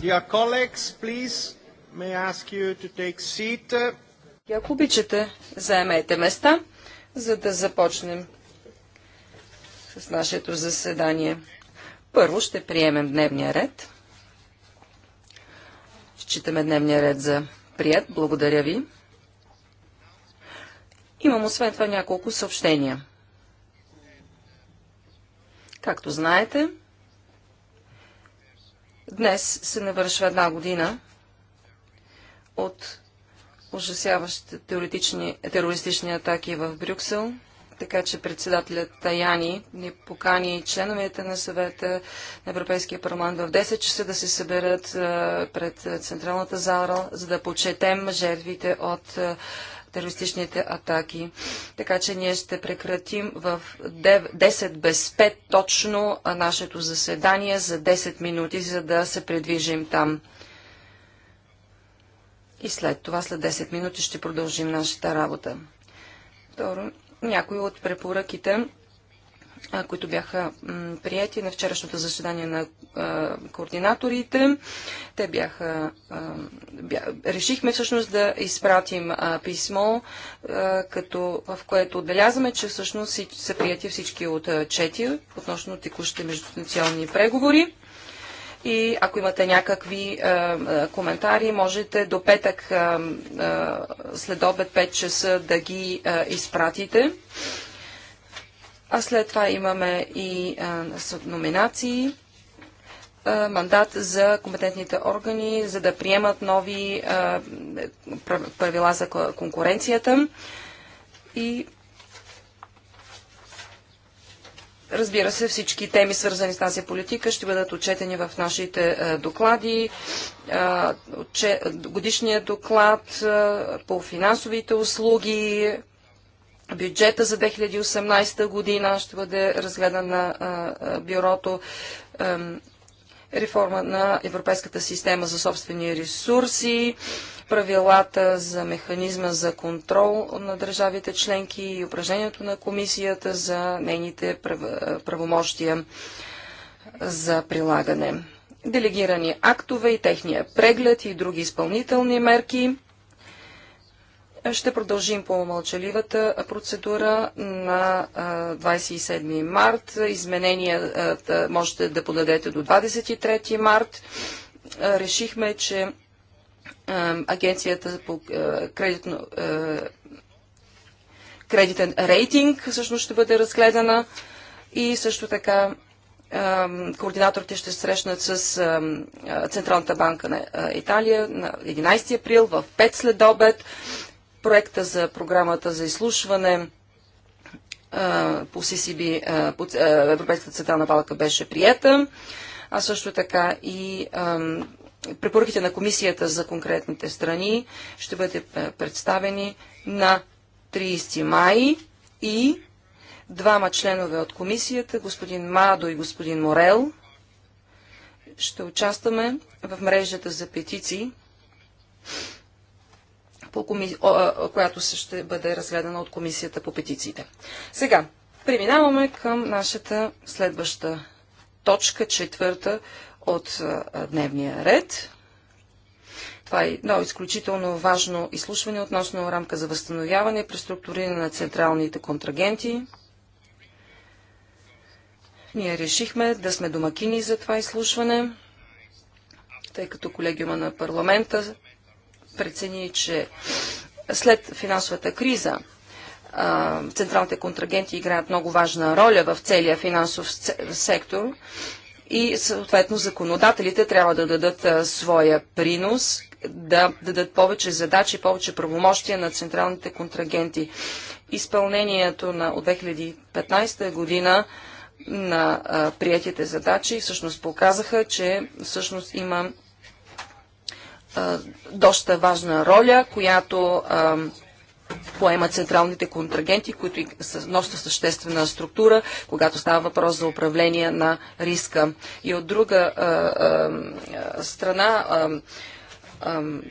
Dear colleagues, please, may ask you to take seat. И ако обичате, заемете места, за да започнем с нашето заседание. Първо ще приемем дневния ред. Считаме дневния ред за прият. Благодаря ви. Имам освен това няколко съобщения. Както знаете, Днес се навършва една година от ужасяващите терористични атаки в Брюксел, така че председателят Таяни ни покани членовете на съвета на Европейския парламент в 10 часа да се съберат пред Централната зала, за да почетем жертвите от терористичните атаки. Така че ние ще прекратим в 10 без 5 точно нашето заседание за 10 минути, за да се предвижим там. И след това, след 10 минути, ще продължим нашата работа. Второ, някои от препоръките които бяха прияти на вчерашното заседание на координаторите. Те бяха. бя... Решихме всъщност да изпратим писмо, като, в което отбелязваме, че всъщност са прияти всички от чети относно текущите междунационални преговори. И ако имате някакви коментари, можете до петък след обед 5 часа да ги изпратите. А след това имаме и а, номинации, а, мандат за компетентните органи, за да приемат нови а, правила за конкуренцията. И Разбира се, всички теми, свързани с тази политика, ще бъдат отчетени в нашите доклади. Годишният доклад по финансовите услуги, бюджета за 2018 година ще бъде разгледан на бюрото реформа на Европейската система за собствени ресурси, правилата за механизма за контрол на държавите членки и упражнението на комисията за нейните правомощия за прилагане. Делегирани актове и техния преглед и други изпълнителни мерки ще продължим по мълчаливата процедура на 27 март. Измененията можете да подадете до 23 март. Решихме, че агенцията по кредитно, кредитен рейтинг всъщност ще бъде разгледана и също така координаторите ще се срещнат с Централната банка на Италия на 11 април в 5 след обед проекта за програмата за изслушване по CCB, по Европейската централна палка беше приета, а също така и препоръките на комисията за конкретните страни ще бъде представени на 30 май и двама членове от комисията, господин Мадо и господин Морел, ще участваме в мрежата за петиции по коми... която ще бъде разгледана от комисията по петициите. Сега, преминаваме към нашата следваща точка, четвърта от дневния ред. Това е едно изключително важно изслушване относно рамка за възстановяване и преструктуриране на централните контрагенти. Ние решихме да сме домакини за това изслушване, тъй като колегиума на парламента прецени, че след финансовата криза централните контрагенти играят много важна роля в целия финансов сектор и съответно законодателите трябва да дадат своя принос, да дадат повече задачи, повече правомощия на централните контрагенти. Изпълнението на, от 2015 година на а, приятите задачи всъщност показаха, че всъщност има доста важна роля, която а, поемат централните контрагенти, които носят съществена структура, когато става въпрос за управление на риска. И от друга а, а, страна,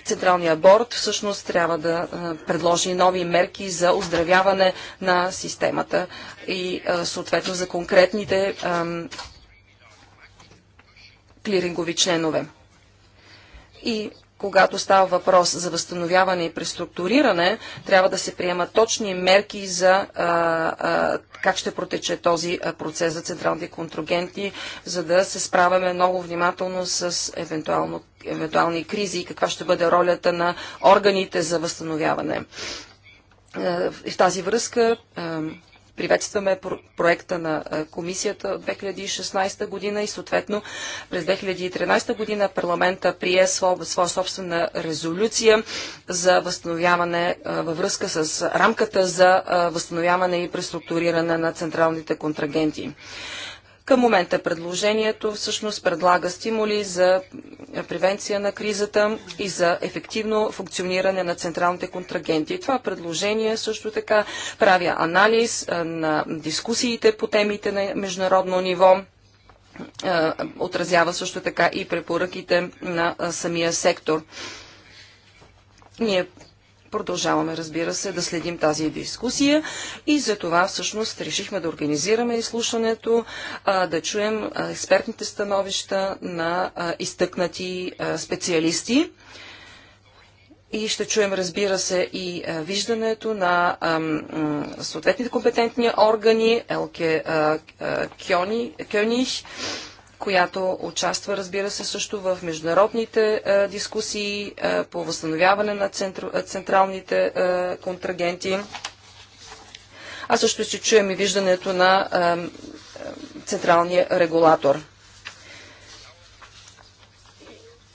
Централния борт всъщност трябва да предложи нови мерки за оздравяване на системата и съответно за конкретните клирингови членове. И когато става въпрос за възстановяване и преструктуриране, трябва да се приемат точни мерки за а, а, как ще протече този процес за централните контрагенти, за да се справяме много внимателно с евентуално, евентуални кризи и каква ще бъде ролята на органите за възстановяване. А, в тази връзка Приветстваме проекта на комисията от 2016 година и съответно през 2013 година парламента прие своя собствена резолюция за възстановяване във връзка с рамката за възстановяване и преструктуриране на централните контрагенти. Към момента предложението всъщност предлага стимули за превенция на кризата и за ефективно функциониране на централните контрагенти. Това предложение също така прави анализ на дискусиите по темите на международно ниво отразява също така и препоръките на самия сектор. Ние Продължаваме, разбира се, да следим тази дискусия и за това всъщност решихме да организираме изслушването, да чуем експертните становища на изтъкнати специалисти. И ще чуем, разбира се, и виждането на съответните компетентни органи, Елке Кьоних, която участва, разбира се, също в международните е, дискусии е, по възстановяване на центру, е, централните контрагенти. А също ще чуем и виждането на централния регулатор.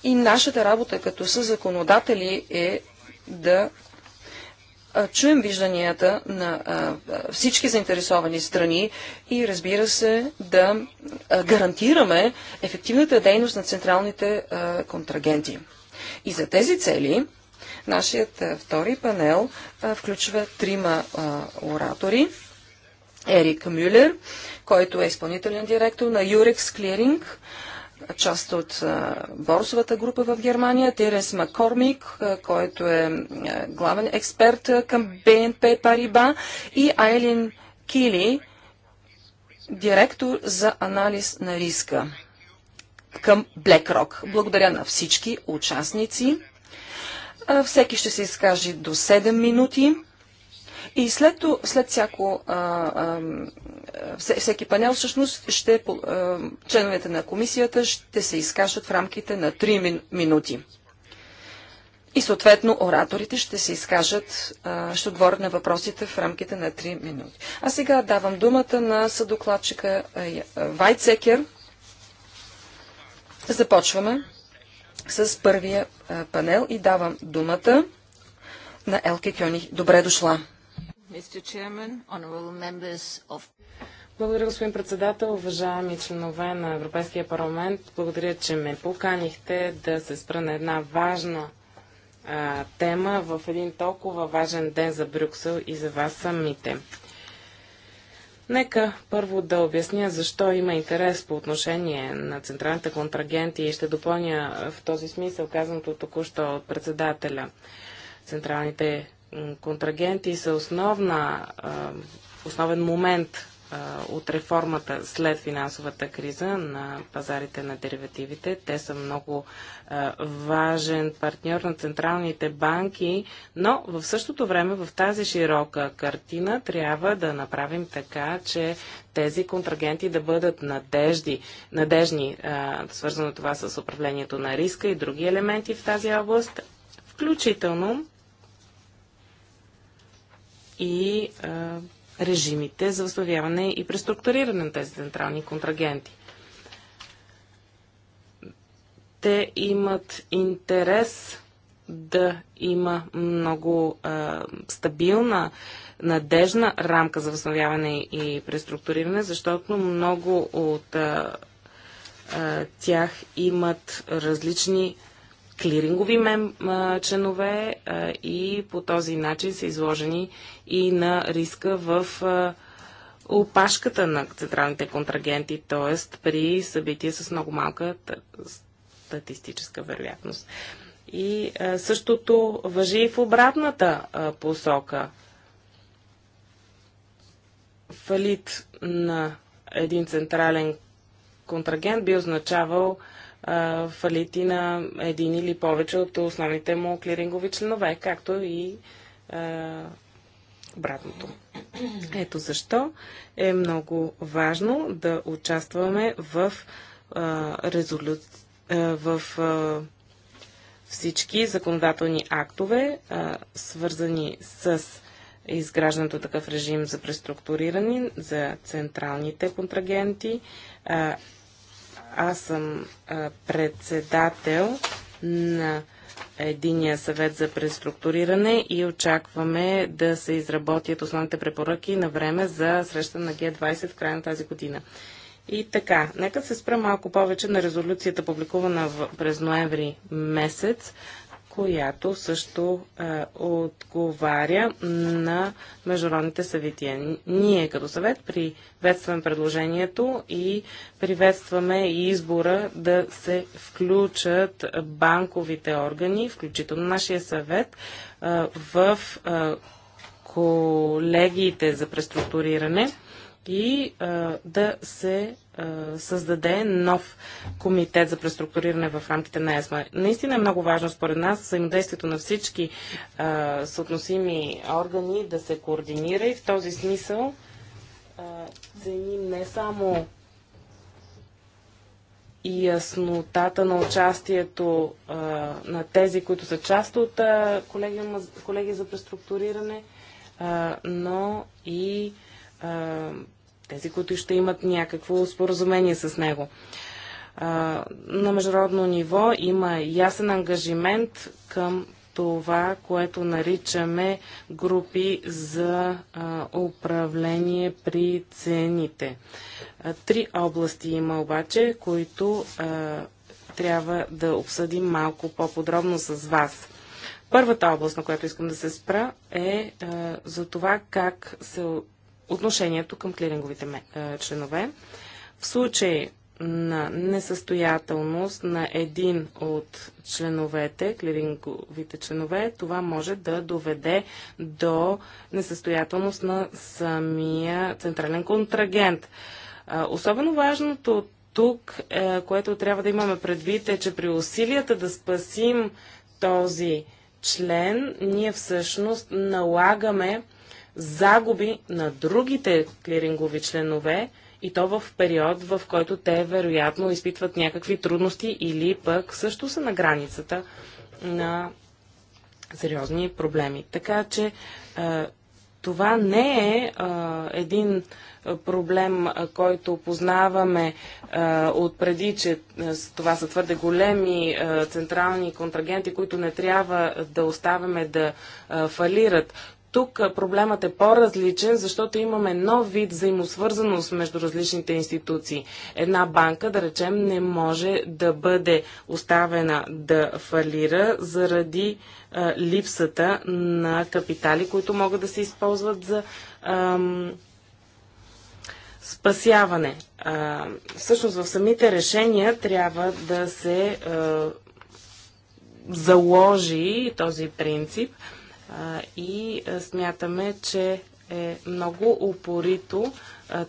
И нашата работа като съзаконодатели е да чуем вижданията на всички заинтересовани страни и разбира се да гарантираме ефективната дейност на централните контрагенти. И за тези цели нашият втори панел включва трима оратори. Ерик Мюлер, който е изпълнителен директор на Юрекс Клиринг, част от борсовата група в Германия, Терес Маккормик, който е главен експерт към БНП Париба и Айлин Кили, директор за анализ на риска към BlackRock. Благодаря на всички участници. Всеки ще се изкаже до 7 минути. И след, след всяко а, всеки панел всъщност ще, членовете на комисията ще се изкажат в рамките на 3 минути. И съответно ораторите ще се изкажат, ще отговорят на въпросите в рамките на 3 минути. А сега давам думата на съдокладчика Вайцекер. Започваме с първия панел и давам думата на Елке Кьони. Добре дошла! Благодаря, господин председател, уважаеми членове на Европейския парламент. Благодаря, че ме поканихте да се спра на една важна а, тема в един толкова важен ден за Брюксел и за вас самите. Нека първо да обясня защо има интерес по отношение на централните контрагенти и ще допълня в този смисъл казаното току-що от председателя. Централните контрагенти са основна, основен момент от реформата след финансовата криза на пазарите на деривативите. Те са много важен партньор на централните банки, но в същото време в тази широка картина трябва да направим така, че тези контрагенти да бъдат надежди, надежни, свързано това с управлението на риска и други елементи в тази област, включително и а, режимите за възстановяване и преструктуриране на тези централни контрагенти. Те имат интерес да има много а, стабилна, надежна рамка за възстановяване и преструктуриране, защото много от а, а, тях имат различни клирингови мем, а, членове а, и по този начин са изложени и на риска в а, опашката на централните контрагенти, т.е. при събития с много малка статистическа вероятност. И а, същото въжи и в обратната а, посока. Фалит на един централен контрагент би означавал а, фалити на един или повече от основните му клирингови членове, както и обратното. Ето защо е много важно да участваме в а, резолю... а, в а, всички законодателни актове, а, свързани с изграждането такъв режим за преструктуриране, за централните контрагенти, а, аз съм а, председател на единия съвет за преструктуриране и очакваме да се изработят основните препоръки на време за среща на Г20 в края на тази година. И така, нека се спра малко повече на резолюцията, публикувана в, през ноември месец която също е, отговаря на международните съветия. Ние като съвет приветстваме предложението и приветстваме и избора да се включат банковите органи, включително нашия съвет, е, в е, колегиите за преструктуриране и а, да се а, създаде нов комитет за преструктуриране в рамките на ЕСМА. Наистина е много важно според нас взаимодействието на всички а, съотносими органи да се координира и в този смисъл а, ценим не само и яснотата на участието а, на тези, които са част от колегия колеги, колеги за преструктуриране, а, но и а, тези, които ще имат някакво споразумение с него. На международно ниво има ясен ангажимент към това, което наричаме групи за управление при цените. три области има обаче, които трябва да обсъдим малко по-подробно с вас. Първата област, на която искам да се спра, е за това как се отношението към клиринговите е, членове. В случай на несъстоятелност на един от членовете, клиринговите членове, това може да доведе до несъстоятелност на самия централен контрагент. Е, особено важното тук, е, което трябва да имаме предвид е, че при усилията да спасим този член, ние всъщност налагаме загуби на другите клирингови членове и то в период, в който те вероятно изпитват някакви трудности или пък също са на границата на сериозни проблеми. Така че е, това не е, е един проблем, който познаваме е, от преди, че това са твърде големи централни контрагенти, които не трябва да оставяме да фалират. Тук проблемът е по-различен, защото имаме нов вид взаимосвързаност между различните институции. Една банка, да речем, не може да бъде оставена да фалира заради а, липсата на капитали, които могат да се използват за ам, спасяване. А, всъщност в самите решения трябва да се а, заложи този принцип. А, и смятаме, че е много упорито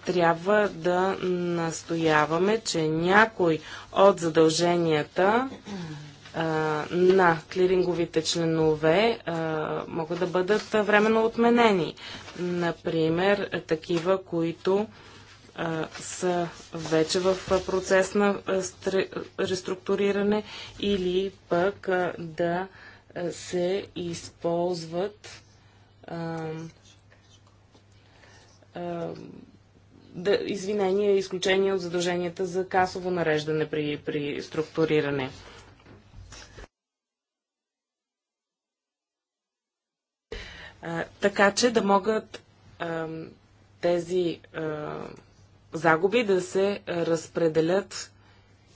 трябва да настояваме, че някой от задълженията на клиринговите членове могат да бъдат временно отменени. Например, такива, които са вече в процес на реструктуриране или пък да се използват а, а, да, извинения и изключения от задълженията за касово нареждане при, при структуриране. А, така че да могат тези загуби да се разпределят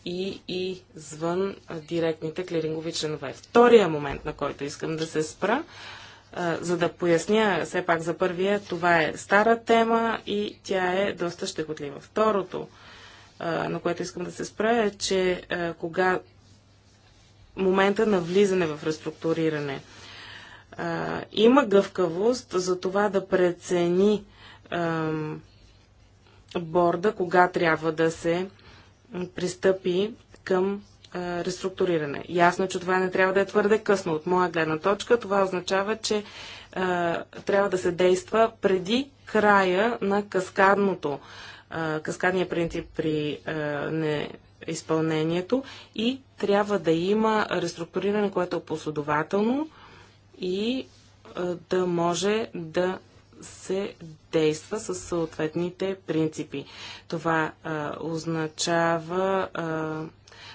и извън директните клирингови членове. Втория момент, на който искам да се спра, за да поясня все пак за първия, това е стара тема и тя е доста щекотлива. Второто, на което искам да се спра е, че кога момента на влизане в реструктуриране има гъвкавост за това да прецени борда кога трябва да се пристъпи към реструктуриране. Ясно, е, че това не трябва да е твърде късно. От моя гледна точка това означава, че трябва да се действа преди края на каскадното, каскадния принцип при не, изпълнението и трябва да има реструктуриране, което е последователно и да може да се действа с съответните принципи. Това а, означава. А,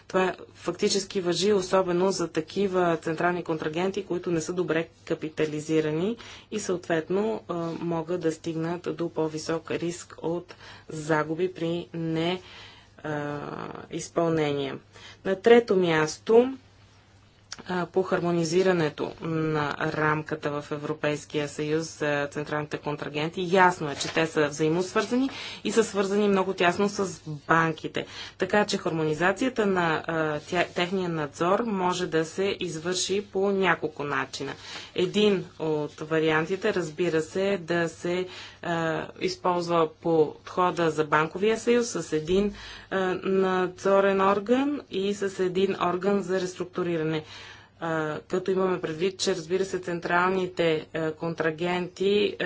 това фактически въжи особено за такива централни контрагенти, които не са добре капитализирани и съответно а, могат да стигнат до по-висок риск от загуби при неизпълнение. На трето място по хармонизирането на рамката в Европейския съюз за централните контрагенти. Ясно е, че те са взаимосвързани и са свързани много тясно с банките. Така че хармонизацията на техния надзор може да се извърши по няколко начина. Един от вариантите, разбира се, е да се е, използва подхода за банковия съюз с един е, надзорен орган и с един орган за реструктуриране е, като имаме предвид, че разбира се централните контрагенти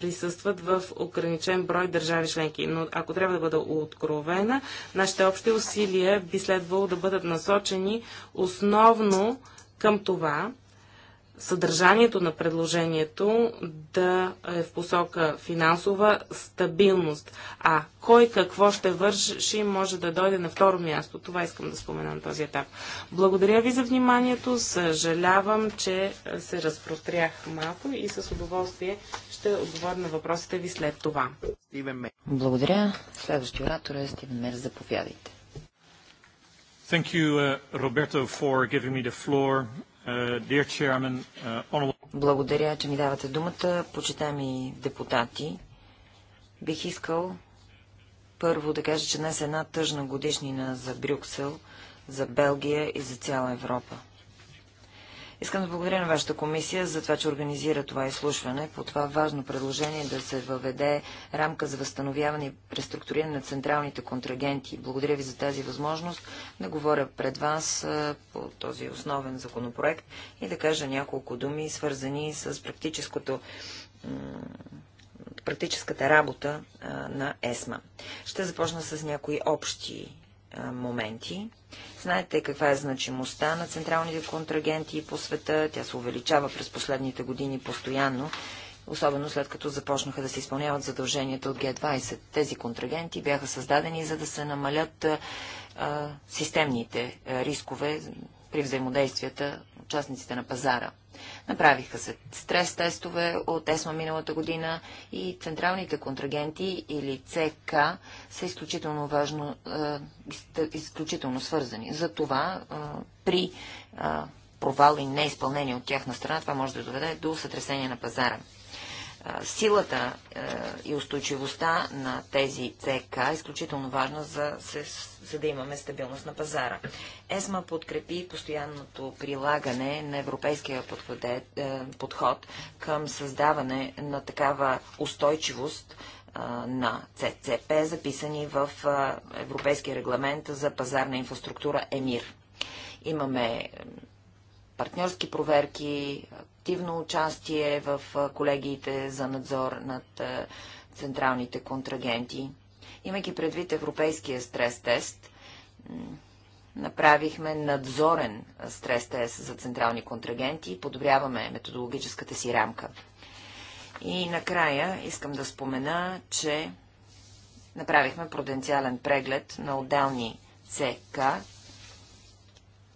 присъстват в ограничен брой държави членки. Но ако трябва да бъда откровена, нашите общи усилия би следвало да бъдат насочени основно към това съдържанието на предложението да е в посока финансова стабилност. А кой какво ще върши може да дойде на второ място. Това искам да спомена на този етап. Благодаря ви за вниманието. Съжалявам, че се разпрострях малко и с удоволствие ще отговоря на въпросите ви след това. Благодаря. Следващия оратор е Стивен Мер. Заповядайте. Thank you, uh, Roberto, for giving me the floor. Uh, uh, Благодаря, че ми давате думата. Почитаеми депутати, бих искал първо да кажа, че днес е една тъжна годишнина за Брюксел, за Белгия и за цяла Европа. Искам да благодаря на вашата комисия за това, че организира това изслушване по това важно предложение да се въведе рамка за възстановяване и преструктуриране на централните контрагенти. Благодаря ви за тази възможност да говоря пред вас по този основен законопроект и да кажа няколко думи, свързани с практическото практическата работа а, на ЕСМА. Ще започна с някои общи моменти. Знаете каква е значимостта на централните контрагенти по света. Тя се увеличава през последните години постоянно, особено след като започнаха да се изпълняват задълженията от Г-20. Тези контрагенти бяха създадени за да се намалят а, системните рискове при взаимодействията участниците на пазара. Направиха се стрес тестове от ЕСМА миналата година и централните контрагенти или ЦК са изключително важно, е, изключително свързани. Затова е, при е, провал и неизпълнение от тяхна страна това може да доведе до сътресение на пазара силата и устойчивостта на тези ЦК е изключително важна, за, за да имаме стабилност на пазара. ЕСМА подкрепи постоянното прилагане на европейския е, подход към създаване на такава устойчивост на ЦЦП, записани в Европейския регламент за пазарна инфраструктура ЕМИР. Имаме партньорски проверки, активно участие в колегиите за надзор над централните контрагенти. Имайки предвид европейския стрес-тест, направихме надзорен стрес-тест за централни контрагенти и подобряваме методологическата си рамка. И накрая искам да спомена, че направихме пруденциален преглед на отделни ЦК,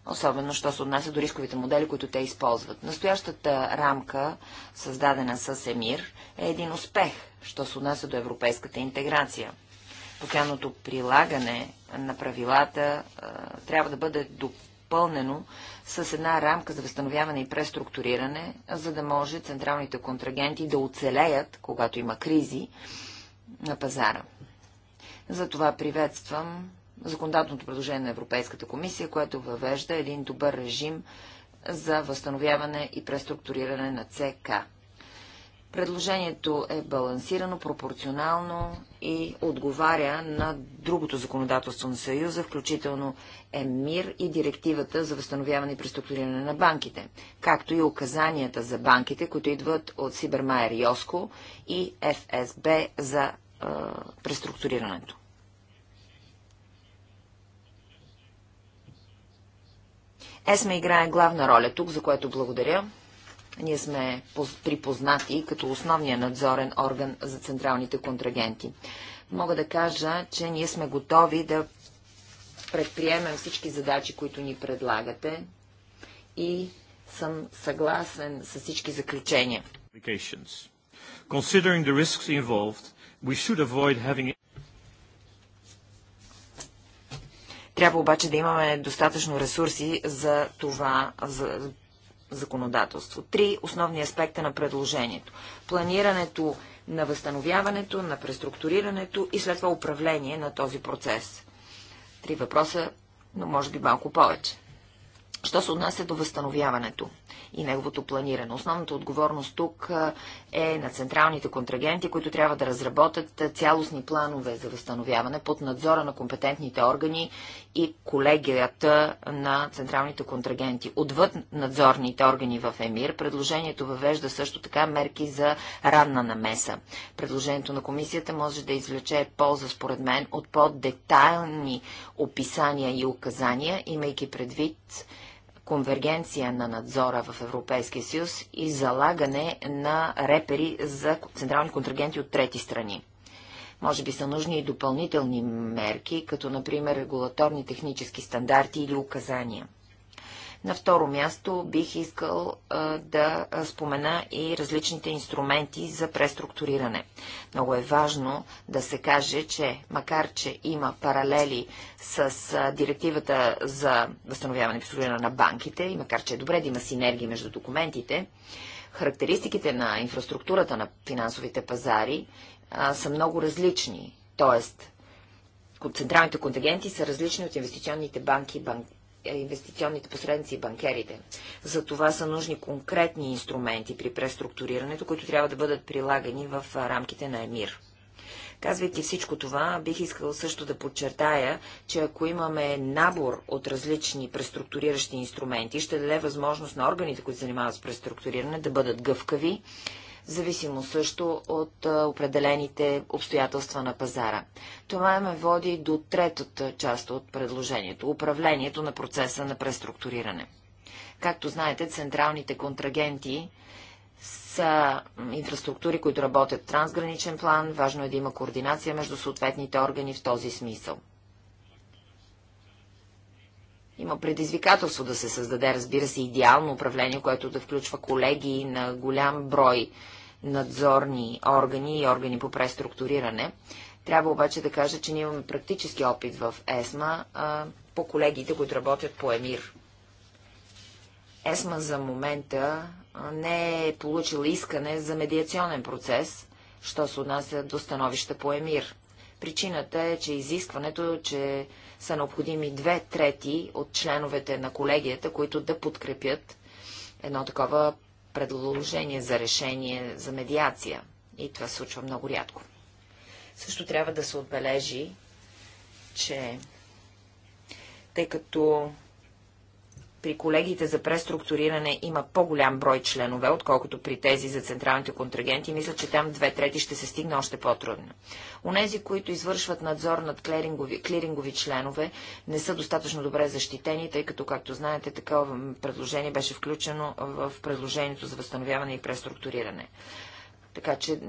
особено що се отнася до рисковите модели, които те използват. Настоящата рамка, създадена с ЕМИР, е един успех, що се отнася до европейската интеграция. Постоянното прилагане на правилата а, трябва да бъде допълнено с една рамка за възстановяване и преструктуриране, за да може централните контрагенти да оцелеят, когато има кризи на пазара. Затова приветствам законодателното предложение на Европейската комисия, което въвежда един добър режим за възстановяване и преструктуриране на ЦК. Предложението е балансирано, пропорционално и отговаря на другото законодателство на Съюза, включително ЕМИР и директивата за възстановяване и преструктуриране на банките, както и указанията за банките, които идват от Сибермайер Йоско и ФСБ за е, преструктурирането. Есме играе главна роля тук, за което благодаря. Ние сме припознати като основния надзорен орган за централните контрагенти. Мога да кажа, че ние сме готови да предприемем всички задачи, които ни предлагате и съм съгласен с всички заключения. Трябва обаче да имаме достатъчно ресурси за това за законодателство. Три основни аспекта на предложението. Планирането на възстановяването, на преструктурирането и след това управление на този процес. Три въпроса, но може би малко повече. Що се отнася до възстановяването? и неговото планиране. Основната отговорност тук е на централните контрагенти, които трябва да разработят цялостни планове за възстановяване под надзора на компетентните органи и колегията на централните контрагенти. Отвъд надзорните органи в ЕМИР, предложението въвежда също така мерки за ранна намеса. Предложението на комисията може да извлече полза, според мен, от по-детайлни описания и указания, имайки предвид конвергенция на надзора в Европейския съюз и залагане на репери за централни контрагенти от трети страни. Може би са нужни и допълнителни мерки, като например регулаторни технически стандарти или указания. На второ място бих искал да спомена и различните инструменти за преструктуриране. Много е важно да се каже, че макар, че има паралели с директивата за възстановяване и преструктуриране на банките, и макар, че е добре да има синергии между документите, характеристиките на инфраструктурата на финансовите пазари са много различни. Тоест, централните контагенти са различни от инвестиционните банки и банки. Е, инвестиционните посредници и банкерите. За това са нужни конкретни инструменти при преструктурирането, които трябва да бъдат прилагани в рамките на ЕМИР. Казвайки всичко това, бих искал също да подчертая, че ако имаме набор от различни преструктуриращи инструменти, ще даде възможност на органите, които занимават с преструктуриране, да бъдат гъвкави зависимо също от определените обстоятелства на пазара. Това ме води до третата част от предложението – управлението на процеса на преструктуриране. Както знаете, централните контрагенти са инфраструктури, които работят в трансграничен план. Важно е да има координация между съответните органи в този смисъл. Има предизвикателство да се създаде, разбира се, идеално управление, което да включва колеги на голям брой надзорни органи и органи по преструктуриране. Трябва обаче да кажа, че ние имаме практически опит в ЕСМА а, по колегите, които работят по ЕМИР. ЕСМА за момента не е получила искане за медиационен процес, що се отнася до становища по ЕМИР. Причината е, че изискването, че са необходими две трети от членовете на колегията, които да подкрепят едно такова предложение за решение за медиация. И това се случва много рядко. Също трябва да се отбележи, че тъй като при колегите за преструктуриране има по-голям брой членове, отколкото при тези за централните контрагенти. Мисля, че там две трети ще се стигне още по-трудно. Онези, които извършват надзор над клирингови, клирингови членове, не са достатъчно добре защитени, тъй като, както знаете, такова предложение беше включено в предложението за възстановяване и преструктуриране. Така че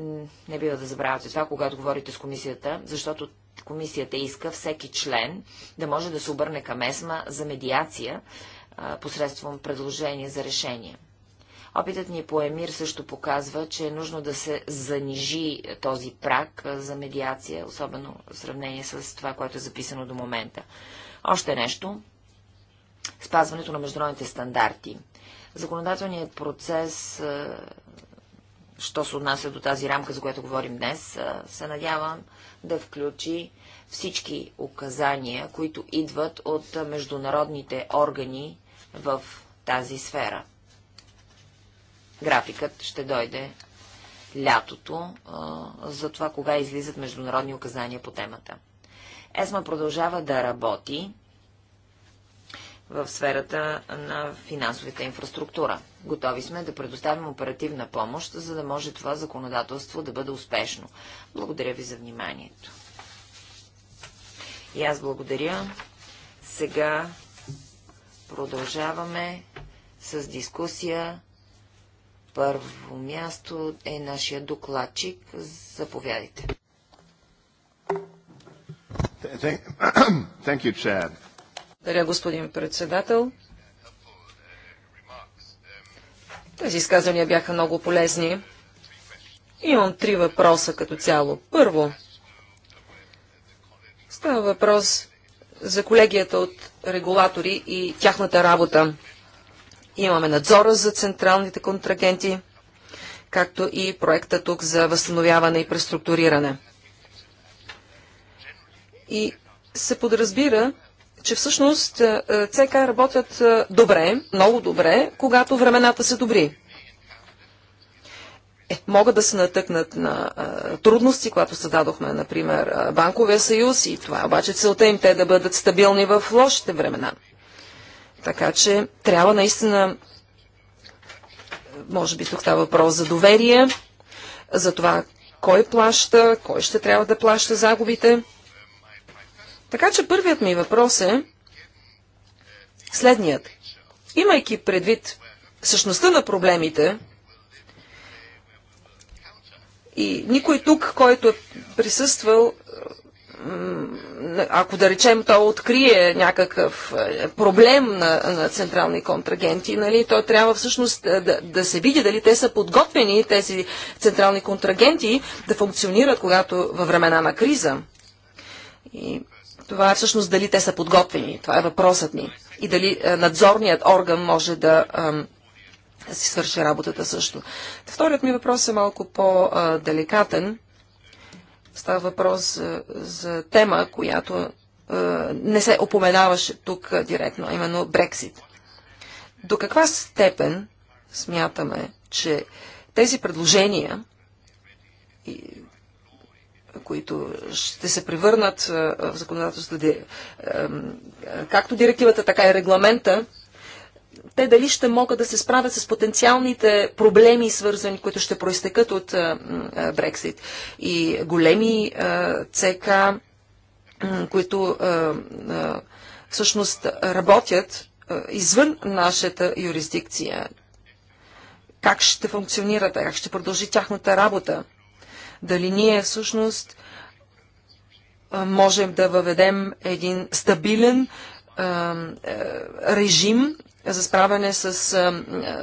не бива да забравяте това, когато говорите с комисията, защото комисията иска всеки член да може да се обърне към ЕСМА за медиация, посредством предложение за решение. Опитът ни по Емир също показва, че е нужно да се занижи този прак за медиация, особено в сравнение с това, което е записано до момента. Още нещо. Спазването на международните стандарти. Законодателният процес, що се отнася до тази рамка, за която говорим днес, се надявам да включи всички указания, които идват от международните органи в тази сфера. Графикът ще дойде лятото а, за това, кога излизат международни указания по темата. ЕСМА продължава да работи в сферата на финансовата инфраструктура. Готови сме да предоставим оперативна помощ, за да може това законодателство да бъде успешно. Благодаря ви за вниманието. И аз благодаря. Сега Продължаваме с дискусия. Първо място е нашия докладчик. Заповядайте. Благодаря, господин председател. Тези изказвания бяха много полезни. Имам три въпроса като цяло. Първо, става въпрос за колегията от регулатори и тяхната работа. Имаме надзора за централните контрагенти, както и проекта тук за възстановяване и преструктуриране. И се подразбира, че всъщност е, е, ЦК работят е, добре, много добре, когато времената са добри е, могат да се натъкнат на а, трудности, когато създадохме, например, Банковия съюз и това е обаче целта им те да бъдат стабилни в лошите времена. Така че трябва наистина, може би тук става въпрос за доверие, за това кой плаща, кой ще трябва да плаща загубите. Така че първият ми въпрос е следният. Имайки предвид същността на проблемите, и никой тук, който е присъствал, ако да речем то открие някакъв е, проблем на, на централни контрагенти, нали, то трябва всъщност е, да, да се види дали те са подготвени, тези централни контрагенти, да функционират когато във времена на криза. И това е всъщност дали те са подготвени. Това е въпросът ни. И дали е, надзорният орган може да ам, да си свърши работата също. Вторият ми въпрос е малко по-деликатен. Става въпрос е, за, тема, която е, не се опоменаваше тук е, директно, а именно Брексит. До каква степен смятаме, че тези предложения, които ще се превърнат в законодателството, както директивата, така и регламента, те дали ще могат да се справят с потенциалните проблеми, свързани, които ще проистекат от Брексит. И големи ЦК, които всъщност работят извън нашата юрисдикция. Как ще функционират, как ще продължи тяхната работа? Дали ние всъщност можем да въведем един стабилен режим за справяне с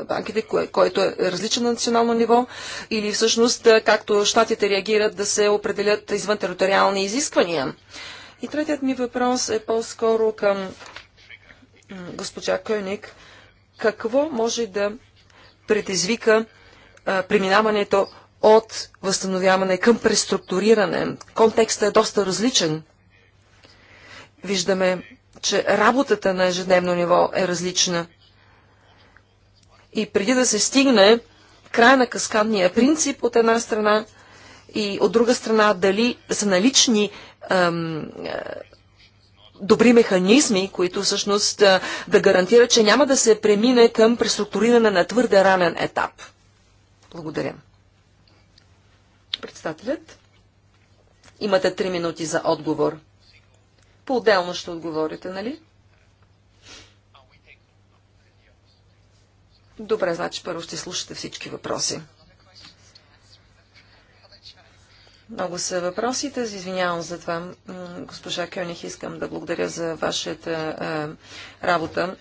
банките, който е различен на национално ниво, или всъщност както щатите реагират да се определят извън териториални изисквания. И третият ми въпрос е по-скоро към госпожа Кълник. Какво може да предизвика преминаването от възстановяване към преструктуриране? Контекстът е доста различен. Виждаме че работата на ежедневно ниво е различна. И преди да се стигне край на каскадния принцип от една страна и от друга страна дали са налични ам, е, добри механизми, които всъщност е, да, да гарантират, че няма да се премине към преструктуриране на твърде ранен етап. Благодаря. Председателят, имате три минути за отговор. По-отделно ще отговорите, нали? Добре, значи първо ще слушате всички въпроси. Много са въпросите. Извинявам за това. Госпожа Кьоних, искам да благодаря за вашата работа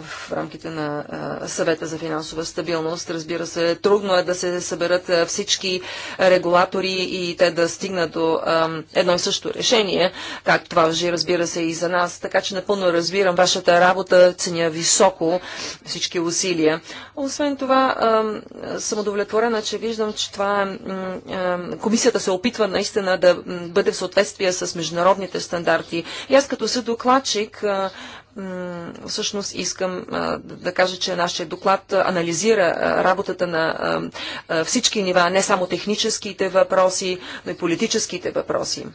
в рамките на съвета за финансова стабилност. Разбира се, трудно е да се съберат всички регулатори и те да стигнат до едно и също решение, както това въжи, разбира се, и за нас. Така че напълно разбирам вашата работа, ценя високо всички усилия. Освен това, съм удовлетворена, че виждам, че това е, комисията се опитва наистина да бъде в съответствие с международните стандарти. И аз като съдокладчик всъщност искам да кажа, че нашия доклад анализира работата на всички нива, не само техническите въпроси, но и политическите въпроси.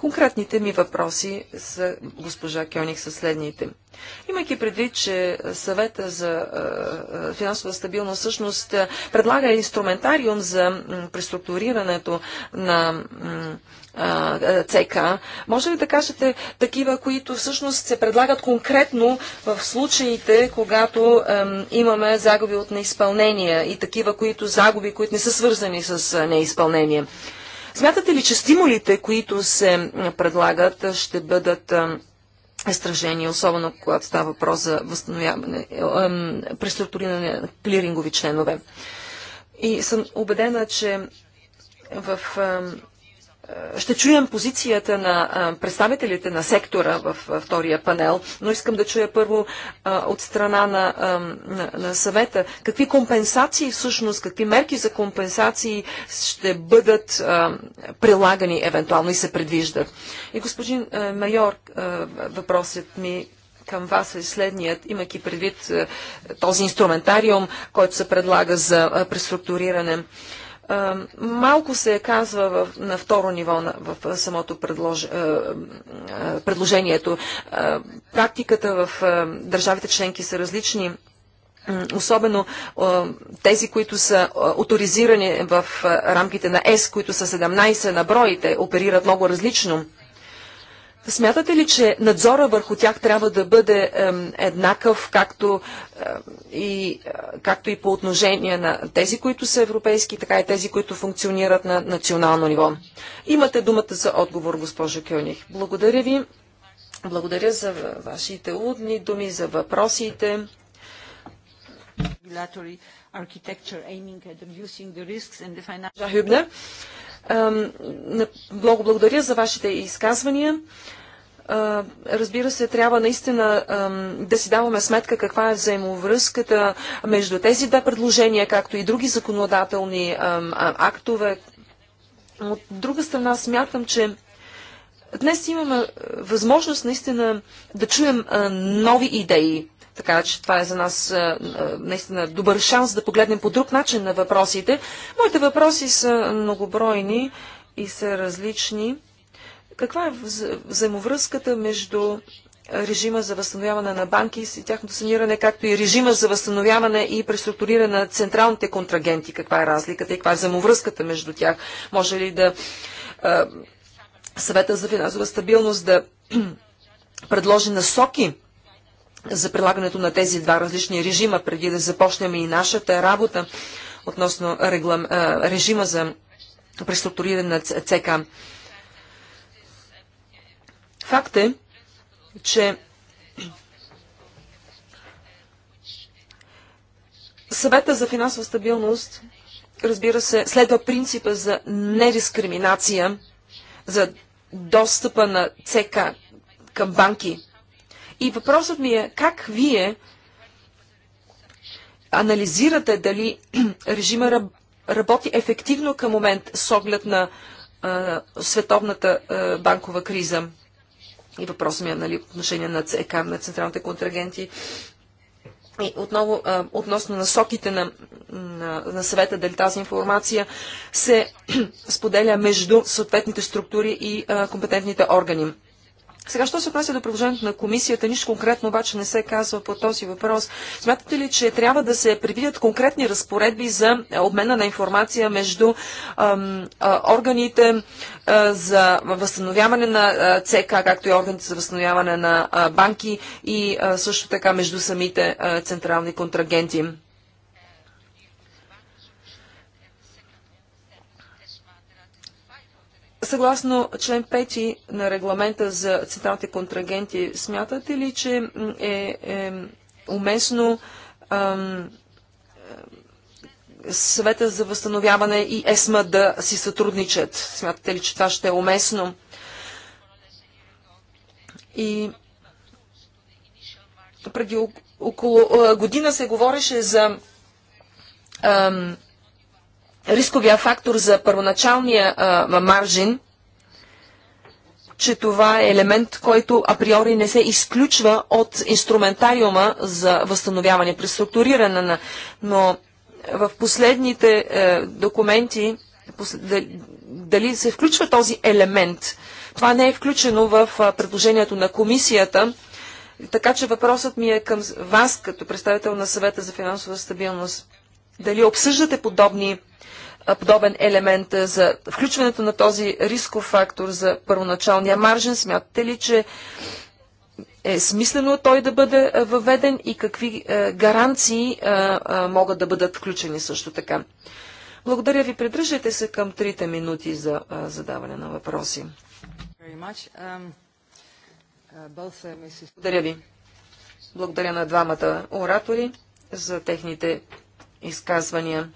Конкретните ми въпроси са госпожа Кьоник са следните. Имайки предвид, че съвета за финансова стабилност всъщност предлага инструментариум за преструктурирането на ЦК. Може ли да кажете такива, които всъщност се предлагат конкретно в случаите, когато имаме загуби от неизпълнение и такива, които загуби, които не са свързани с неизпълнение? Смятате ли, че стимулите, които се предлагат, ще бъдат стражени, особено когато става въпрос за възстановяване, е, е, преструктуриране на клирингови членове? И съм убедена, че в ще чуем позицията на представителите на сектора в втория панел, но искам да чуя първо от страна на, на, на съвета какви компенсации всъщност, какви мерки за компенсации ще бъдат прилагани евентуално и се предвиждат. И господин майор, въпросът ми към вас е следният, имайки предвид този инструментариум, който се предлага за преструктуриране малко се казва в, на второ ниво на, в самото предлож, предложението. Практиката в държавите членки са различни особено тези, които са авторизирани в рамките на ЕС, които са 17 на броите, оперират много различно. Смятате ли, че надзора върху тях трябва да бъде е, еднакъв, както, е, и, както и по отношение на тези, които са европейски, така и тези, които функционират на национално ниво? Имате думата за отговор, госпожо Кюних. Благодаря ви. Благодаря за вашите удни думи, за въпросите. Жа Хюбнер, много благодаря за вашите изказвания. Разбира се, трябва наистина да си даваме сметка каква е взаимовръзката между тези две предложения, както и други законодателни актове. От друга страна, смятам, че Днес имаме е, възможност наистина да чуем а, е, нови идеи. Така че това е за нас а, е, наистина добър шанс да погледнем по друг начин на въпросите. Моите въпроси са многобройни и са различни. Каква е взаимовръзката между режима за възстановяване на банки и тяхното саниране, както и режима за възстановяване и преструктуриране на централните контрагенти? Каква е разликата и каква е взаимовръзката между тях? Може ли да съвета за финансова стабилност да предложи насоки за прилагането на тези два различни режима, преди да започнем и нашата работа относно реглам, режима за преструктуриране на ЦК. Факт е, че съвета за финансова стабилност, разбира се, следва принципа за недискриминация за достъпа на ЦК към банки. И въпросът ми е как вие анализирате дали режима работи ефективно към момент с оглед на а, световната а, банкова криза. И въпросът ми е нали, отношение на ЦК, на централните контрагенти и отново а, относно насоките на, на, на съвета, дали тази информация се споделя между съответните структури и а, компетентните органи. Сега, що се отнася до предложението на комисията, нищо конкретно обаче не се казва по този въпрос. Смятате ли, че трябва да се предвидят конкретни разпоредби за обмена на информация между ам, а, органите а, за възстановяване на ЦК, както и органите за възстановяване на а, банки и а, също така между самите а, централни контрагенти? Съгласно член 5 на регламента за централните контрагенти, смятате ли, че е, е уместно ам, съвета за възстановяване и ЕСМА да си сътрудничат? Смятате ли, че това ще е уместно? И преди около година се говореше за ам, рисковия фактор за първоначалния а, маржин, че това е елемент, който априори не се изключва от инструментариума за възстановяване, преструктуриране на... Но в последните е, документи дали се включва този елемент. Това не е включено в а, предложението на комисията. Така че въпросът ми е към вас, като представител на съвета за финансова стабилност дали обсъждате подобни, подобен елемент за включването на този рисков фактор за първоначалния маржен? Смятате ли, че е смислено той да бъде въведен и какви гаранции могат да бъдат включени също така? Благодаря ви. Придържайте се към трите минути за задаване на въпроси. Um, uh, uh, Благодаря ви. Благодаря на двамата оратори за техните изказвания.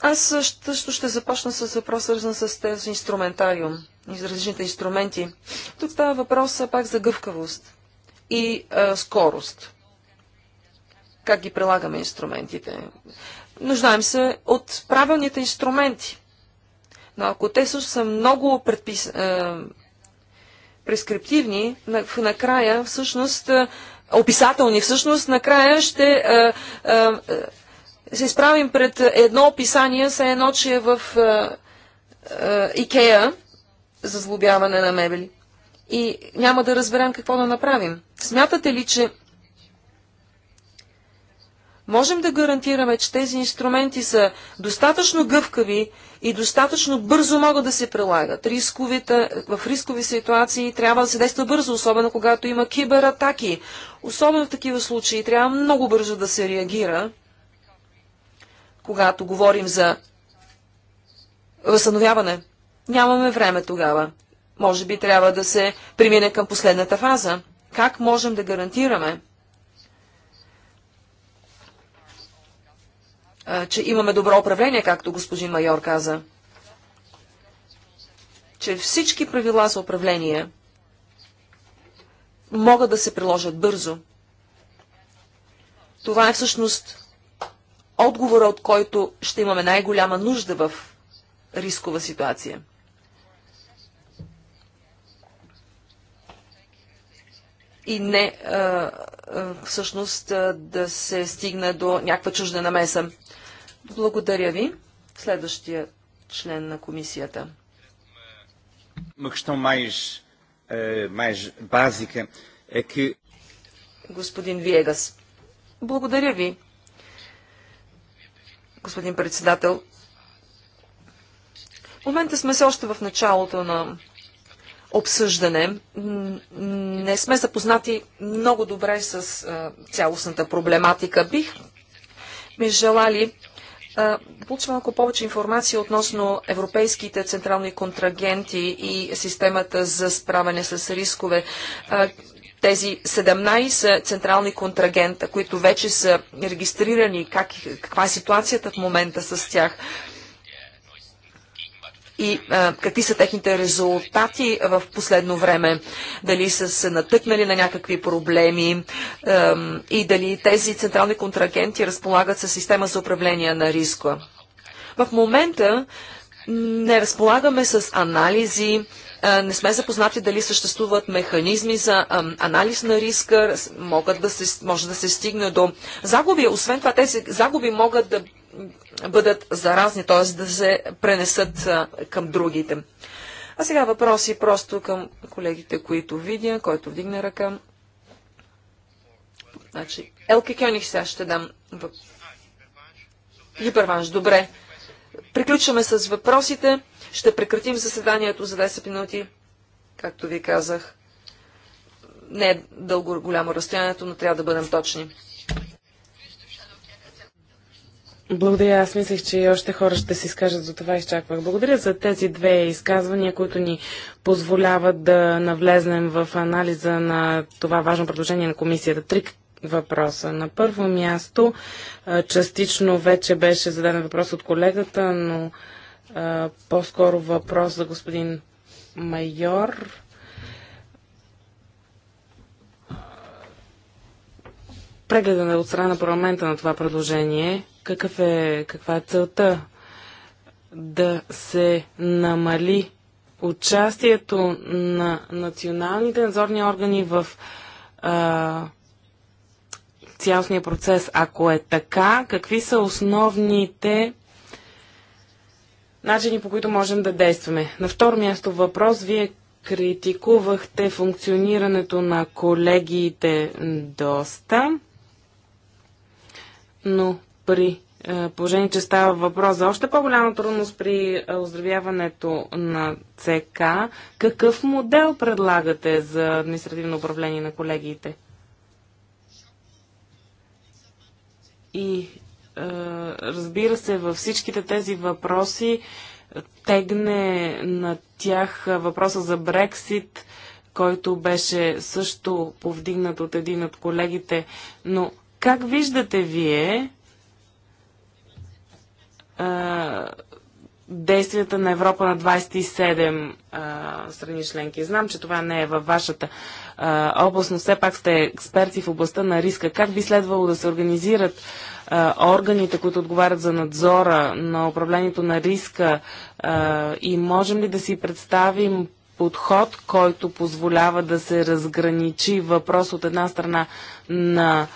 Аз също ще започна с въпрос, свързан с тези инструментариум и различните инструменти. Тук става въпрос пак за гъвкавост и а, скорост. Как ги прилагаме инструментите? Нуждаем се от правилните инструменти. Но ако те също са много предпис... прескриптивни, накрая всъщност описателни всъщност, накрая ще е, е, е, се изправим пред едно описание, се едно, че е в Икея за злобяване на мебели. И няма да разберем какво да направим. Смятате ли, че можем да гарантираме, че тези инструменти са достатъчно гъвкави и достатъчно бързо могат да се прилагат. Рисковите, в рискови ситуации трябва да се действа бързо, особено когато има кибератаки. Особено в такива случаи трябва много бързо да се реагира, когато говорим за възстановяване. Нямаме време тогава. Може би трябва да се премине към последната фаза. Как можем да гарантираме, че имаме добро управление, както господин майор каза. Че всички правила за управление могат да се приложат бързо. Това е всъщност отговора, от който ще имаме най-голяма нужда в рискова ситуация. и не а, а, всъщност а, да се стигне до някаква чужда намеса. Благодаря ви. Следващия член на комисията. Eh, господин Виегас, благодаря ви, господин председател. В момента сме се още в началото на обсъждане. Не сме запознати много добре с цялостната проблематика. Бих ми желали а, малко повече информация относно европейските централни контрагенти и системата за справяне с рискове. тези 17 централни контрагента, които вече са регистрирани, как, каква е ситуацията в момента с тях и а, какви са техните резултати в последно време. Дали са се натъкнали на някакви проблеми а, и дали тези централни контрагенти разполагат с система за управление на риска. В момента не разполагаме с анализи, не сме запознати дали съществуват механизми за анализ на риска, могат да се, може да се стигне до загуби. Освен това, тези загуби могат да бъдат заразни, т.е. да се пренесат към другите. А сега въпроси просто към колегите, които видя, който вдигне ръка. Значи, Елки Кьоних сега ще дам. Хиперванш, добре. Приключваме с въпросите. Ще прекратим заседанието за 10 минути. Както ви казах, не е дълго голямо разстоянието, но трябва да бъдем точни. Благодаря. Аз мислех, че и още хора ще се изкажат, за това изчаквах. Благодаря за тези две изказвания, които ни позволяват да навлезнем в анализа на това важно предложение на комисията. Три въпроса. На първо място, частично вече беше зададен въпрос от колегата, но по-скоро въпрос за господин майор. Прегледа от страна на парламента на това предложение какъв е, каква е целта? Да се намали участието на националните надзорни органи в а, цялостния процес. Ако е така, какви са основните начини, по които можем да действаме? На второ място въпрос, вие критикувахте функционирането на колегиите доста, но при е, положение, че става въпрос за още по-голяма трудност при е, оздравяването на ЦК, какъв модел предлагате за административно управление на колегиите? И е, разбира се, във всичките тези въпроси тегне на тях въпроса за Брексит, който беше също повдигнат от един от колегите. Но как виждате вие действията на Европа на 27 страни членки. Знам, че това не е във вашата област, но все пак сте експерти в областта на риска. Как би следвало да се организират органите, които отговарят за надзора на управлението на риска и можем ли да си представим подход, който позволява да се разграничи въпрос от една страна на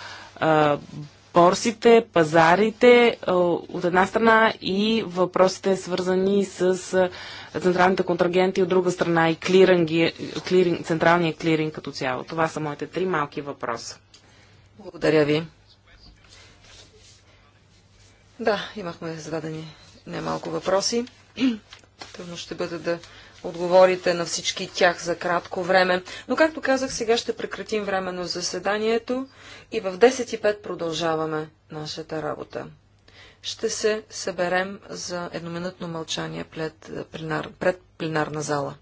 борсите, пазарите от една страна и въпросите свързани с централните контрагенти от друга страна и клиринги, клирин, централния клиринг като цяло. Това са моите три малки въпроса. Благодаря ви. Да, имахме зададени немалко въпроси. Трудно ще бъде да отговорите на всички тях за кратко време. Но, както казах, сега ще прекратим временно заседанието и в 10.05 продължаваме нашата работа. Ще се съберем за едноминутно мълчание пред, пред пленарна зала.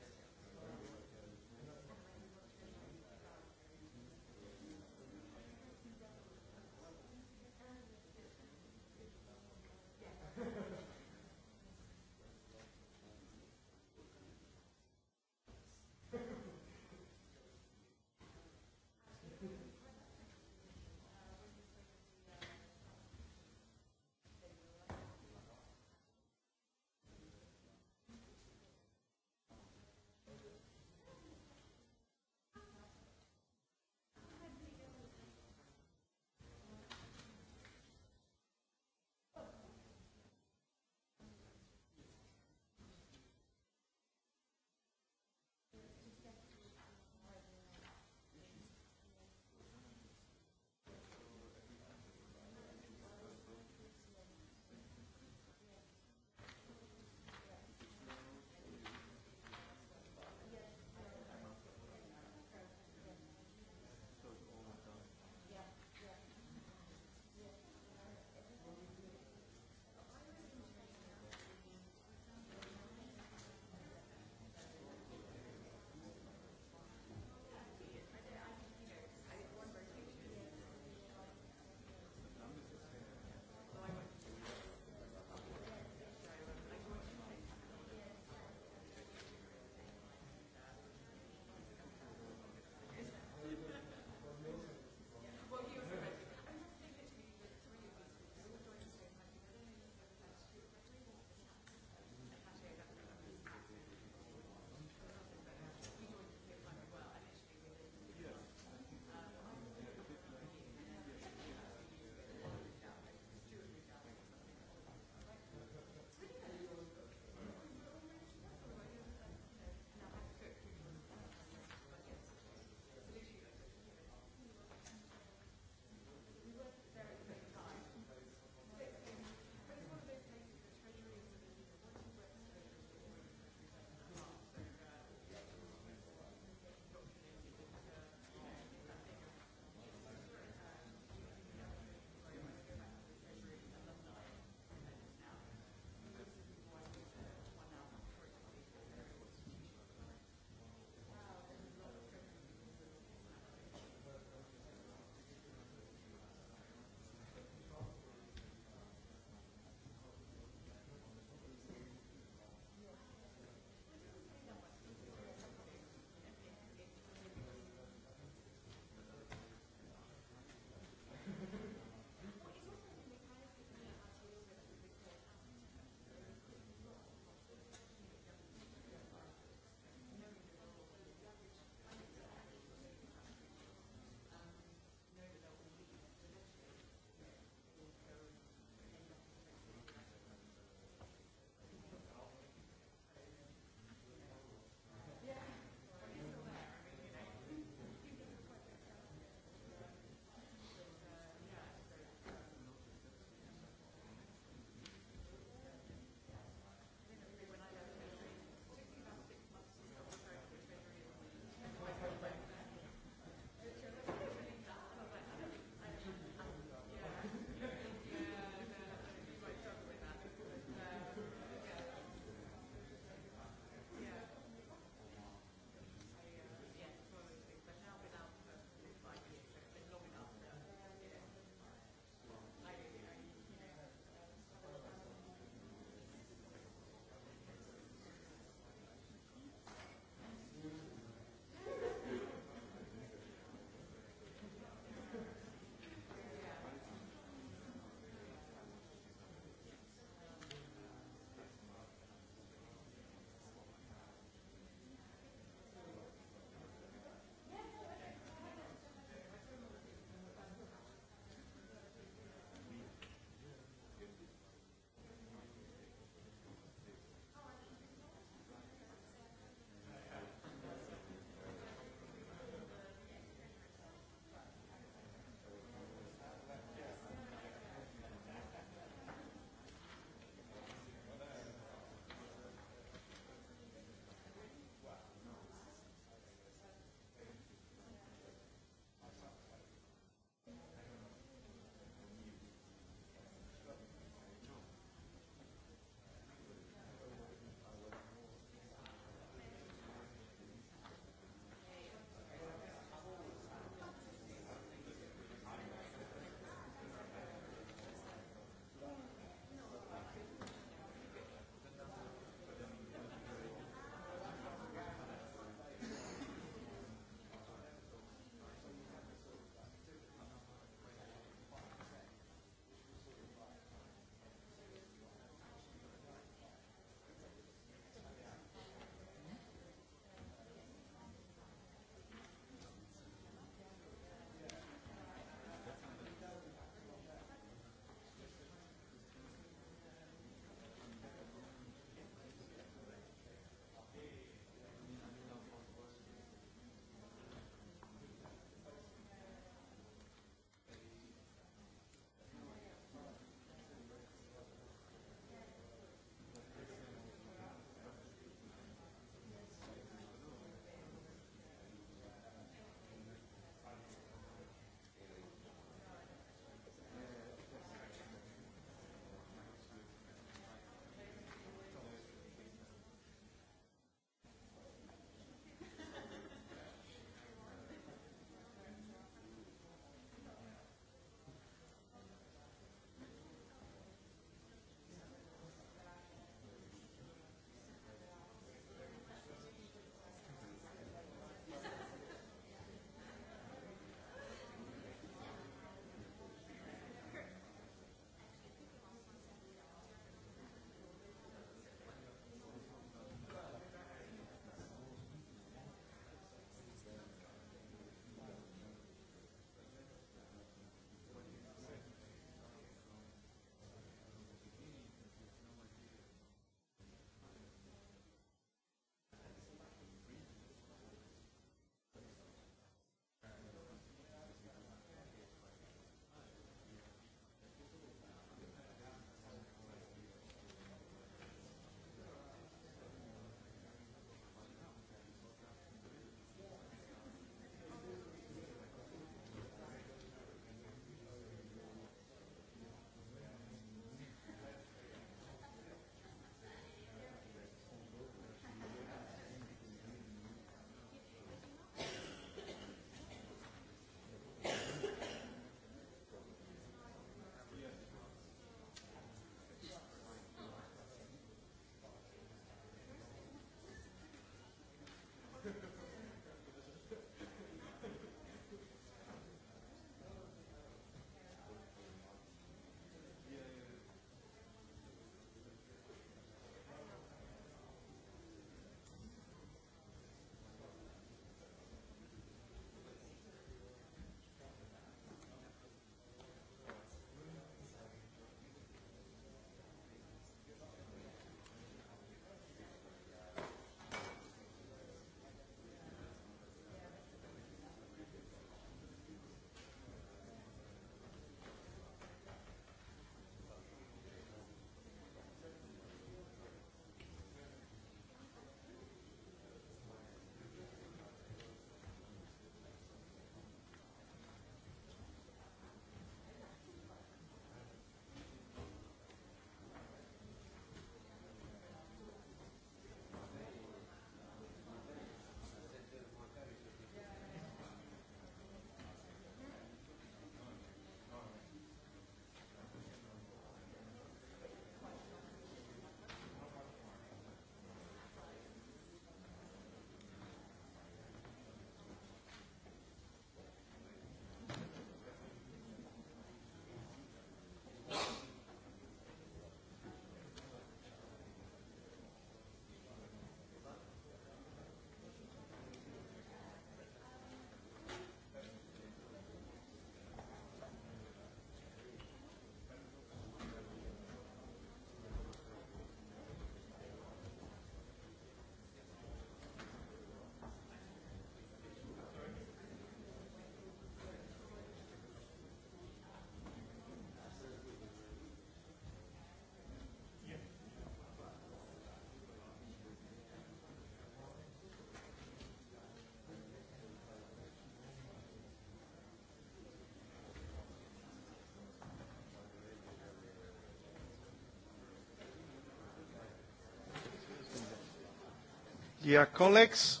Dear colleagues,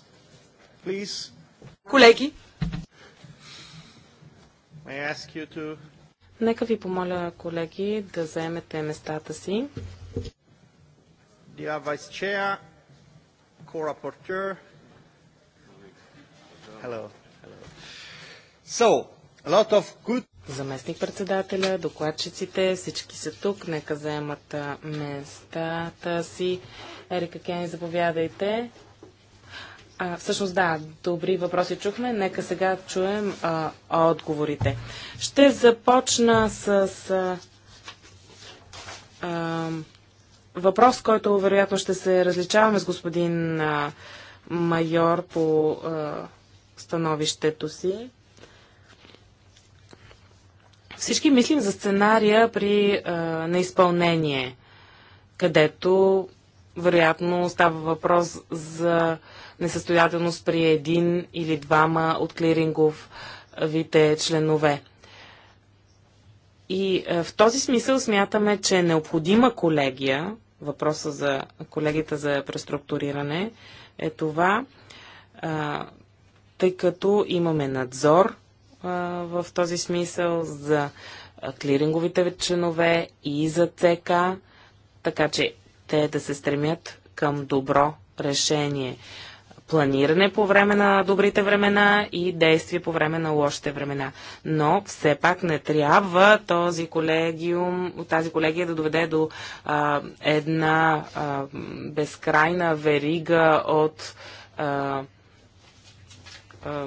please. Колеги, May I ask you to... нека ви помоля, колеги, да заемете местата си. Dear Vice Chair, Co-Rapporteur, Hello. Hello. So, a lot of good заместник-председателя, докладчиците, всички са тук, нека заемат местата си. Ерика Кени, заповядайте. А, всъщност да, добри въпроси чухме. Нека сега чуем а, отговорите. Ще започна с а, а, въпрос, който вероятно ще се различаваме с господин а, майор по а, становището си. Всички мислим за сценария при а, неизпълнение, където вероятно става въпрос за несъстоятелност при един или двама от клиринговите членове. И е, в този смисъл смятаме, че е необходима колегия, въпроса за колегията за преструктуриране, е това, е, тъй като имаме надзор е, в този смисъл за клиринговите членове и за ЦК, така че те да се стремят към добро решение планиране по време на добрите времена и действие по време на лошите времена. Но все пак не трябва този колегиум, тази колегия да доведе до а, една а, безкрайна верига от а, а,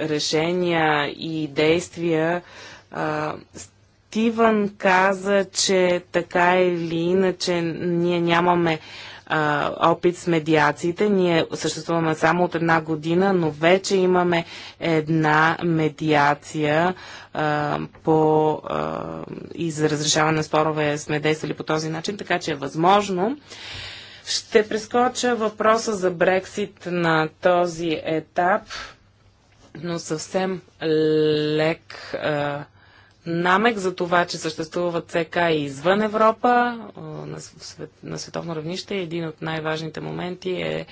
решения и действия. А, Стивън каза, че така или иначе ние нямаме а, опит с медиациите. Ние съществуваме само от една година, но вече имаме една медиация а, по, а, и за разрешаване на спорове сме действали по този начин, така че е възможно. Ще прескоча въпроса за Брексит на този етап, но съвсем лек. А, намек за това, че съществуват ЦК и извън Европа на, свет, на световно равнище. Един от най-важните моменти е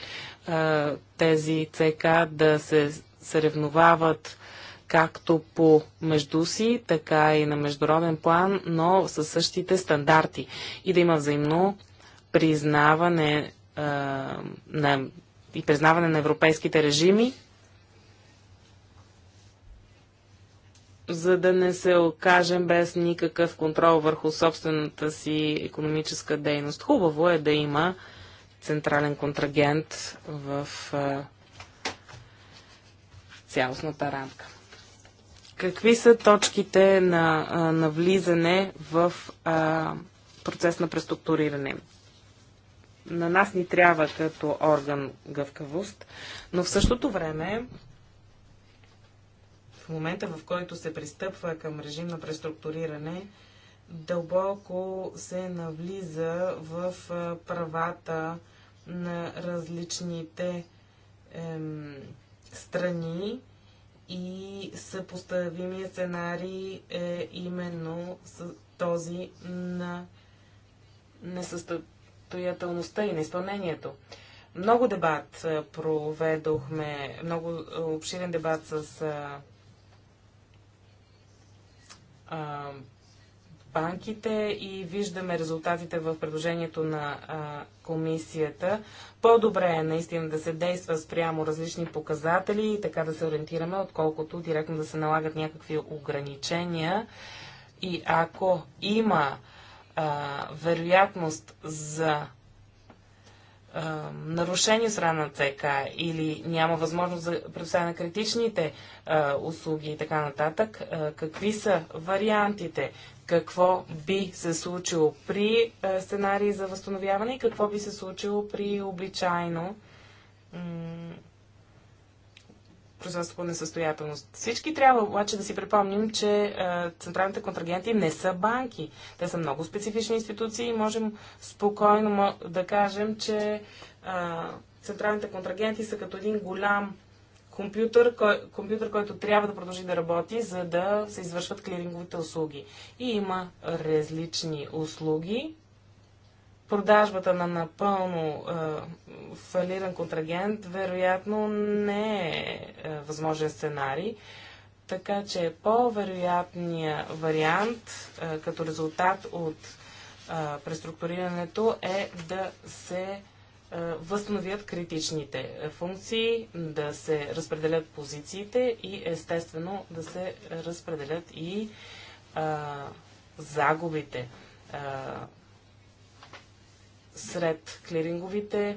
тези ЦК да се съревновават както по между си, така и на международен план, но със същите стандарти и да има взаимно признаване а, на, и признаване на европейските режими за да не се окажем без никакъв контрол върху собствената си економическа дейност. Хубаво е да има централен контрагент в а, цялостната рамка. Какви са точките на, а, на влизане в а, процес на преструктуриране? На нас ни трябва като орган гъвкавост, но в същото време момента, в който се пристъпва към режим на преструктуриране, дълбоко се навлиза в правата на различните ем, страни и съпоставимия сценарий е именно с този на несъстоятелността и неизпълнението. Много дебат проведохме, много обширен дебат с банките и виждаме резултатите в предложението на а, комисията. По-добре е наистина да се действа спрямо различни показатели и така да се ориентираме, отколкото директно да се налагат някакви ограничения. И ако има а, вероятност за нарушени от страна на ЦК или няма възможност за предоставяне на критичните а, услуги и така нататък, а, какви са вариантите, какво би се случило при а, сценарии за възстановяване и какво би се случило при обичайно производство по несъстоятелност. Всички трябва обаче да си припомним, че е, централните контрагенти не са банки. Те са много специфични институции и можем спокойно да кажем, че е, централните контрагенти са като един голям компютър, кой, компютър, който трябва да продължи да работи, за да се извършват клиринговите услуги. И има различни услуги, продажбата на напълно е, фалиран контрагент вероятно не е, е възможен сценарий. Така че по-вероятният вариант е, като резултат от е, преструктурирането е да се е, възстановят критичните функции, да се разпределят позициите и естествено да се разпределят и а, загубите. А, сред клиринговите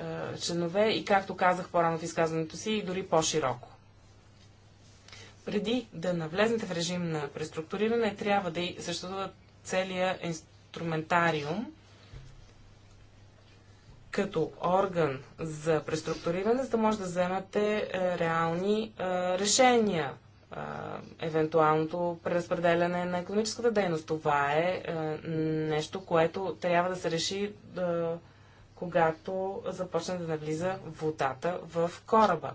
е, членове и, както казах по-рано в изказването си, и дори по-широко. Преди да навлезнете в режим на преструктуриране, трябва да съществува целият инструментариум като орган за преструктуриране, за да може да вземате е, реални е, решения евентуалното преразпределяне на економическата дейност. Това е а, нещо, което трябва да се реши, а, когато започне да навлиза водата в кораба.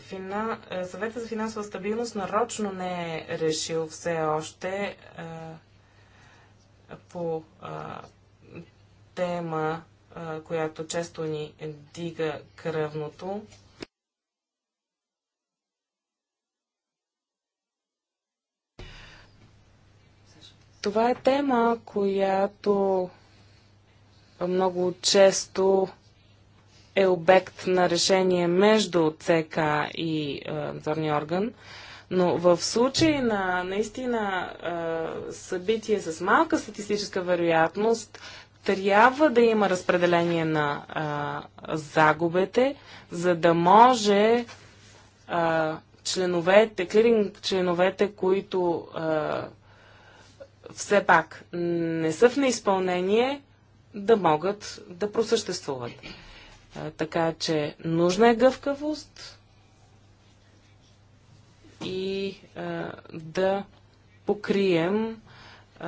Фина... Съвета за финансова стабилност нарочно не е решил все още по тема, която често ни дига кръвното Това е тема, която много често е обект на решение между ЦК и надзорния орган. Но в случай на наистина събитие с малка статистическа вероятност, трябва да има разпределение на а, загубите, за да може а, членовете, клиринг членовете, които а, все пак не са в неизпълнение, да могат да просъществуват. Е, така че нужна е гъвкавост и е, да покрием е,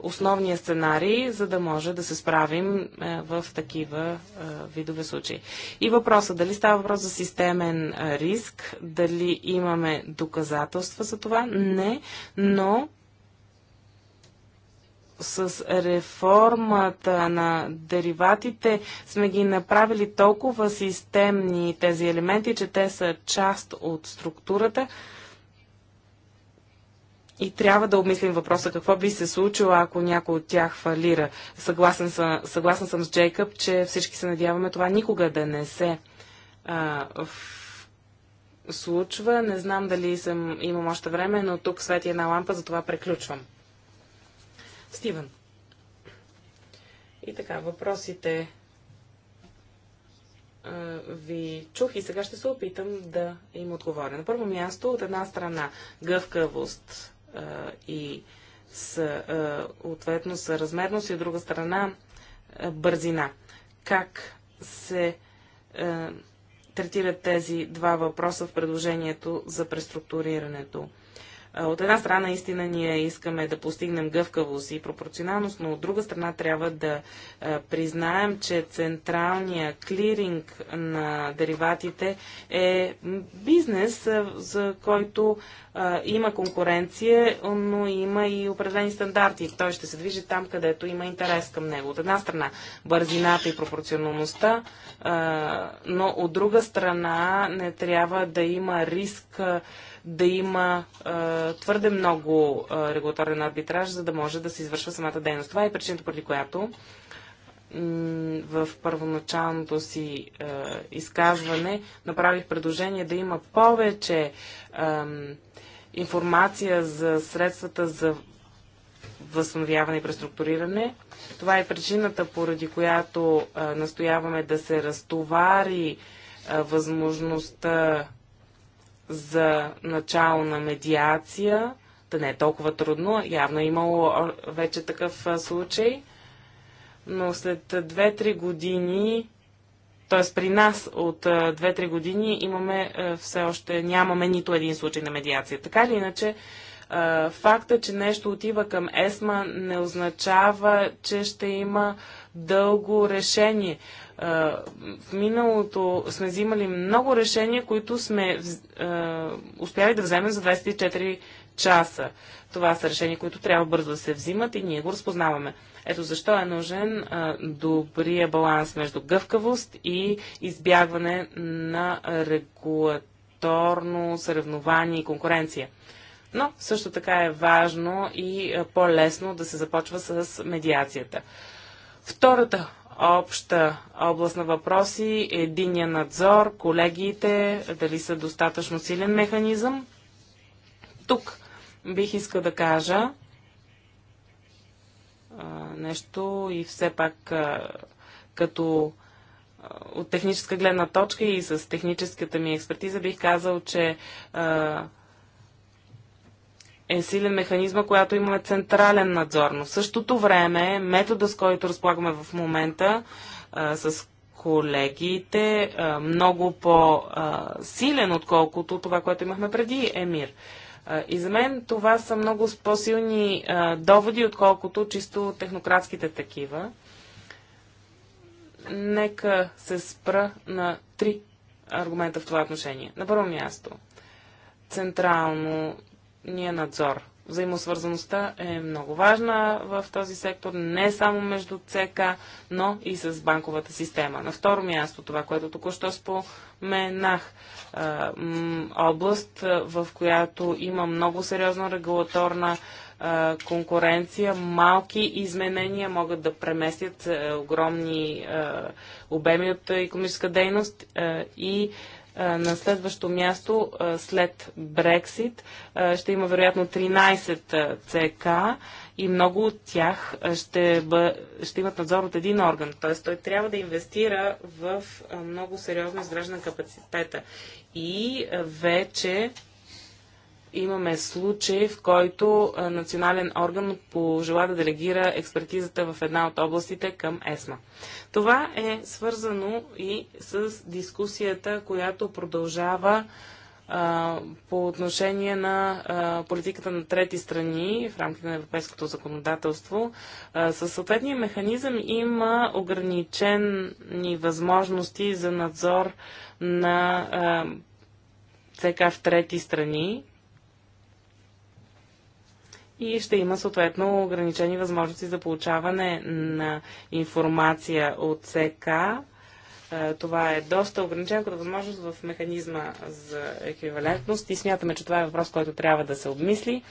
основния сценарий, за да може да се справим в такива видове случаи. И въпроса, дали става въпрос за системен риск, дали имаме доказателства за това? Не, но с реформата на дериватите сме ги направили толкова системни тези елементи, че те са част от структурата. И трябва да обмислим въпроса какво би се случило, ако някой от тях фалира. Съгласен съм, съгласен съм с Джейкъб, че всички се надяваме това никога да не се а, в... случва. Не знам дали съм, имам още време, но тук свети една лампа, затова приключвам. Стивън. И така, въпросите ви чух и сега ще се опитам да им отговоря. На първо място, от една страна, гъвкавост и с размерност, и от друга страна бързина. Как се третират тези два въпроса в предложението за преструктурирането? От една страна наистина ние искаме да постигнем гъвкавост и пропорционалност, но от друга страна трябва да признаем, че централния клиринг на дериватите е бизнес, за който има конкуренция, но има и определени стандарти. Той ще се движи там, където има интерес към него. От една страна бързината и пропорционалността, но от друга страна не трябва да има риск да има а, твърде много а, регулаторен арбитраж, за да може да се извършва самата дейност. Това е причината, поради която в първоначалното си а, изказване направих предложение да има повече а, информация за средствата за възстановяване и преструктуриране. Това е причината, поради която а, настояваме да се разтовари а, възможността за начало на медиация, да не е толкова трудно. Явно е имало вече такъв случай. Но след 2-3 години, т.е. при нас от 2-3 години имаме все още, нямаме нито един случай на медиация. Така или иначе, факта, че нещо отива към ЕСМА не означава, че ще има дълго решение. В миналото сме взимали много решения, които сме успяли да вземем за 24 часа. Това са решения, които трябва бързо да се взимат и ние го разпознаваме. Ето защо е нужен добрия баланс между гъвкавост и избягване на регулаторно съревнование и конкуренция. Но също така е важно и по-лесно да се започва с медиацията. Втората обща област на въпроси е единия надзор, колегиите, дали са достатъчно силен механизъм. Тук бих искал да кажа а, нещо и все пак а, като а, от техническа гледна точка и с техническата ми експертиза бих казал, че а, е силен механизма, която имаме централен надзор. Но в същото време метода, с който разполагаме в момента, а, с колегите, а, много по-силен, отколкото това, което имахме преди Емир. А, и за мен това са много по-силни доводи, отколкото чисто технократските такива. Нека се спра на три аргумента в това отношение. На първо място, централно ния надзор. Взаимосвързаността е много важна в този сектор, не само между ЦК, но и с банковата система. На второ място, това, което току-що споменах, област, в която има много сериозна регулаторна конкуренция, малки изменения могат да преместят огромни обеми от економическа дейност и на следващо място, след Брексит, ще има вероятно 13 ЦК и много от тях ще, бъ... ще имат надзор от един орган. Т.е. той трябва да инвестира в много сериозно изграждане на капацитета. И вече имаме случай, в който национален орган пожела да делегира експертизата в една от областите към ЕСМА. Това е свързано и с дискусията, която продължава по отношение на политиката на трети страни в рамките на европейското законодателство. със съответния механизъм има ограничени възможности за надзор на ЦК в трети страни, и ще има съответно ограничени възможности за получаване на информация от СК. Е, това е доста ограничено като възможност в механизма за еквивалентност и смятаме, че това е въпрос, който трябва да се обмисли.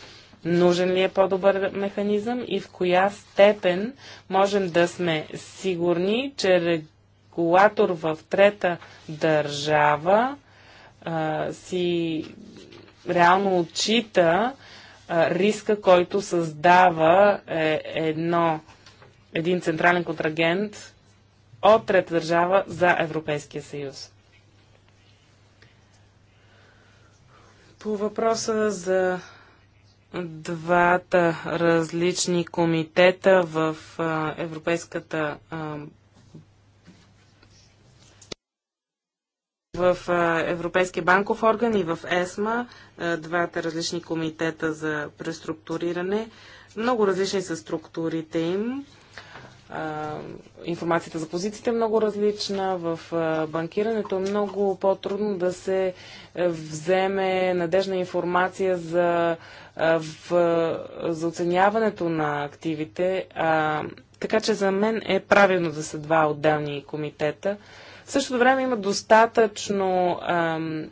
Нужен ли е по-добър механизъм и в коя степен можем да сме сигурни, че регулатор в трета държава а, си реално отчита риска, който създава е, едно, един централен контрагент от трета държава за Европейския съюз. По въпроса за двата различни комитета в Европейската в Европейския банков орган и в ЕСМА, двата различни комитета за преструктуриране. Много различни са структурите им. Информацията за позициите е много различна. В банкирането е много по-трудно да се е, вземе надежна информация за, в, за оценяването на активите. Така че за мен е правилно да са два отделни комитета в същото време има достатъчно ам,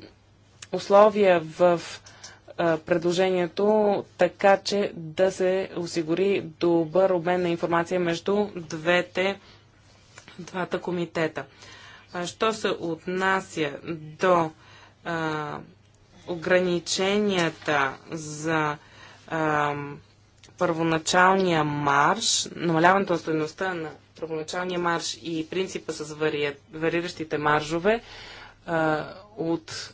условия в а, предложението, така че да се осигури добър обмен на информация между двете, двата комитета. А, що се отнася до а, ограниченията за а, първоначалния марш, намаляването на стоеността на първоначалния марш и принципа с вари... вариращите маржове а, от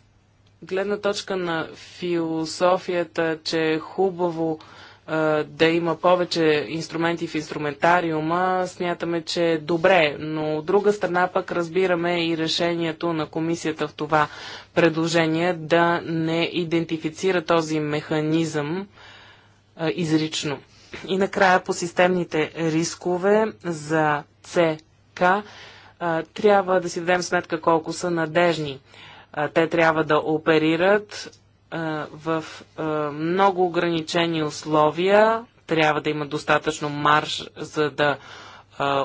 гледна точка на философията, че е хубаво а, да има повече инструменти в инструментариума, смятаме, че е добре, но от друга страна пък разбираме и решението на комисията в това предложение да не идентифицира този механизъм, изрично. И накрая по системните рискове за ЦК трябва да си дадем сметка колко са надежни. Те трябва да оперират в много ограничени условия, трябва да имат достатъчно марш, за да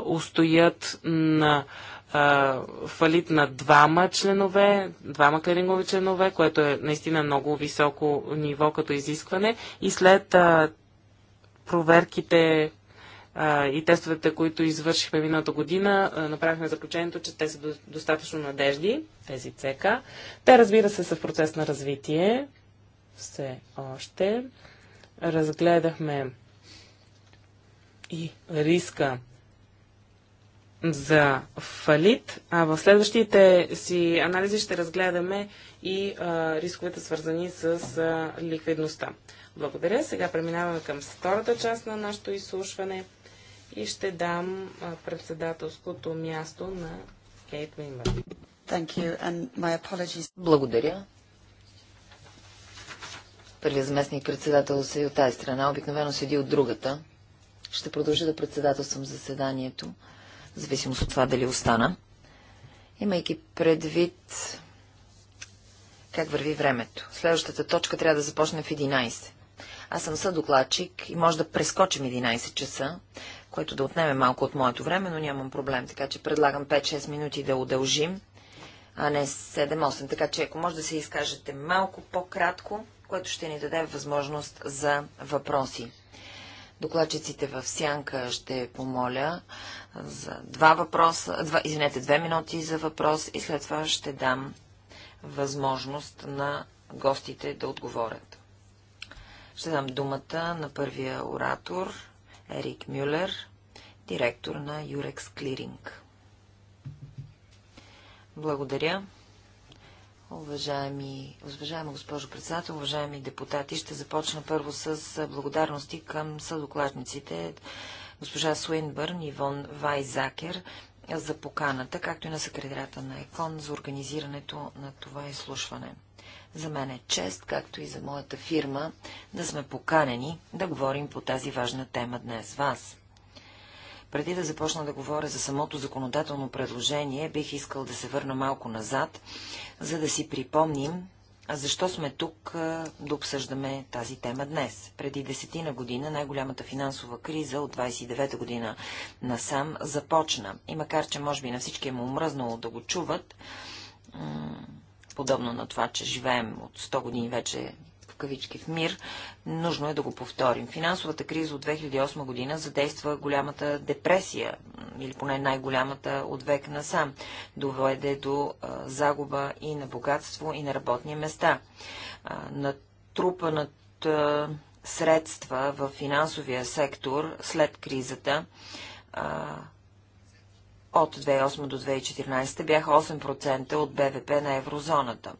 устоят на а, фалит на двама членове, двама клирингови членове, което е наистина много високо ниво като изискване. И след а, проверките а, и тестовете, които извършихме миналата година, а, направихме заключението, че те са до, достатъчно надежди, тези ЦК. Те, разбира се, са в процес на развитие все още. Разгледахме и риска за фалит, а в следващите си анализи ще разгледаме и а, рисковете свързани с а, ликвидността. Благодаря. Сега преминаваме към втората част на нашето изслушване и ще дам а, председателското място на Кейт Уинбър. Благодаря. Първият заместник председател се и от тази страна, обикновено седи от другата. Ще продължа да председателствам заседанието зависимост от това дали остана, имайки предвид как върви времето. Следващата точка трябва да започне в 11. Аз съм съдокладчик и може да прескочим 11 часа, което да отнеме малко от моето време, но нямам проблем, така че предлагам 5-6 минути да удължим, а не 7-8. Така че ако може да се изкажете малко по-кратко, което ще ни даде възможност за въпроси. Докладчиците в сянка ще помоля за два въпроса, два, извинете, две минути за въпрос и след това ще дам възможност на гостите да отговорят. Ще дам думата на първия оратор Ерик Мюлер, директор на Юрекс Клиринг. Благодаря. Уважаеми, уважаема госпожо председател, уважаеми депутати, ще започна първо с благодарности към съдокладниците госпожа Суинбърн и Вон Вайзакер за поканата, както и на секретарята на ЕКОН за организирането на това изслушване. За мен е чест, както и за моята фирма, да сме поканени да говорим по тази важна тема днес с вас. Преди да започна да говоря за самото законодателно предложение, бих искал да се върна малко назад, за да си припомним защо сме тук да обсъждаме тази тема днес. Преди десетина година най-голямата финансова криза от 29-та година насам започна. И макар, че може би на всички е му омръзнало да го чуват, подобно на това, че живеем от 100 години вече кавички в мир, нужно е да го повторим. Финансовата криза от 2008 година задейства голямата депресия, или поне най-голямата от век насам. Доведе до а, загуба и на богатство, и на работни места. А, натрупанът а, средства в финансовия сектор след кризата от 2008 до 2014 бяха 8% от БВП на еврозоната.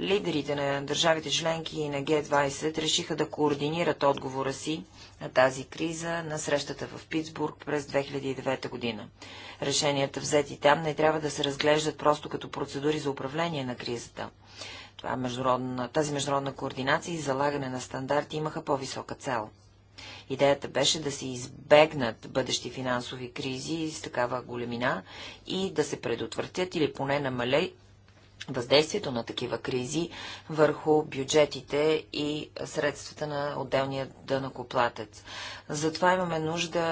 Лидерите на държавите членки и на Г-20 решиха да координират отговора си на тази криза на срещата в Питсбург през 2009 година. Решенията взети там не трябва да се разглеждат просто като процедури за управление на кризата. Това международна, тази международна координация и залагане на стандарти имаха по-висока цел. Идеята беше да се избегнат бъдещи финансови кризи с такава големина и да се предотвратят или поне намалят въздействието на такива кризи върху бюджетите и средствата на отделния дънакоплатец. Затова имаме нужда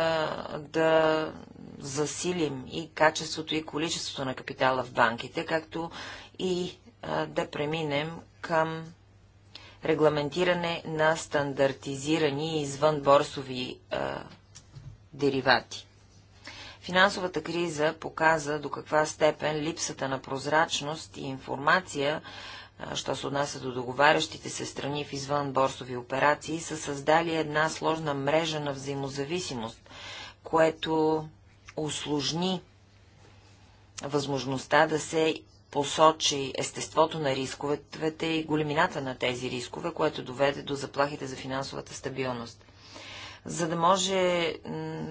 да засилим и качеството и количеството на капитала в банките, както и да преминем към регламентиране на стандартизирани извънборсови борсови деривати. Финансовата криза показа до каква степен липсата на прозрачност и информация, що се отнася до договарящите се страни в извън борсови операции, са създали една сложна мрежа на взаимозависимост, което усложни възможността да се посочи естеството на рисковете и големината на тези рискове, което доведе до заплахите за финансовата стабилност за да може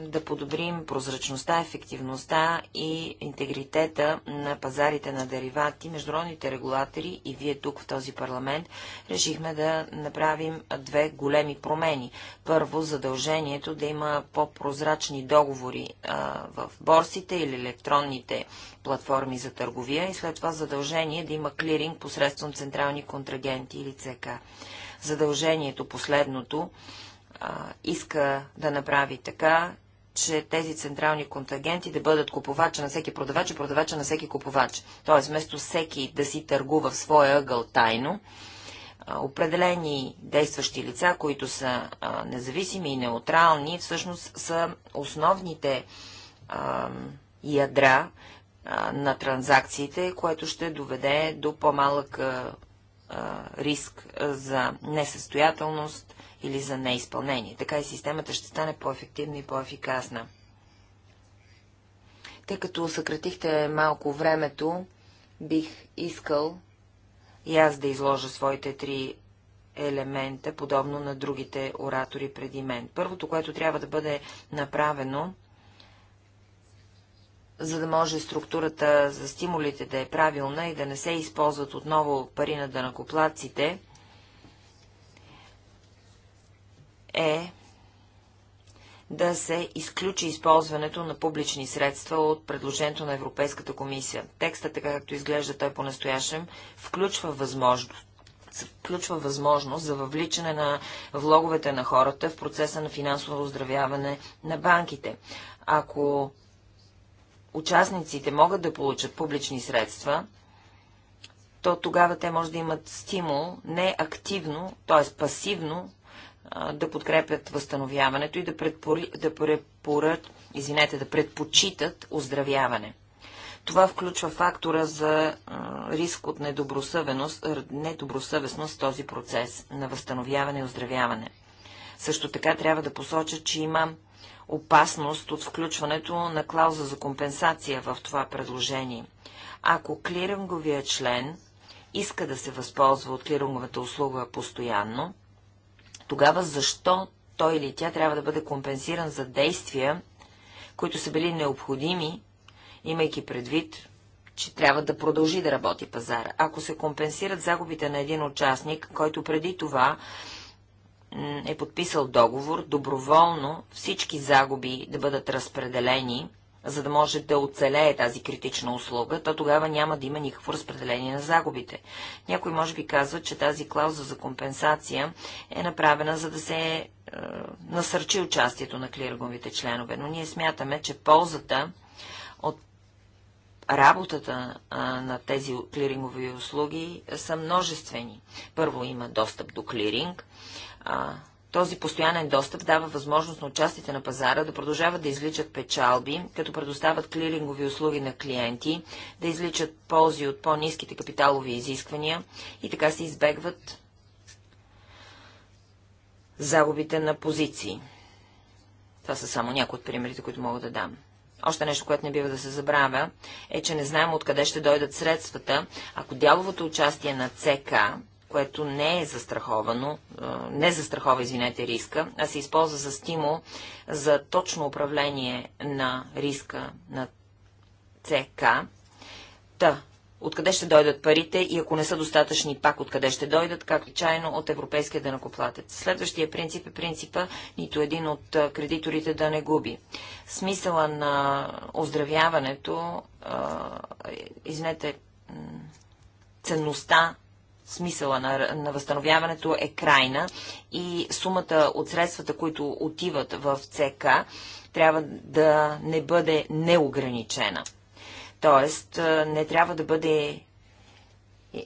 да подобрим прозрачността, ефективността и интегритета на пазарите на деривати, международните регулатори и вие тук в този парламент решихме да направим две големи промени. Първо, задължението да има по-прозрачни договори а, в борсите или електронните платформи за търговия и след това задължение да има клиринг посредством централни контрагенти или ЦК. Задължението последното а, иска да направи така, че тези централни контагенти да бъдат купувача на всеки продавач и продавача на всеки купувач. Тоест, вместо всеки да си търгува в своя ъгъл тайно, определени действащи лица, които са а, независими и неутрални, всъщност са основните а, ядра а, на транзакциите, което ще доведе до по-малък риск за несъстоятелност или за неизпълнение. Така и системата ще стане по-ефективна и по-ефикасна. Тъй като съкратихте малко времето, бих искал и аз да изложа своите три елемента, подобно на другите оратори преди мен. Първото, което трябва да бъде направено, за да може структурата за стимулите да е правилна и да не се използват отново пари на дънакоплаците, е да се изключи използването на публични средства от предложението на Европейската комисия. Текстът, така както изглежда той по-настоящем, включва възможност включва възможност за въвличане на влоговете на хората в процеса на финансово оздравяване на банките. Ако участниците могат да получат публични средства, то тогава те може да имат стимул не активно, т.е. пасивно да подкрепят възстановяването и да, предпори, да, препорът, извинете, да предпочитат оздравяване. Това включва фактора за риск от недобросъвестност в този процес на възстановяване и оздравяване. Също така трябва да посоча, че има опасност от включването на клауза за компенсация в това предложение. Ако клиринговия член иска да се възползва от клиринговата услуга постоянно, тогава защо той или тя трябва да бъде компенсиран за действия, които са били необходими, имайки предвид, че трябва да продължи да работи пазара. Ако се компенсират загубите на един участник, който преди това е подписал договор, доброволно всички загуби да бъдат разпределени за да може да оцелее тази критична услуга, то тогава няма да има никакво разпределение на загубите. Някой може би казва, че тази клауза за компенсация е направена за да се е, насърчи участието на клирговите членове, но ние смятаме, че ползата от работата а, на тези клирингови услуги са множествени. Първо има достъп до клиринг, а, този постоянен достъп дава възможност на участите на пазара да продължават да изличат печалби, като предоставят клирингови услуги на клиенти, да изличат ползи от по-низките капиталови изисквания и така се избегват загубите на позиции. Това са само някои от примерите, които мога да дам. Още нещо, което не бива да се забравя, е, че не знаем откъде ще дойдат средствата, ако дяловото участие на ЦК което не е застраховано, не застрахова, извинете, риска, а се използва за стимул за точно управление на риска на ЦК. Та, откъде ще дойдат парите и ако не са достатъчни, пак откъде ще дойдат, както чайно от европейския дънакоплатец. Следващия принцип е принципа нито един от кредиторите да не губи. Смисъла на оздравяването, извинете, ценността смисъла на, на възстановяването е крайна и сумата от средствата, които отиват в ЦК, трябва да не бъде неограничена. Тоест, не трябва да бъде е,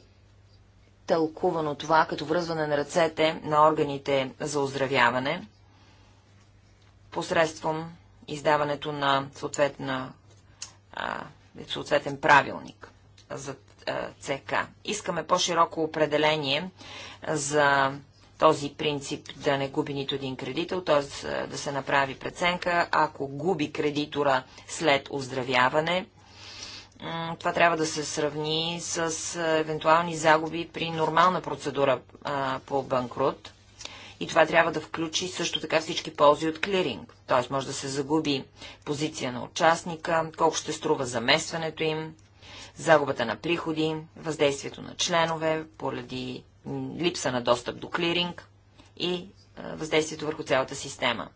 тълкувано това като връзване на ръцете на органите за оздравяване посредством издаването на съответна, съответен правилник за ЦК. Искаме по-широко определение за този принцип да не губи нито един кредител, т.е. да се направи преценка, ако губи кредитора след оздравяване, това трябва да се сравни с евентуални загуби при нормална процедура по банкрут. И това трябва да включи също така всички ползи от клиринг. Т.е. може да се загуби позиция на участника, колко ще струва заместването им, загубата на приходи, въздействието на членове поради липса на достъп до клиринг и е, въздействието върху цялата система.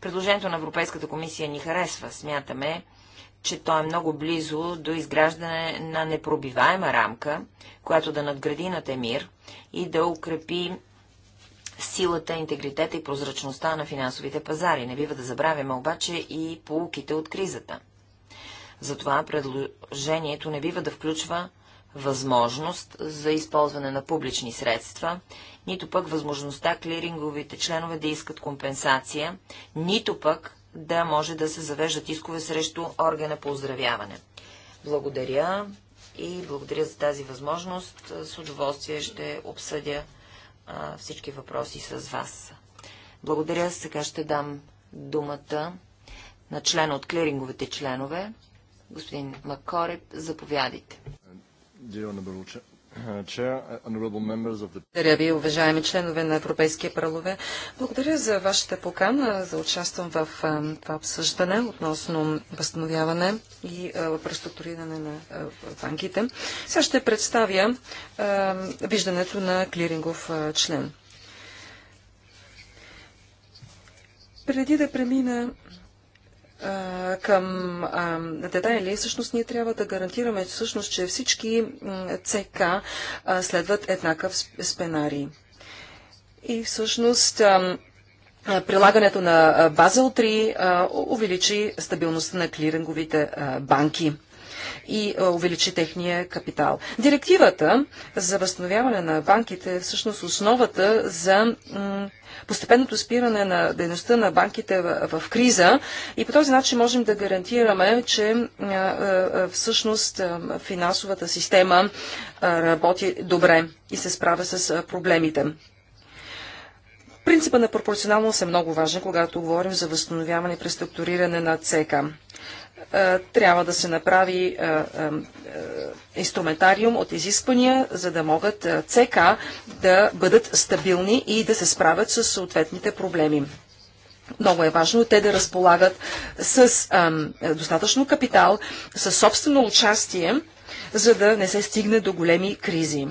Предложението на Европейската комисия ни харесва. Смятаме, че то е много близо до изграждане на непробиваема рамка, която да надгради на Темир и да укрепи силата, интегритета и прозрачността на финансовите пазари. Не бива да забравяме обаче и полуките от кризата. Затова предложението не бива да включва възможност за използване на публични средства, нито пък възможността клиринговите членове да искат компенсация, нито пък да може да се завеждат искове срещу органа по оздравяване. Благодаря и благодаря за тази възможност. С удоволствие ще обсъдя всички въпроси с вас. Благодаря. Сега ще дам думата на член от клиринговите членове. Господин Макореб, заповядайте. Uh, uh, Благодаря ви, уважаеми членове на Европейския пралове. Благодаря за вашата покана за участвам в uh, това обсъждане относно възстановяване и преструктуриране на банките. Сега ще представя виждането на клирингов член. Преди да премина към детайли, всъщност ние трябва да гарантираме, всъщност, че всички ЦК следват еднакъв сценарий. И всъщност прилагането на Базел 3 увеличи стабилността на клиринговите банки и увеличи техния капитал. Директивата за възстановяване на банките е всъщност основата за постепенното спиране на дейността на банките в, в криза и по този начин можем да гарантираме, че всъщност финансовата система работи добре и се справя с проблемите. Принципа на пропорционалност е много важен, когато говорим за възстановяване и преструктуриране на ЦК. Е, трябва да се направи е, е, инструментариум от изисквания, за да могат ЦК да бъдат стабилни и да се справят с съответните проблеми. Много е важно те да разполагат с а, достатъчно капитал, с собствено участие, за да не се стигне до големи кризи.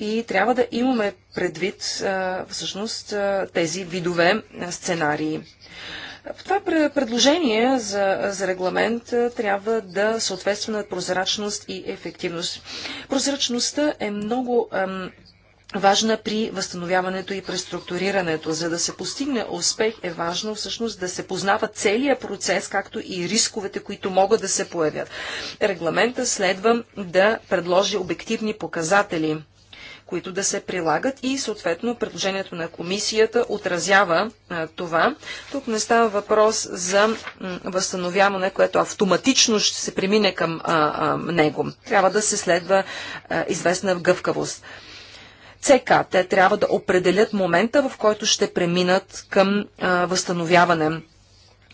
И трябва да имаме предвид всъщност тези видове сценарии. Това предложение за, за регламент трябва да съответства на прозрачност и ефективност. Прозрачността е много ем, важна при възстановяването и преструктурирането. За да се постигне успех е важно всъщност да се познава целият процес, както и рисковете, които могат да се появят. Регламента следва да предложи обективни показатели които да се прилагат и съответно предложението на комисията отразява а, това. Тук не става въпрос за възстановяване, което автоматично ще се премине към а, него. Трябва да се следва известна гъвкавост. ЦК. Те трябва да определят момента, в който ще преминат към а, възстановяване.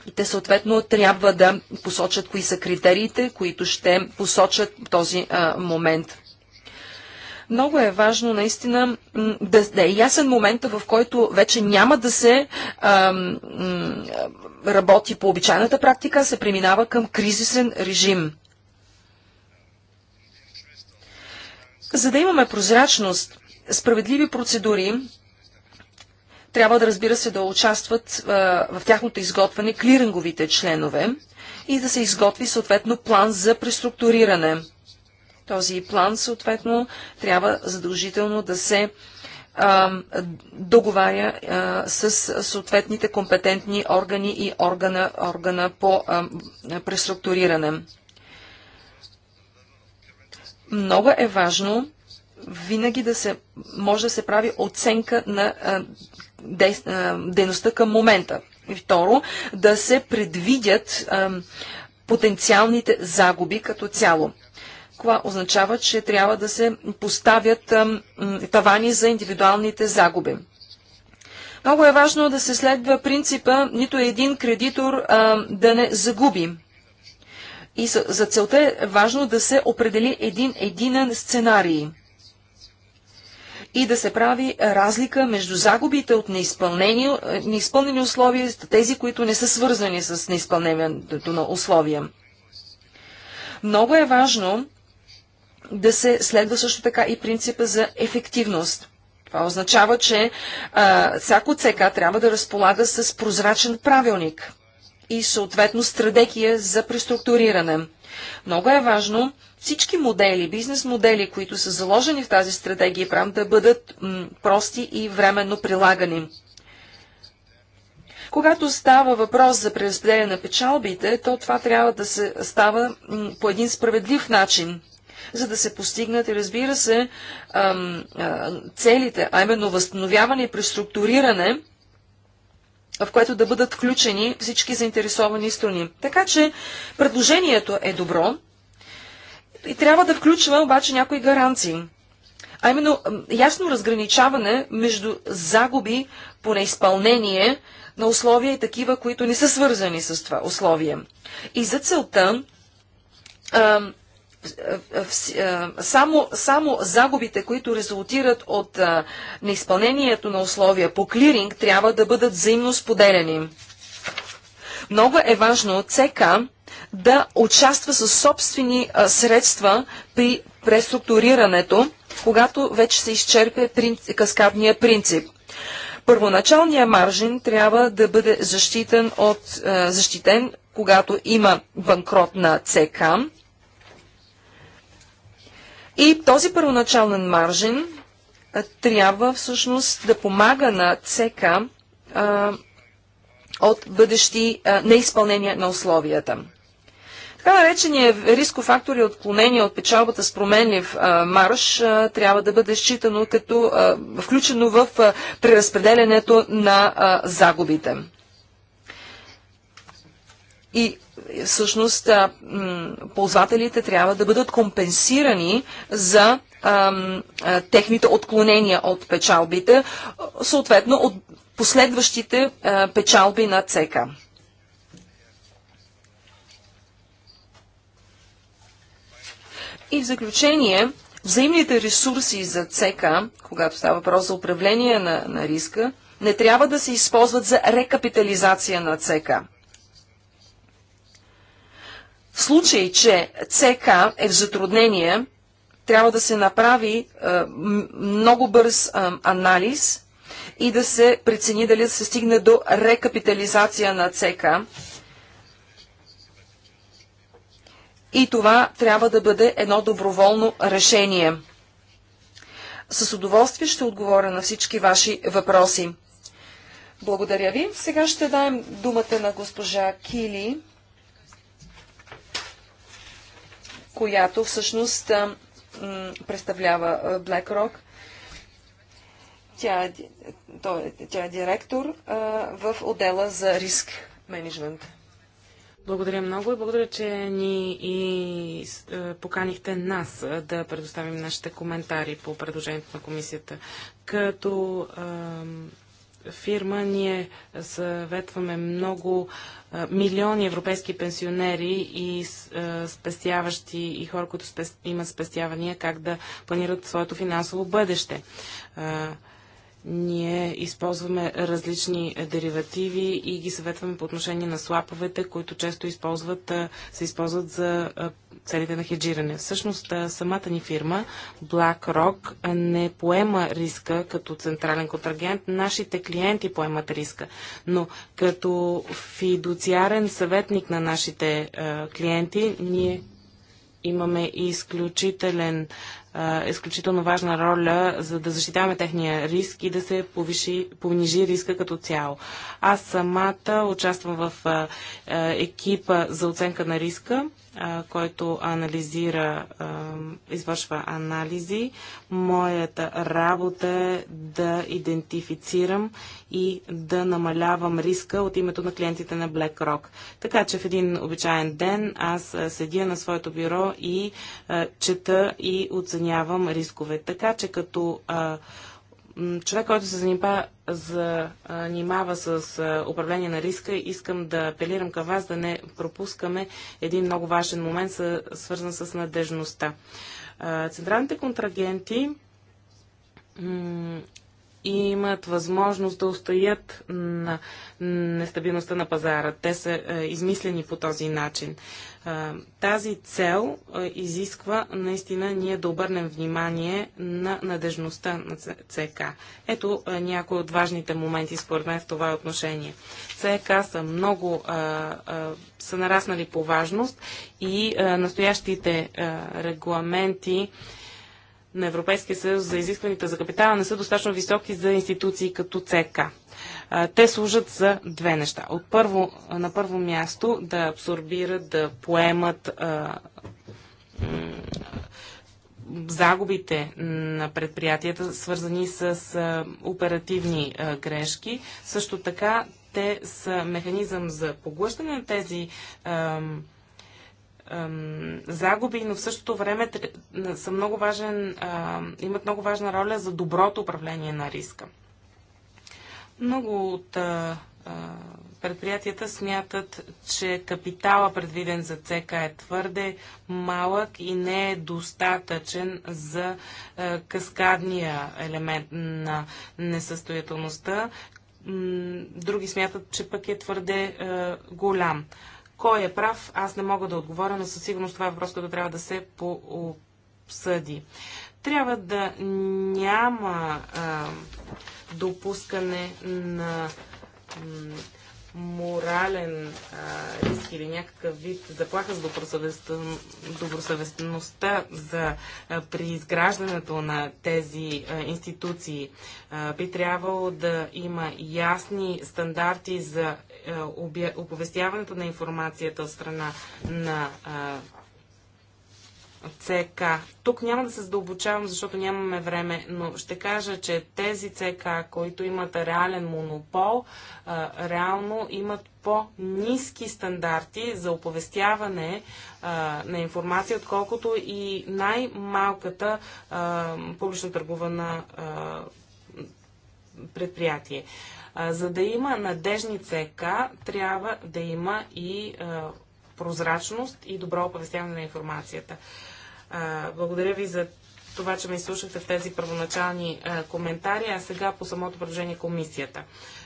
И те съответно трябва да посочат кои са критериите, които ще посочат този а, момент. Много е важно наистина да, да е ясен момента, в който вече няма да се ам, работи по обичайната практика, се преминава към кризисен режим. За да имаме прозрачност, справедливи процедури, трябва да разбира се да участват а, в тяхното изготвяне клиринговите членове и да се изготви съответно план за преструктуриране. Този план, съответно, трябва задължително да се а, договаря а, с съответните компетентни органи и органа, органа по а, преструктуриране. Много е важно винаги да се може да се прави оценка на дейността към момента. И второ, да се предвидят потенциалните загуби като цяло. Това означава, че трябва да се поставят тавани за индивидуалните загуби. Много е важно да се следва принципа нито един кредитор а, да не загуби. И за, за целта е важно да се определи един единен сценарий и да се прави разлика между загубите от неизпълнени, е, неизпълнени условия, тези, които не са свързани с неизпълнението на условия. Много е важно да се следва също така и принципа за ефективност. Това означава, че а, всяко ЦК трябва да разполага с прозрачен правилник и съответно стратегия за преструктуриране. Много е важно всички модели, бизнес модели, които са заложени в тази стратегия прям да бъдат прости и временно прилагани. Когато става въпрос за преразпределение на печалбите, то това трябва да се става по един справедлив начин, за да се постигнат и разбира се целите, а именно възстановяване и преструктуриране, в което да бъдат включени всички заинтересовани страни. Така че предложението е добро и трябва да включва обаче някои гаранции. А именно ясно разграничаване между загуби по неизпълнение на условия и такива, които не са свързани с това условие. И за целта е, е, е, само, само загубите, които резултират от неизпълнението на условия по клиринг, трябва да бъдат взаимно споделени. Много е важно ЦК да участва със собствени средства при преструктурирането, когато вече се изчерпе принцип, каскадния принцип. Първоначалният маржин трябва да бъде защитен от, защитен, когато има банкрот на ЦК, и този първоначален маржин трябва всъщност да помага на ЦК а, от бъдещи а, неизпълнения на условията. Така наречения рисков фактор и отклонение от печалбата с променлив а, марш а, трябва да бъде считано като а, включено в а, на а, загубите. И всъщност ползвателите трябва да бъдат компенсирани за а, а, техните отклонения от печалбите, съответно от последващите печалби на ЦЕКА. И в заключение, взаимните ресурси за ЦК, когато става въпрос за управление на, на риска, не трябва да се използват за рекапитализация на ЦК. В случай, че ЦК е в затруднение, трябва да се направи а, е, много бърз а, е, анализ и да се прецени дали се стигне до рекапитализация на ЦК. И това трябва да бъде едно доброволно решение. С удоволствие ще отговоря на всички ваши въпроси. Благодаря ви. Сега ще даем думата на госпожа Кили която всъщност представлява BlackRock. Тя е, той, е, тя е директор в отдела за риск менеджмент. Благодаря много и благодаря, че ни и поканихте нас да предоставим нашите коментари по предложението на комисията. Като фирма ние съветваме много милиони европейски пенсионери и спестяващи и хора, които имат спестявания, как да планират своето финансово бъдеще ние използваме различни деривативи и ги съветваме по отношение на слаповете, които често използват, се използват за целите на хеджиране. Всъщност, самата ни фирма, BlackRock, не поема риска като централен контрагент. Нашите клиенти поемат риска. Но като фидуциарен съветник на нашите клиенти, ние имаме изключителен е, изключително важна роля, за да защитаваме техния риск и да се повиши, понижи риска като цяло. Аз самата участвам в е, е, екипа за оценка на риска който анализира, извършва анализи. Моята работа е да идентифицирам и да намалявам риска от името на клиентите на BlackRock. Така че в един обичайен ден аз седя на своето бюро и чета и оценявам рискове. Така че като човек, който се занимава, занимава с управление на риска, искам да апелирам към вас да не пропускаме един много важен момент, свързан с надежността. Централните контрагенти имат възможност да устоят на нестабилността на пазара. Те са измислени по този начин. Тази цел изисква наистина ние да обърнем внимание на надежността на ЦК. Ето някои от важните моменти според мен в това отношение. ЦК са много са нараснали по важност и настоящите регламенти на Европейския съюз за изискваните за капитала не са достатъчно високи за институции като ЦК те служат за две неща. От първо, на първо място да абсорбират, да поемат загубите на предприятията, свързани с оперативни грешки. Също така те са механизъм за поглъщане на тези загуби, но в същото време са много важен, имат много важна роля за доброто управление на риска. Много от а, предприятията смятат, че капитала предвиден за ЦК е твърде малък и не е достатъчен за а, каскадния елемент на несъстоятелността. Други смятат, че пък е твърде а, голям. Кой е прав, аз не мога да отговоря, но със сигурност това е въпрос, който трябва да се пообсъди. Трябва да няма а, допускане на морален а, риск или някакъв вид заплаха за добросъвестността за, а, при изграждането на тези а, институции. А, би трябвало да има ясни стандарти за а, оповестяването на информацията от страна на а, ЦК. Тук няма да се задълбочавам, защото нямаме време, но ще кажа, че тези ЦК, които имат реален монопол, реално имат по-низки стандарти за оповестяване на информация, отколкото и най-малката публично търгувана предприятие. За да има надежни ЦК, трябва да има и прозрачност и добро оповестяване на информацията благодаря ви за това, че ме изслушахте в тези първоначални а, коментари, а сега по самото предложение комисията.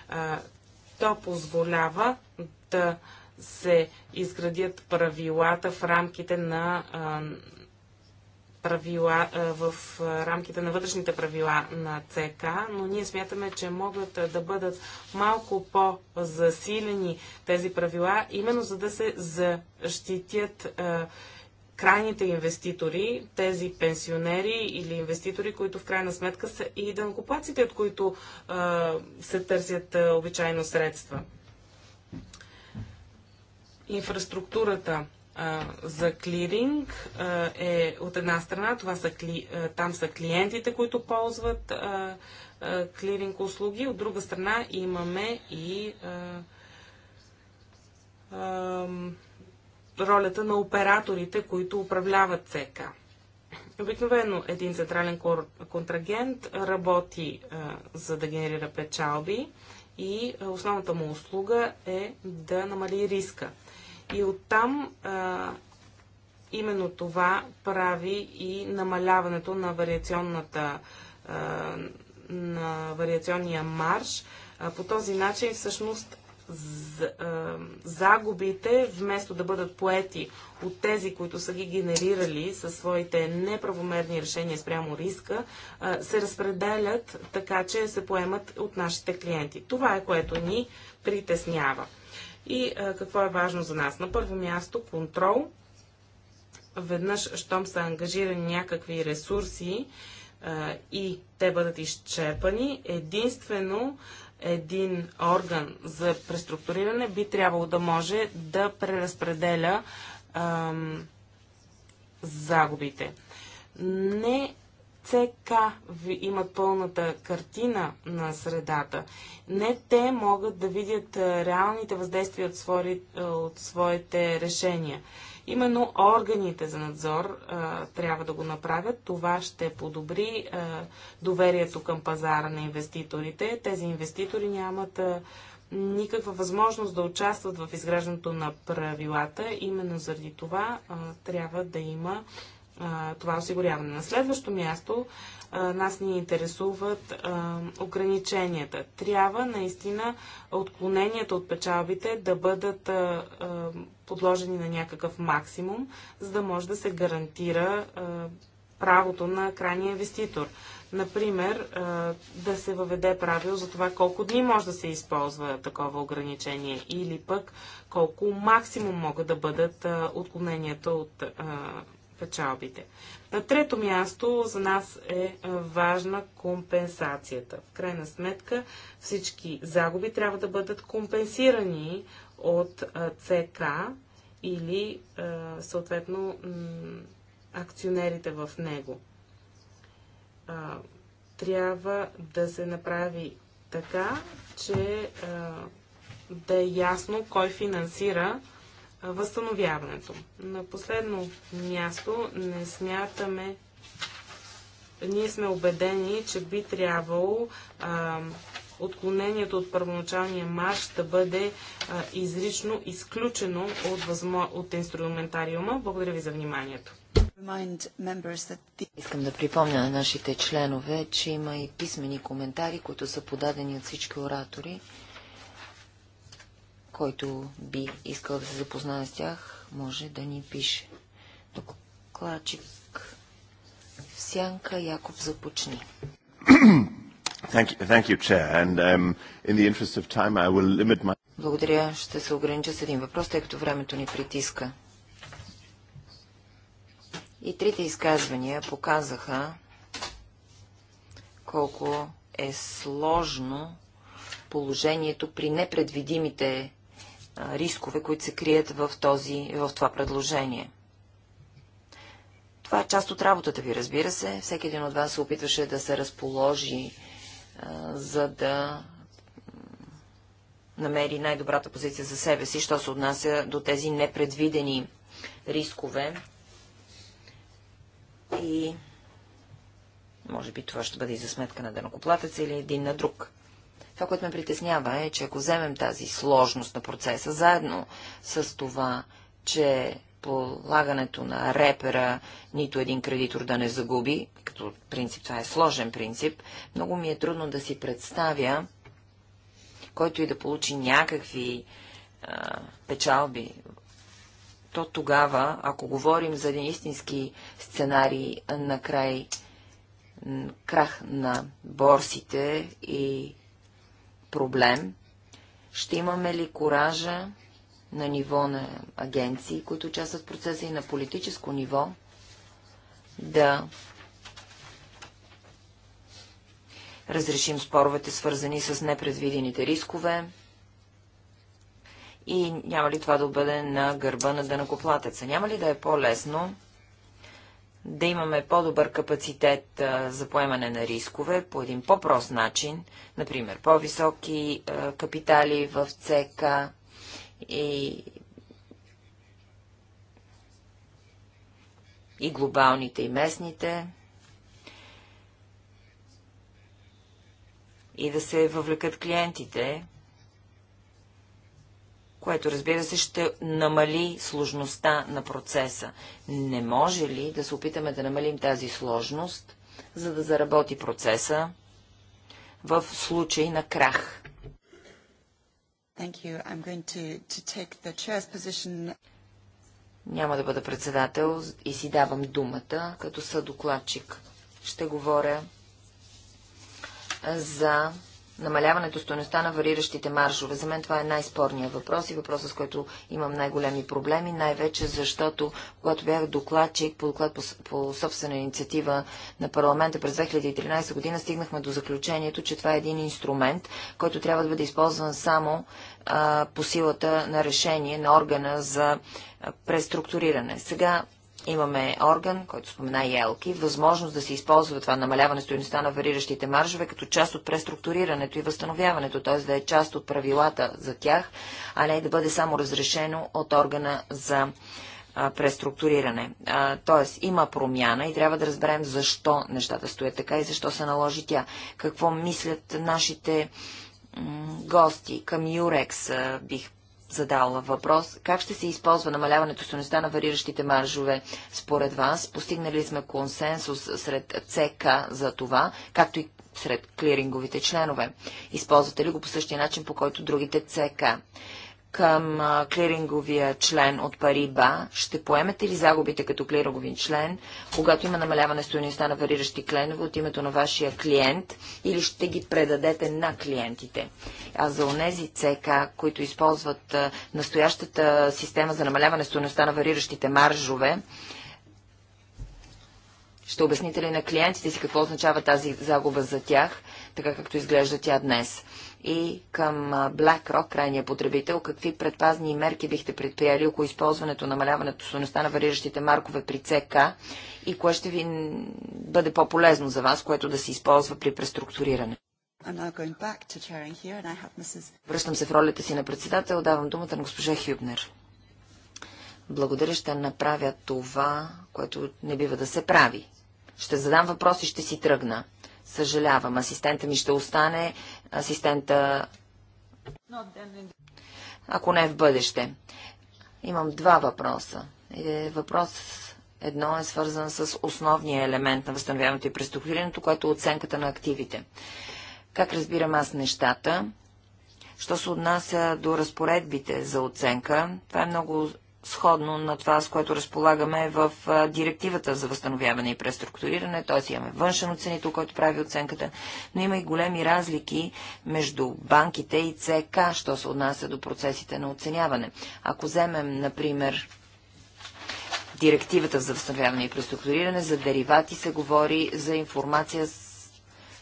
А, то позволява да се изградят правилата в рамките на правила, в рамките на вътрешните правила на ЦК, но ние смятаме, че могат да бъдат малко по-засилени тези правила, именно за да се защитят крайните инвеститори, тези пенсионери или инвеститори, които в крайна сметка са и дънкопаците, от които а, се търсят а, обичайно средства. Инфраструктурата а, за клиринг а, е от една страна, това са кли, а, там са клиентите, които ползват а, а, клиринг услуги, от друга страна имаме и а, а ролята на операторите, които управляват ЦК. Обикновено един централен контрагент работи а, за да генерира печалби и основната му услуга е да намали риска. И оттам а, именно това прави и намаляването на вариационната а, на вариационния марш. А, по този начин всъщност загубите, вместо да бъдат поети от тези, които са ги генерирали със своите неправомерни решения спрямо риска, се разпределят така, че се поемат от нашите клиенти. Това е което ни притеснява. И какво е важно за нас? На първо място контрол. Веднъж, щом са ангажирани някакви ресурси и те бъдат изчерпани, единствено един орган за преструктуриране би трябвало да може да преразпределя ам, загубите. Не ЦК ви имат пълната картина на средата. Не те могат да видят реалните въздействия от, свои, от своите решения. Именно органите за надзор а, трябва да го направят. Това ще подобри а, доверието към пазара на инвеститорите. Тези инвеститори нямат а, никаква възможност да участват в изграждането на правилата. Именно заради това а, трябва да има това осигуряване. На следващо място нас ни интересуват ограниченията. Трябва наистина отклоненията от печалбите да бъдат подложени на някакъв максимум, за да може да се гарантира правото на крайния инвеститор. Например, да се въведе правило за това колко дни може да се използва такова ограничение или пък колко максимум могат да бъдат отклоненията от печалбите. На трето място за нас е, е важна компенсацията. В крайна сметка всички загуби трябва да бъдат компенсирани от е, ЦК или е, съответно акционерите в него. Трябва да се направи така, че да е ясно кой финансира възстановяването. На последно място не смятаме, ние сме убедени, че би трябвало а, отклонението от първоначалния марш да бъде а, изрично изключено от, възмо... от инструментариума. Благодаря ви за вниманието. Искам да припомня на нашите членове, че има и писмени коментари, които са подадени от всички оратори който би искал да се запознае с тях, може да ни пише. Докладчик в сянка Яков започни. Um, Благодаря. Ще се огранича с един въпрос, тъй като времето ни притиска. И трите изказвания показаха колко е сложно положението при непредвидимите рискове, които се крият в, този, в това предложение. Това е част от работата ви, разбира се. Всеки един от вас се опитваше да се разположи, за да намери най-добрата позиция за себе си, що се отнася до тези непредвидени рискове. И може би това ще бъде и за сметка на денокоплатеца или един на друг. Това, което ме притеснява е, че ако вземем тази сложност на процеса, заедно с това, че полагането на репера нито един кредитор да не загуби, като принцип това е сложен принцип, много ми е трудно да си представя, който и да получи някакви а, печалби, то тогава, ако говорим за един истински сценарий на край крах на борсите и проблем, ще имаме ли коража на ниво на агенции, които участват в процеса и на политическо ниво, да разрешим споровете, свързани с непредвидените рискове, и няма ли това да бъде на гърба на дънакоплатеца? Няма ли да е по-лесно да имаме по-добър капацитет за поемане на рискове по един по-прост начин, например по-високи капитали в ЦК и, и глобалните и местните. И да се въвлекат клиентите което разбира се ще намали сложността на процеса. Не може ли да се опитаме да намалим тази сложност, за да заработи процеса в случай на крах? Thank you. I'm going to, to take the chair's position. Няма да бъда председател и си давам думата като съдокладчик. Ще говоря за намаляването стоеността на вариращите маржове. За мен това е най-спорният въпрос и въпросът, с който имам най-големи проблеми, най-вече защото, когато бях докладчик по доклад по, по собствена инициатива на парламента през 2013 година, стигнахме до заключението, че това е един инструмент, който трябва да бъде използван само а, по силата на решение на органа за преструктуриране. Сега Имаме орган, който спомена и Елки, възможност да се използва това намаляване стоеността на вариращите маржове като част от преструктурирането и възстановяването, т.е. да е част от правилата за тях, а не да бъде само разрешено от органа за преструктуриране. Т.е. има промяна и трябва да разберем защо нещата стоят така и защо се наложи тя. Какво мислят нашите гости към Юрекс бих задала въпрос как ще се използва намаляването стоеността на вариращите маржове. Според вас, постигнали сме консенсус сред ЦК за това, както и сред клиринговите членове. Използвате ли го по същия начин, по който другите ЦК? към клиринговия член от Париба, ще поемете ли загубите като клирингови член, когато има намаляване стоеността на вариращи кленове от името на вашия клиент или ще ги предадете на клиентите? А за онези ЦК, които използват настоящата система за намаляване стоеността на вариращите маржове, ще обясните ли на клиентите си какво означава тази загуба за тях, така както изглежда тя днес? и към BlackRock, крайния потребител, какви предпазни мерки бихте предприели около използването, намаляването стоеността на вариращите маркове при ЦК и кое ще ви бъде по-полезно за вас, което да се използва при преструктуриране? Връщам се в ролята си на председател, давам думата на госпожа Хюбнер. Благодаря, ще направя това, което не бива да се прави. Ще задам въпрос и ще си тръгна. Съжалявам, асистента ми ще остане, асистента... Ако не в бъдеще. Имам два въпроса. Е, въпрос едно е свързан с основния елемент на възстановяването и преструктурирането, което е оценката на активите. Как разбирам аз нещата? Що се отнася до разпоредбите за оценка, това е много сходно на това, с което разполагаме в директивата за възстановяване и преструктуриране, т.е. имаме външен оценител, който прави оценката, но има и големи разлики между банките и ЦК, що се отнася до процесите на оценяване. Ако вземем, например, директивата за възстановяване и преструктуриране, за деривати се говори за информация,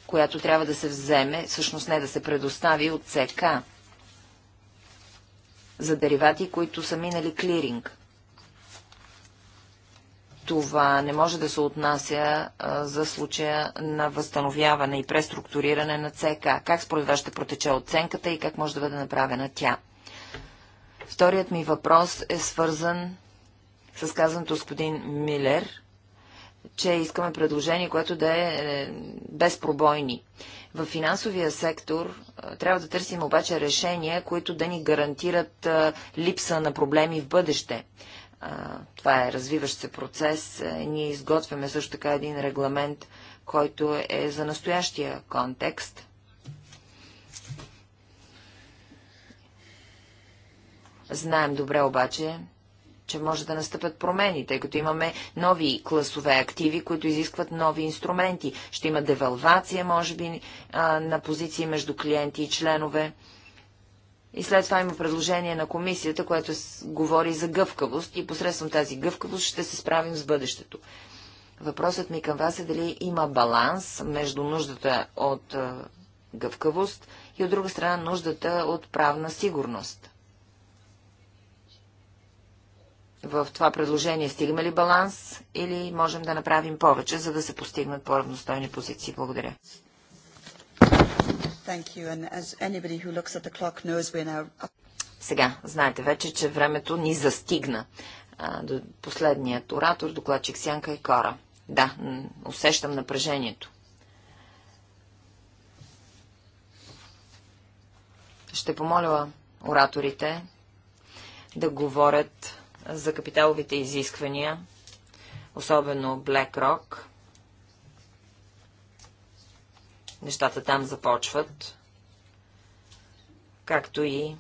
която трябва да се вземе, всъщност не да се предостави от ЦК, за деривати, които са минали клиринг. Това не може да се отнася а, за случая на възстановяване и преструктуриране на ЦК. Как според вас ще протече оценката и как може да бъде направена тя? Вторият ми въпрос е свързан с казаното господин Милер, че искаме предложение, което да е, е безпробойни. В финансовия сектор е, трябва да търсим обаче решения, които да ни гарантират е, липса на проблеми в бъдеще. Е, това е развиващ се процес. Ние изготвяме също така един регламент, който е за настоящия контекст. Знаем добре обаче, че може да настъпят промени, тъй като имаме нови класове активи, които изискват нови инструменти. Ще има девалвация, може би, на позиции между клиенти и членове. И след това има предложение на комисията, което говори за гъвкавост и посредством тази гъвкавост ще се справим с бъдещето. Въпросът ми към вас е дали има баланс между нуждата от гъвкавост и от друга страна нуждата от правна сигурност. в това предложение стигаме ли баланс или можем да направим повече, за да се постигнат по-равностойни позиции? Благодаря. Now... Сега, знаете вече, че времето ни застигна. До последният оратор, докладчик Сянка и Кора. Да, усещам напрежението. Ще помоля ораторите да говорят за капиталовите изисквания, особено BlackRock. Нещата там започват, както и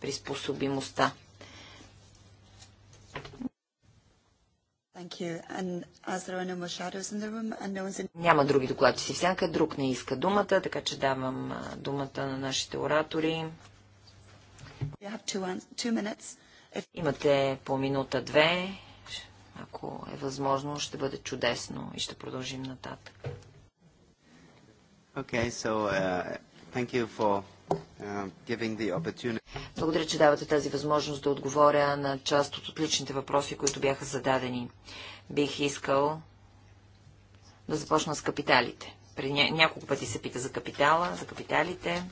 приспособимостта. Няма други докладчици. Всяка друг не иска думата, така че давам думата на нашите оратори. Two two Имате по минута-две. Ако е възможно, ще бъде чудесно и ще продължим нататък. Okay, so, uh, thank you for uh, благодаря, че давате тази възможност да отговоря на част от отличните въпроси, които бяха зададени. Бих искал да започна с капиталите. При ня... няколко пъти се пита за капитала, за капиталите.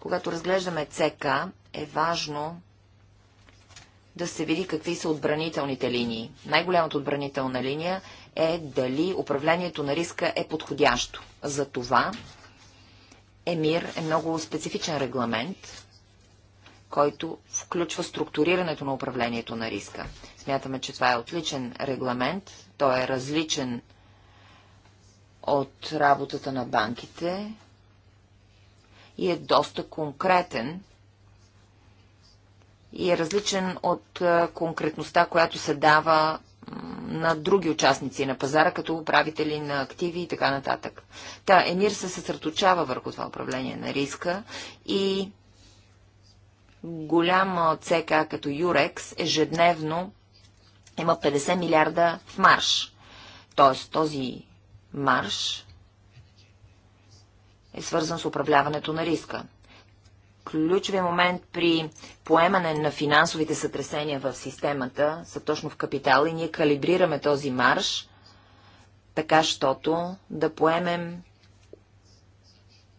Когато разглеждаме ЦК, е важно да се види какви са отбранителните линии. Най-голямата отбранителна линия е дали управлението на риска е подходящо. За това ЕМИР е много специфичен регламент, който включва структурирането на управлението на риска. Смятаме, че това е отличен регламент. Той е различен от работата на банките и е доста конкретен и е различен от конкретността, която се дава на други участници на пазара, като управители на активи и така нататък. Та, Емир се съсредоточава върху това управление на риска и голям ЦК като Юрекс ежедневно има 50 милиарда в марш. Тоест този марш е свързан с управляването на риска ключови момент при поемане на финансовите сътресения в системата са точно в капитал и ние калибрираме този марш, така, щото да поемем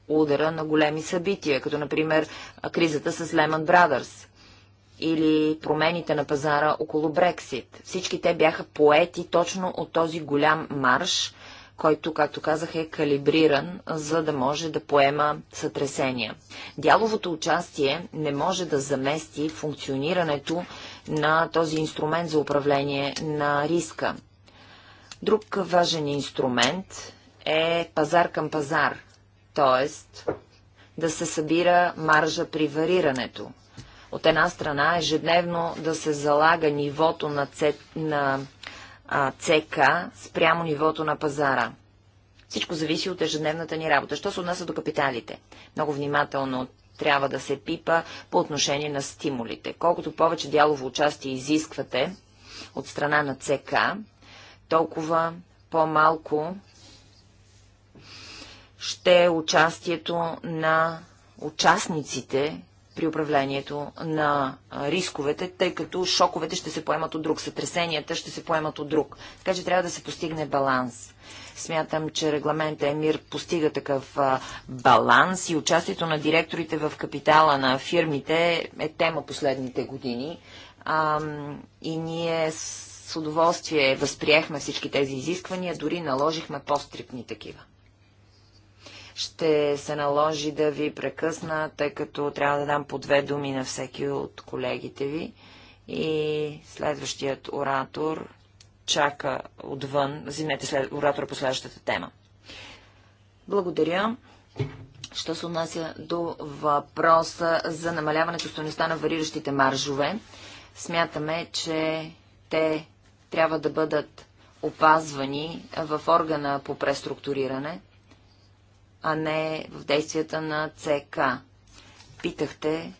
удара на големи събития, като например кризата с Lehman Brothers или промените на пазара около Брексит. Всички те бяха поети точно от този голям марш който, както казах, е калибриран, за да може да поема сътресения. Дяловото участие не може да замести функционирането на този инструмент за управление на риска. Друг важен инструмент е пазар към пазар, т.е. да се събира маржа при варирането. От една страна ежедневно да се залага нивото на, цет, на а, ЦК спрямо нивото на пазара. Всичко зависи от ежедневната ни работа. Що се отнася до капиталите? Много внимателно трябва да се пипа по отношение на стимулите. Колкото повече дялово участие изисквате от страна на ЦК, толкова по-малко ще е участието на участниците при управлението на рисковете, тъй като шоковете ще се поемат от друг, сътресенията ще се поемат от друг. Така че трябва да се постигне баланс. Смятам, че регламента ЕМИР постига такъв а, баланс и участието на директорите в капитала на фирмите е тема последните години. А, и ние с удоволствие възприехме всички тези изисквания, дори наложихме по-стрипни такива ще се наложи да ви прекъсна, тъй като трябва да дам по две думи на всеки от колегите ви. И следващият оратор чака отвън. Взимете след... оратора по следващата тема. Благодаря. Що се отнася до въпроса за намаляването стоеността на вариращите маржове, смятаме, че те трябва да бъдат опазвани в органа по преструктуриране, а не в действията на ЦК. Питахте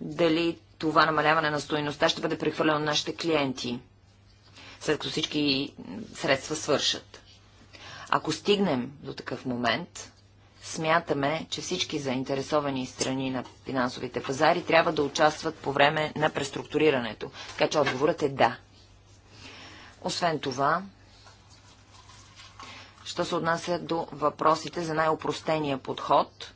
дали това намаляване на стоеността ще бъде прехвърлено на нашите клиенти, след като всички средства свършат. Ако стигнем до такъв момент, смятаме, че всички заинтересовани страни на финансовите пазари трябва да участват по време на преструктурирането. Така че отговорът е да. Освен това, Що се отнася до въпросите за най-опростения подход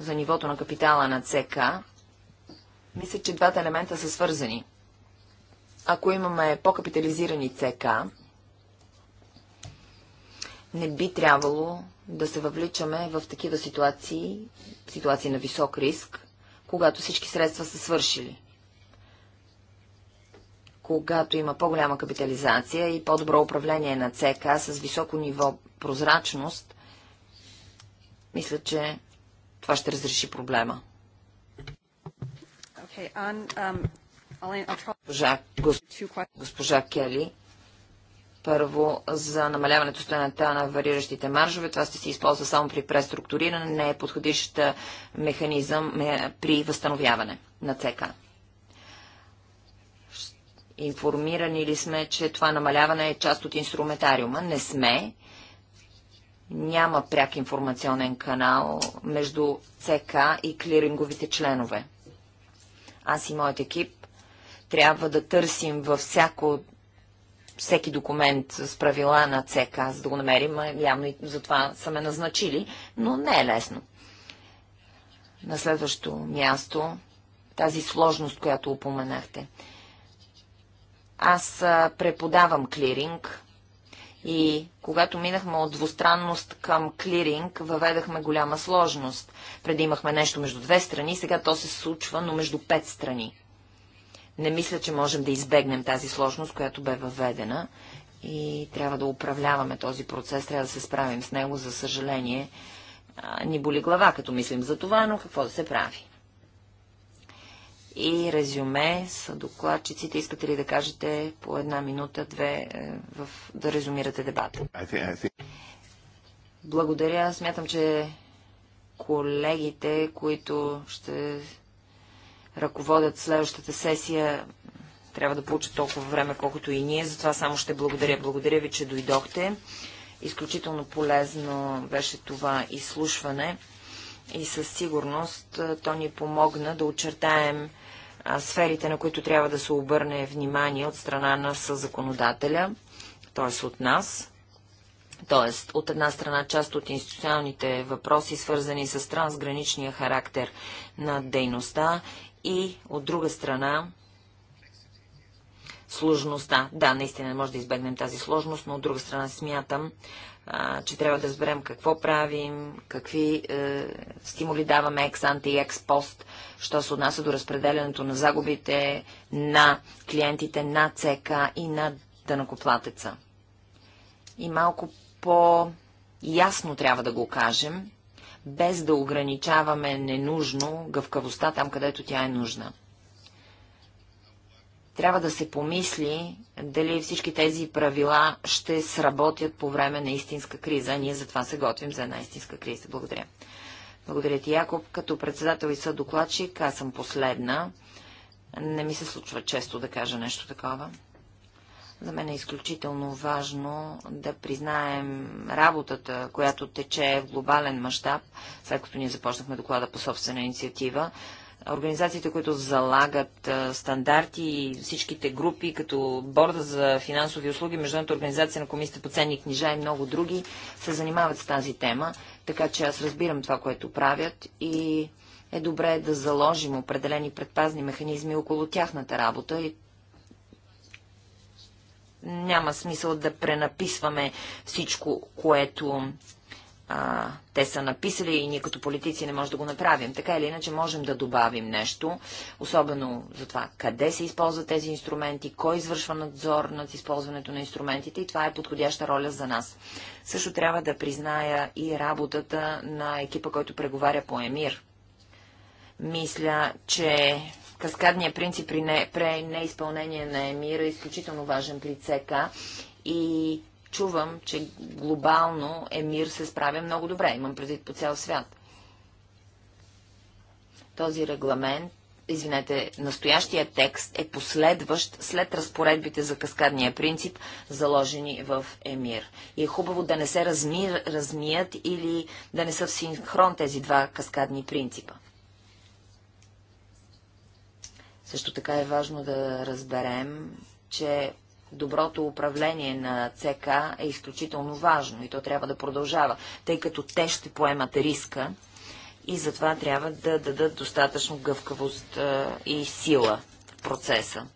за нивото на капитала на ЦК, мисля, че двата елемента са свързани. Ако имаме по-капитализирани ЦК, не би трябвало да се въвличаме в такива ситуации, ситуации на висок риск, когато всички средства са свършили когато има по-голяма капитализация и по-добро управление на ЦК с високо ниво прозрачност, мисля, че това ще разреши проблема. Okay, um, I'll... Госпожа, госпожа Кели, първо за намаляването стоената на вариращите маржове. Това ще се използва само при преструктуриране, не е подходящ механизъм е, при възстановяване на ЦК. Информирани ли сме, че това намаляване е част от инструментариума? Не сме. Няма пряк информационен канал между ЦК и клиринговите членове. Аз и моят екип трябва да търсим във всяко всеки документ с правила на ЦК, за да го намерим. Явно и за това са ме назначили, но не е лесно. На следващо място тази сложност, която упоменахте. Аз преподавам клиринг и когато минахме от двустранност към клиринг, въведахме голяма сложност. Преди имахме нещо между две страни, сега то се случва, но между пет страни. Не мисля, че можем да избегнем тази сложност, която бе въведена и трябва да управляваме този процес, трябва да се справим с него. За съжаление, ни боли глава, като мислим за това, но какво да се прави? и резюме са докладчиците. Искате ли да кажете по една минута, две, е, в, да резюмирате дебата? I think, I think... Благодаря. Смятам, че колегите, които ще ръководят следващата сесия, трябва да получат толкова време, колкото и ние. Затова само ще благодаря. Благодаря ви, че дойдохте. Изключително полезно беше това изслушване и със сигурност е, то ни помогна да очертаем сферите, на които трябва да се обърне внимание от страна на съзаконодателя, т.е. от нас. т.е. от една страна, част от институционалните въпроси, свързани с трансграничния характер на дейността и от друга страна, сложността. Да, наистина може да избегнем тази сложност, но от друга страна смятам, а, че трябва да разберем какво правим, какви е, стимули даваме екс-анти и екс-пост, що се отнася до разпределянето на загубите на клиентите на ЦК и на дънакоплатеца. И малко по-ясно трябва да го кажем, без да ограничаваме ненужно гъвкавостта там, където тя е нужна. Трябва да се помисли дали всички тези правила ще сработят по време на истинска криза. Ние затова се готвим за една истинска криза. Благодаря. Благодаря ти, Якоб. Като председател и съдокладчик, аз съм последна. Не ми се случва често да кажа нещо такова. За мен е изключително важно да признаем работата, която тече в глобален мащаб, след като ние започнахме доклада по собствена инициатива. Организациите, които залагат стандарти и всичките групи, като Борда за финансови услуги, Международната организация на комисията по ценни книжа и много други, се занимават с тази тема. Така че аз разбирам това, което правят и е добре да заложим определени предпазни механизми около тяхната работа и няма смисъл да пренаписваме всичко, което а, те са написали и ние като политици не можем да го направим. Така или иначе можем да добавим нещо, особено за това къде се използват тези инструменти, кой извършва надзор над използването на инструментите и това е подходяща роля за нас. Също трябва да призная и работата на екипа, който преговаря по ЕМИР. Мисля, че каскадният принцип при, не, при неизпълнение на ЕМИР е изключително важен при ЦК и чувам, че глобално Емир се справя много добре. Имам предвид по цял свят. Този регламент, извинете, настоящия текст е последващ след разпоредбите за каскадния принцип, заложени в Емир. И е хубаво да не се размир, размият или да не са в синхрон тези два каскадни принципа. Също така е важно да разберем, че доброто управление на ЦК е изключително важно и то трябва да продължава, тъй като те ще поемат риска и затова трябва да дадат достатъчно гъвкавост и сила в процеса.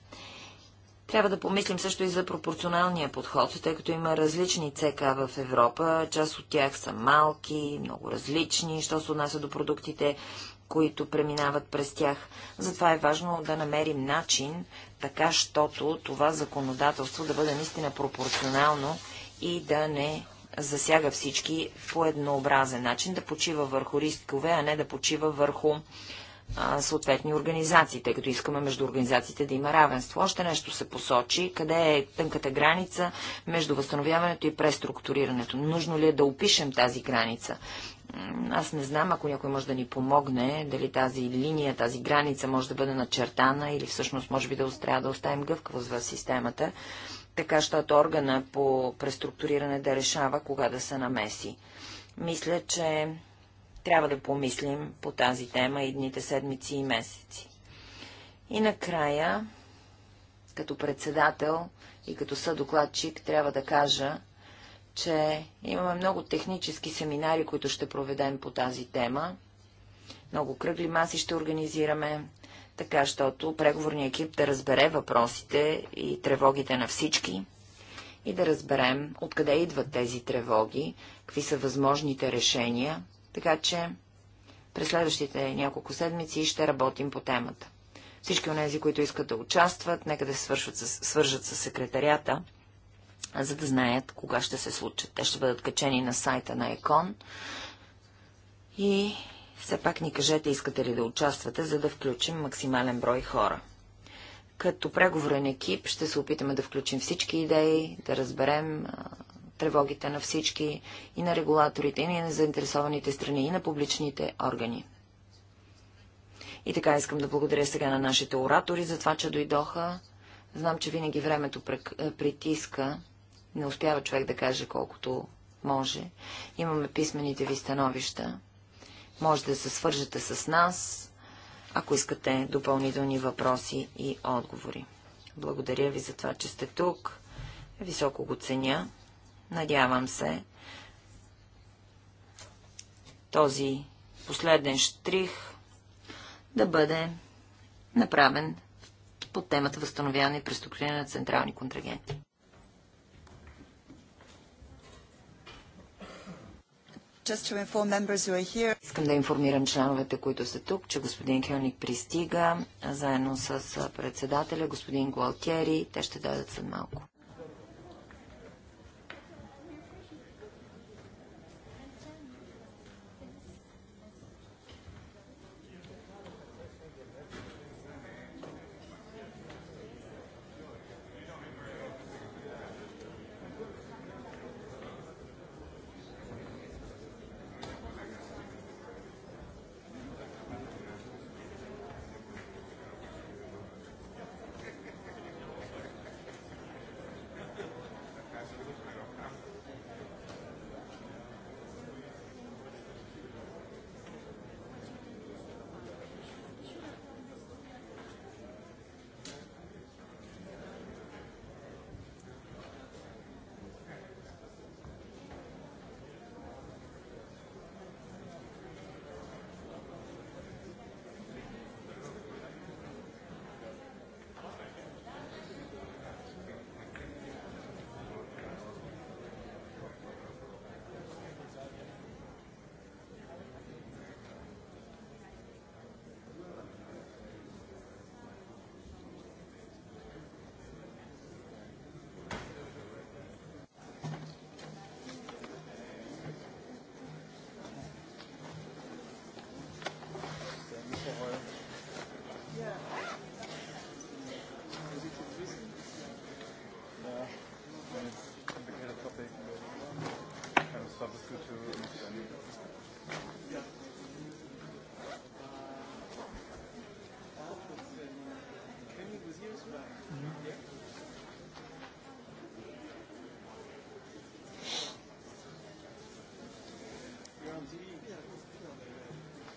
Трябва да помислим също и за пропорционалния подход, тъй като има различни ЦК в Европа. Част от тях са малки, много различни, що се отнася до продуктите, които преминават през тях. Затова е важно да намерим начин, така, щото това законодателство да бъде наистина пропорционално и да не засяга всички по еднообразен начин, да почива върху рискове, а не да почива върху а, съответни организации, тъй като искаме между организациите да има равенство. Още нещо се посочи, къде е тънката граница между възстановяването и преструктурирането. Нужно ли е да опишем тази граница? Аз не знам, ако някой може да ни помогне, дали тази линия, тази граница може да бъде начертана или всъщност може би да трябва да оставим гъвкавост в системата, така, щото органа по преструктуриране да решава кога да се намеси. Мисля, че трябва да помислим по тази тема и дните, седмици и месеци. И накрая, като председател и като съдокладчик, трябва да кажа, че имаме много технически семинари, които ще проведем по тази тема. Много кръгли маси ще организираме, така, щото преговорният екип да разбере въпросите и тревогите на всички и да разберем откъде идват тези тревоги, какви са възможните решения, така че през следващите няколко седмици ще работим по темата. Всички от тези, които искат да участват, нека да се свържат с секретарята за да знаят кога ще се случат. Те ще бъдат качени на сайта на ЕКОН и все пак ни кажете, искате ли да участвате, за да включим максимален брой хора. Като преговорен екип ще се опитаме да включим всички идеи, да разберем а, тревогите на всички и на регулаторите, и на заинтересованите страни, и на публичните органи. И така искам да благодаря сега на нашите оратори за това, че дойдоха. Знам, че винаги времето е, притиска не успява човек да каже колкото може. Имаме писмените ви становища. Може да се свържете с нас, ако искате допълнителни въпроси и отговори. Благодаря ви за това, че сте тук. Високо го ценя. Надявам се този последен штрих да бъде направен по темата възстановяване и преструктуриране на централни контрагенти. Искам да информирам членовете, които са тук, че господин Кьоник пристига заедно с председателя, господин Гуалтери. Те ще дойдат след малко.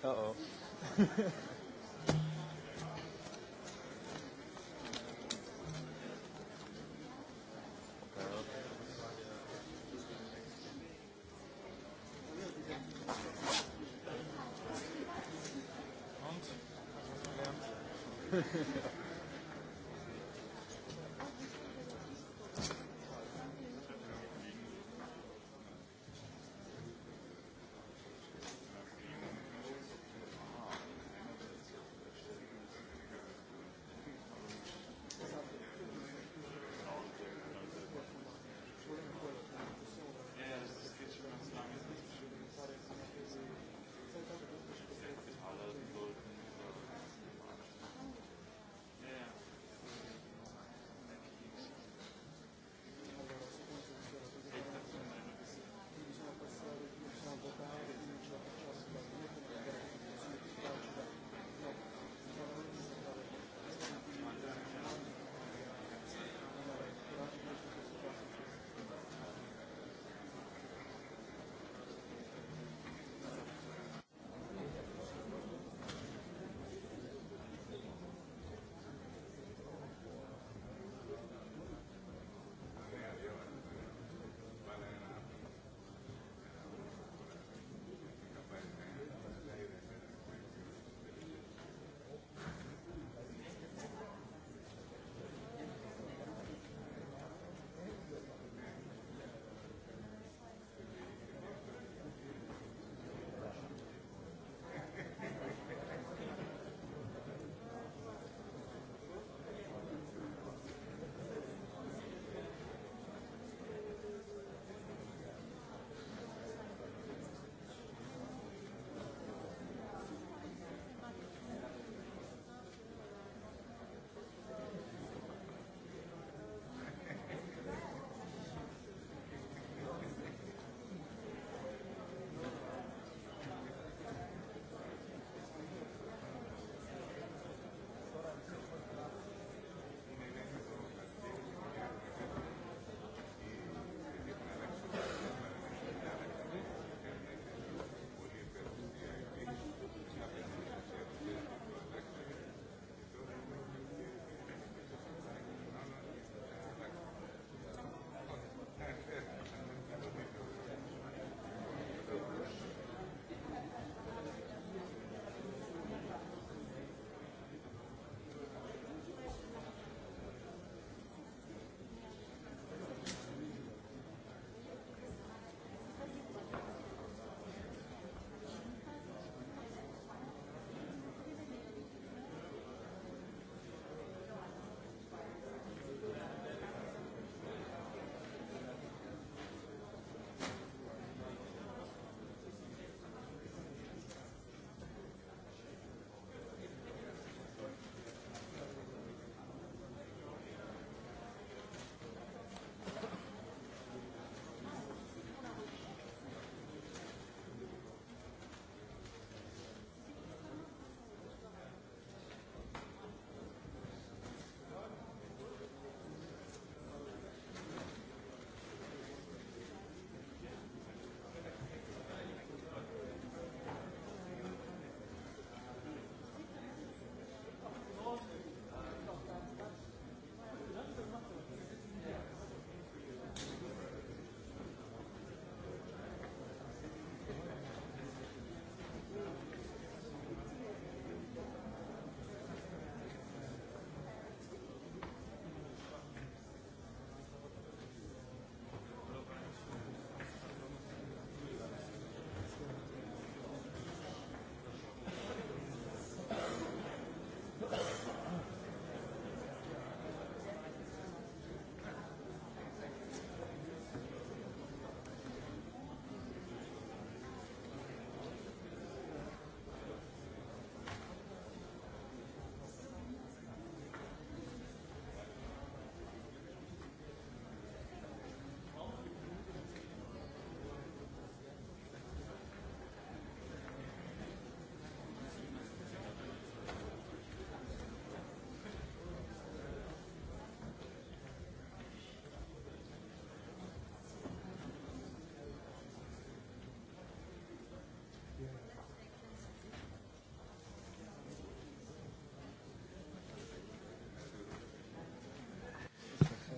Uh-oh. Thank you.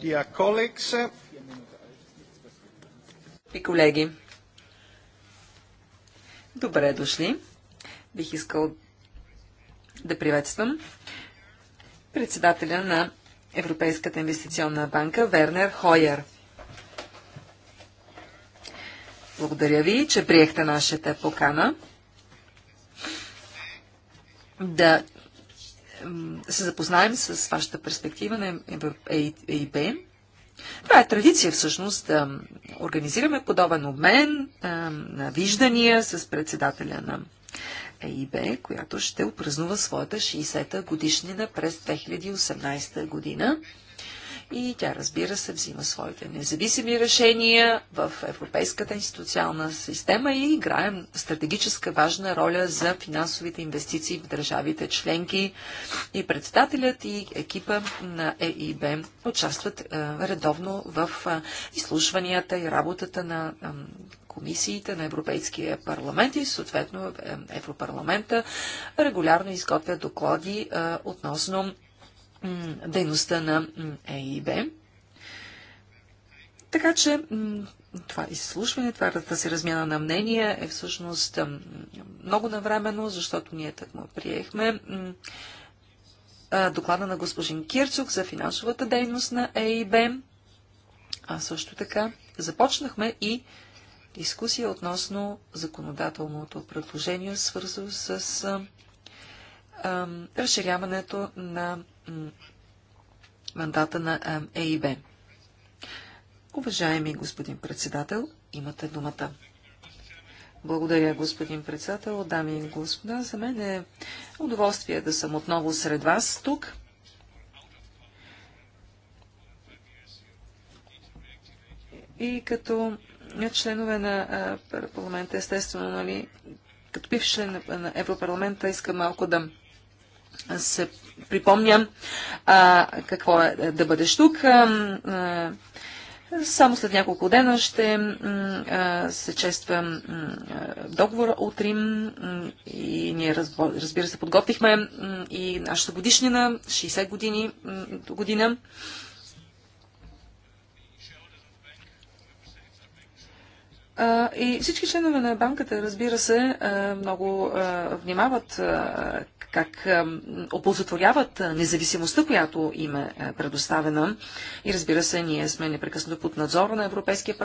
Dear colleagues. И колеги, добре дошли. Бих искал да приветствам председателя на Европейската инвестиционна банка Вернер Хойер. Благодаря ви, че приехте нашата покана да се запознаем с вашата перспектива на ЕИБ. Това е традиция всъщност да организираме подобен обмен на виждания с председателя на ЕИБ, която ще опразнува своята 60-та годишнина през 2018 година и тя, разбира се, взима своите независими решения в европейската институционална система и играе стратегическа важна роля за финансовите инвестиции в държавите членки. И председателят и екипа на ЕИБ участват е, редовно в е, изслушванията и работата на е, комисиите на Европейския парламент и съответно Европарламента регулярно изготвя доклади а, относно дейността на ЕИБ. Така че това изслушване, това да се размяна на мнения е всъщност много навременно, защото ние так му приехме доклада на госпожин Кирцук за финансовата дейност на ЕИБ. А също така започнахме и дискусия относно законодателното предложение, свързано с а, разширяването на мандата на ЕИБ. Уважаеми господин председател, имате думата. Благодаря, господин председател, дами и господа. За мен е удоволствие да съм отново сред вас тук. И като членове на парламента, естествено, нали, като бив член на Европарламента, искам малко да се припомня а, какво е, е да бъдеш тук. А, само след няколко дена ще а, се чества договор от Рим и ние разбира се подготвихме и нашата годишнина, 60 години, година. И всички членове на банката, разбира се, много внимават как оползотворяват независимостта, която им е, е предоставена. И разбира се, ние сме непрекъснато под надзора на Европейския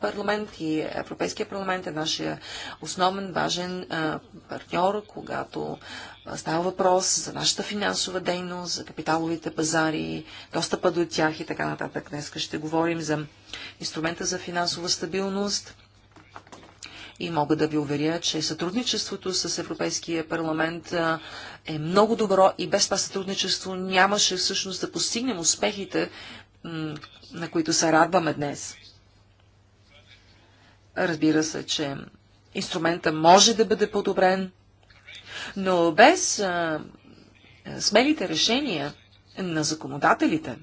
парламент и Европейския парламент е нашия основен важен партньор, когато става въпрос за нашата финансова дейност, за капиталовите пазари, достъпа до тях и така нататък. Днес ще говорим за инструмента за финансова стабилност – и мога да ви уверя, че сътрудничеството с Европейския парламент е много добро и без това сътрудничество нямаше всъщност да постигнем успехите, на които се радваме днес. Разбира се, че инструмента може да бъде подобрен, но без смелите решения на законодателите,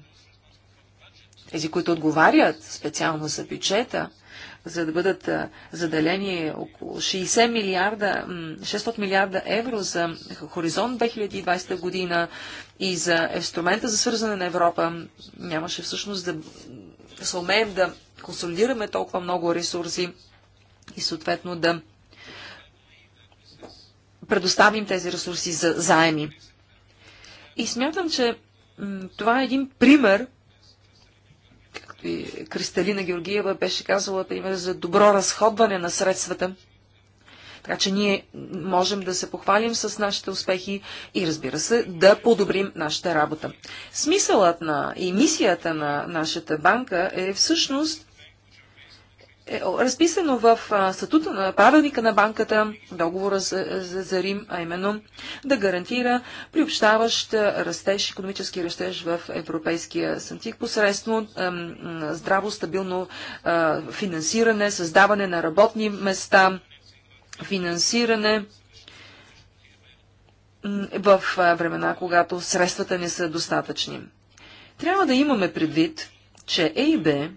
тези, които отговарят специално за бюджета, за да бъдат заделени около 60 милиарда, 600 милиарда евро за Хоризонт 2020 година и за инструмента за свързане на Европа, нямаше всъщност да се умеем да консолидираме толкова много ресурси и съответно да предоставим тези ресурси за заеми. И смятам, че това е един пример Кристалина Георгиева беше казала, пример за добро разходване на средствата. Така че ние можем да се похвалим с нашите успехи и разбира се да подобрим нашата работа. Смисълът на и мисията на нашата банка е всъщност е разписано в статута на правилника на банката, договора за, за, за Рим, а именно да гарантира приобщаващ растеж, економически растеж в Европейския Сантик посредством здраво, стабилно финансиране, създаване на работни места, финансиране в времена, когато средствата не са достатъчни. Трябва да имаме предвид, че ЕИБ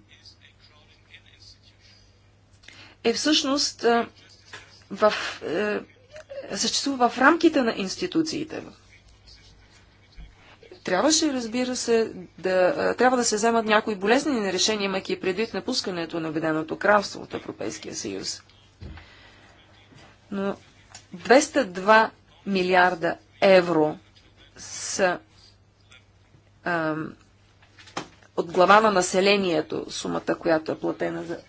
е всъщност в, е, съществува в рамките на институциите. Трябваше, разбира се, да, трябва да се вземат някои болезнени решения, имайки предвид напускането на Веденото кралство от Европейския съюз. Но 202 милиарда евро са от глава на населението сумата, която е платена за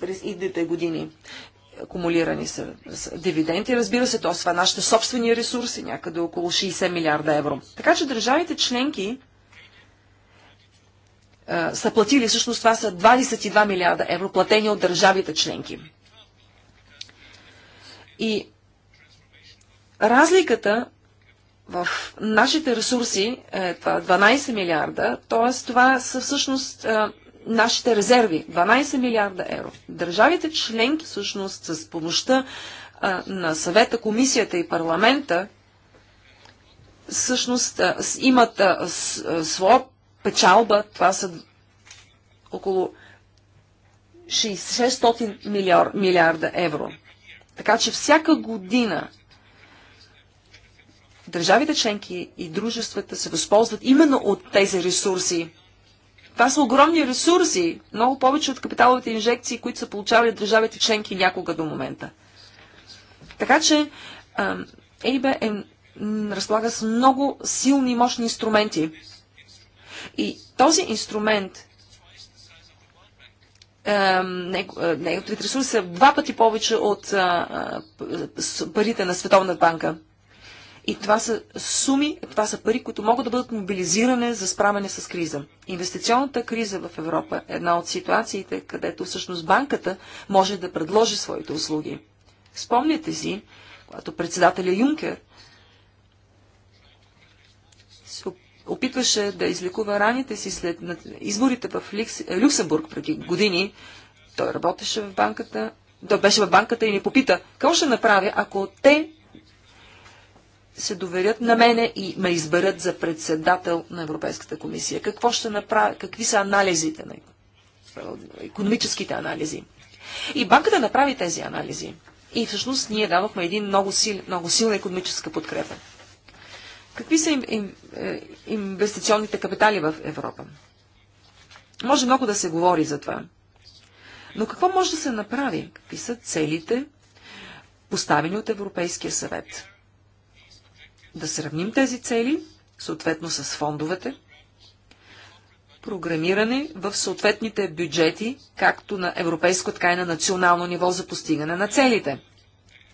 през идните години. Акумулирани са дивиденти, разбира се, то това нашите собствени ресурси, някъде около 60 милиарда евро. Така че държавите членки а, са платили, всъщност това са 22 милиарда евро, платени от държавите членки. И разликата в нашите ресурси е това 12 милиарда, т.е. това са всъщност нашите резерви 12 милиарда евро. Държавите членки, всъщност, с помощта а, на съвета, комисията и парламента, всъщност а, с, имат а, с, а, своя печалба. Това са около 600 милиар, милиарда евро. Така че всяка година държавите членки и дружествата се възползват именно от тези ресурси това са огромни ресурси, много повече от капиталовите инжекции, които са получавали държавите членки някога до момента. Така че ЕИБ е, разполага с много силни и мощни инструменти. И този инструмент, неговите ресурси са два пъти повече от а, парите на Световна банка. И това са суми, това са пари, които могат да бъдат мобилизирани за справяне с криза. Инвестиционната криза в Европа е една от ситуациите, където всъщност банката може да предложи своите услуги. Спомняте си, когато председателя Юнкер се опитваше да излекува раните си след изборите в Люксембург преди години, той работеше в банката, той беше в банката и ни попита, какво ще направя, ако те се доверят на мене и ме изберат за председател на Европейската комисия. Какво ще направя, какви са анализите на економическите анализи. И банката направи тези анализи. И всъщност ние давахме един много, сил, много силна економическа подкрепа. Какви са им, им, е, инвестиционните капитали в Европа? Може много да се говори за това. Но какво може да се направи? Какви са целите, поставени от Европейския съвет? да сравним тези цели, съответно с фондовете, програмиране в съответните бюджети, както на европейско, така и на национално ниво за постигане на целите.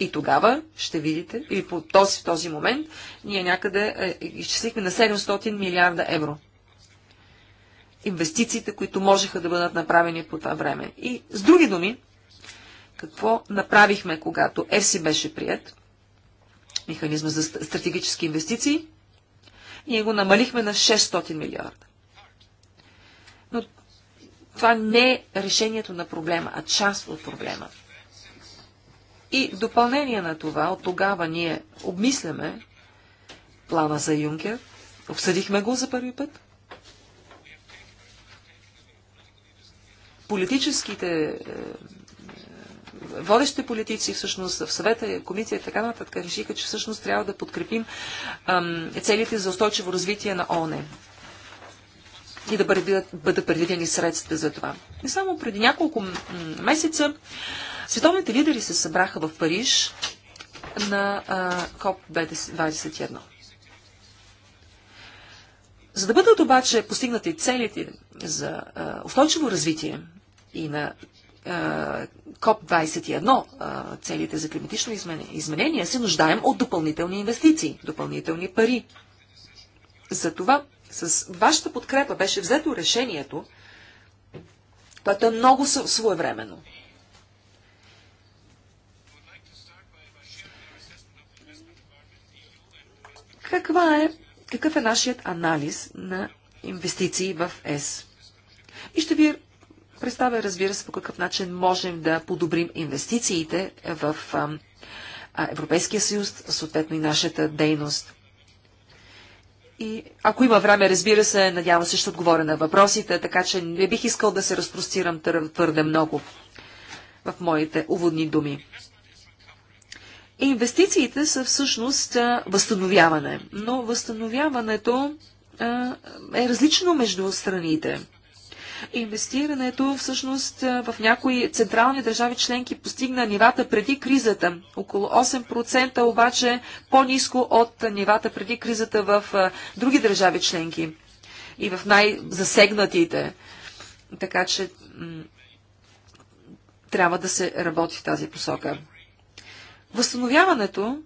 И тогава ще видите, и по този, в този момент, ние някъде е, изчислихме на 700 милиарда евро. Инвестициите, които можеха да бъдат направени по това време. И с други думи, какво направихме, когато ЕФСИ беше прият? механизма за стратегически инвестиции, ние го намалихме на 600 милиарда. Но това не е решението на проблема, а част от проблема. И допълнение на това, от тогава ние обмисляме плана за Юнкер, обсъдихме го за първи път. Политическите е, водещите политици всъщност в съвета, комисия и така нататък решиха, че всъщност трябва да подкрепим ам, целите за устойчиво развитие на ОНЕ и да бъдат, бъдат предвидени средства за това. И само преди няколко месеца световните лидери се събраха в Париж на КОП-21. За да бъдат обаче постигнати целите за а, устойчиво развитие и на КОП-21, целите за климатично изменение, се нуждаем от допълнителни инвестиции, допълнителни пари. Затова с вашата подкрепа беше взето решението, което е много своевременно. Каква е, какъв е нашият анализ на инвестиции в ЕС? И ще ви представя, разбира се, по какъв начин можем да подобрим инвестициите в Европейския съюз, съответно и нашата дейност. И ако има време, разбира се, надявам се, ще отговоря на въпросите, така че не бих искал да се разпростирам твърде много в моите уводни думи. Инвестициите са всъщност възстановяване, но възстановяването е различно между страните инвестирането всъщност в някои централни държави членки постигна нивата преди кризата. Около 8% обаче по-низко от нивата преди кризата в други държави членки и в най-засегнатите. Така че трябва да се работи в тази посока. Възстановяването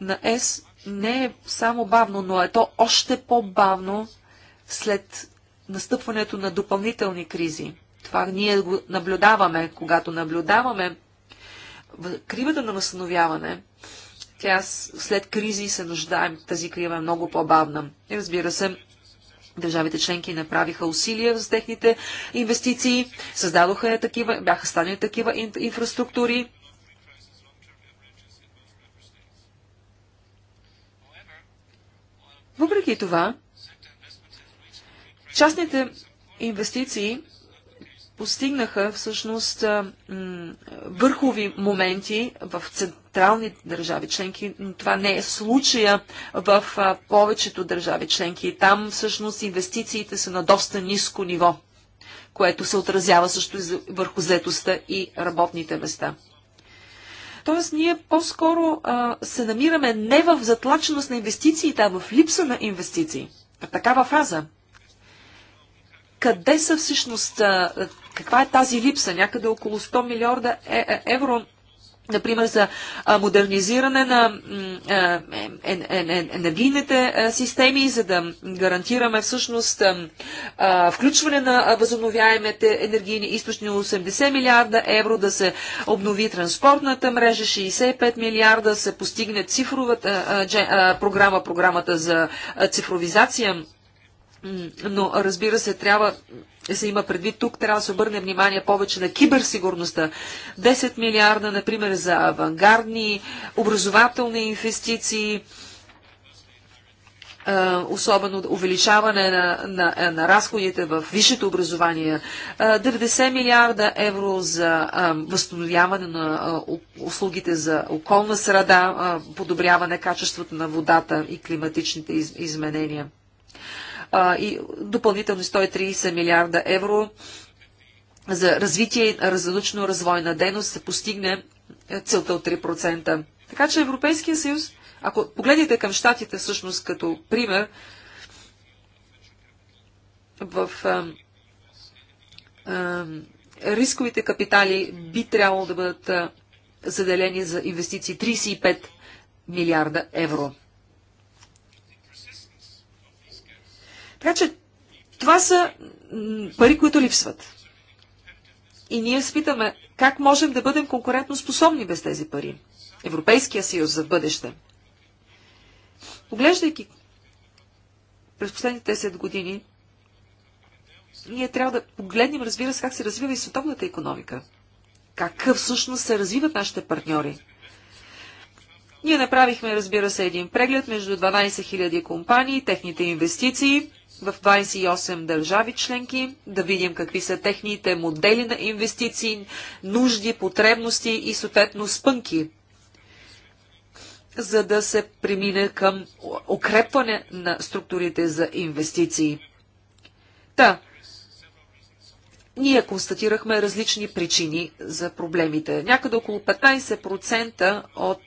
на ЕС не е само бавно, но е то още по-бавно след настъпването на допълнителни кризи. Това ние го наблюдаваме, когато наблюдаваме кривата на възстановяване, тя след кризи се нуждаем, тази крива е много по-бавна. И разбира се, Държавите членки направиха усилия за техните инвестиции, създадоха е такива, бяха станали такива инфраструктури. Въпреки това, Частните инвестиции постигнаха всъщност върхови моменти в централни държави членки. Това не е случая в повечето държави членки. Там всъщност инвестициите са на доста ниско ниво, което се отразява също върху заетостта и работните места. Тоест, ние по-скоро се намираме не в затлаченост на инвестициите, а в липса на инвестиции. такава фаза къде са всъщност, каква е тази липса? Някъде около 100 милиарда е, е, евро например, за модернизиране на е, енергийните системи, за да гарантираме всъщност включване на възобновяемите енергийни източни 80 милиарда евро, да се обнови транспортната мрежа, 65 милиарда се постигне цифровата програма, програмата за цифровизация но разбира се, трябва се има предвид тук, трябва да се обърне внимание повече на киберсигурността. 10 милиарда, например, за авангардни образователни инвестиции, е, особено увеличаване на, на, на разходите в висшето образование, 90 е, милиарда евро за е, възстановяване на услугите за околна среда, подобряване качеството на водата и климатичните изменения а, и допълнителни 130 милиарда евро за развитие и различно развойна дейност да постигне е, целта от 3%. Така че Европейския съюз, ако погледнете към щатите всъщност като пример, в а, а, рисковите капитали би трябвало да бъдат заделени за инвестиции 35 милиарда евро. Така че това са пари, които липсват. И ние спитаме как можем да бъдем конкурентно способни без тези пари. Европейския съюз за бъдеще. Поглеждайки през последните 10 години, ние трябва да погледнем, разбира се, как се развива и световната економика. Какъв всъщност се развиват нашите партньори. Ние направихме, разбира се, един преглед между 12 000 компании, техните инвестиции – в 28 държави членки, да видим какви са техните модели на инвестиции, нужди, потребности и съответно спънки, за да се премине към укрепване на структурите за инвестиции. Та, да. ние констатирахме различни причини за проблемите. Някъде около 15% от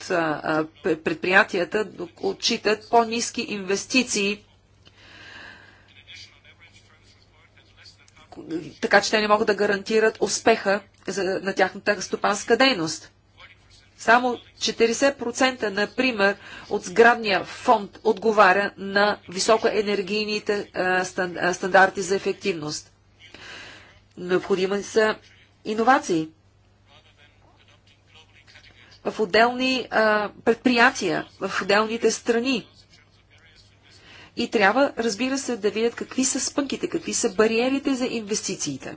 предприятията отчитат по-низки инвестиции така че те не могат да гарантират успеха за, на тяхната стопанска дейност. Само 40%, например, от сградния фонд отговаря на високоенергийните стандарти за ефективност. Необходими са иновации в отделни а, предприятия, в отделните страни. И трябва, разбира се, да видят какви са спънките, какви са бариерите за инвестициите.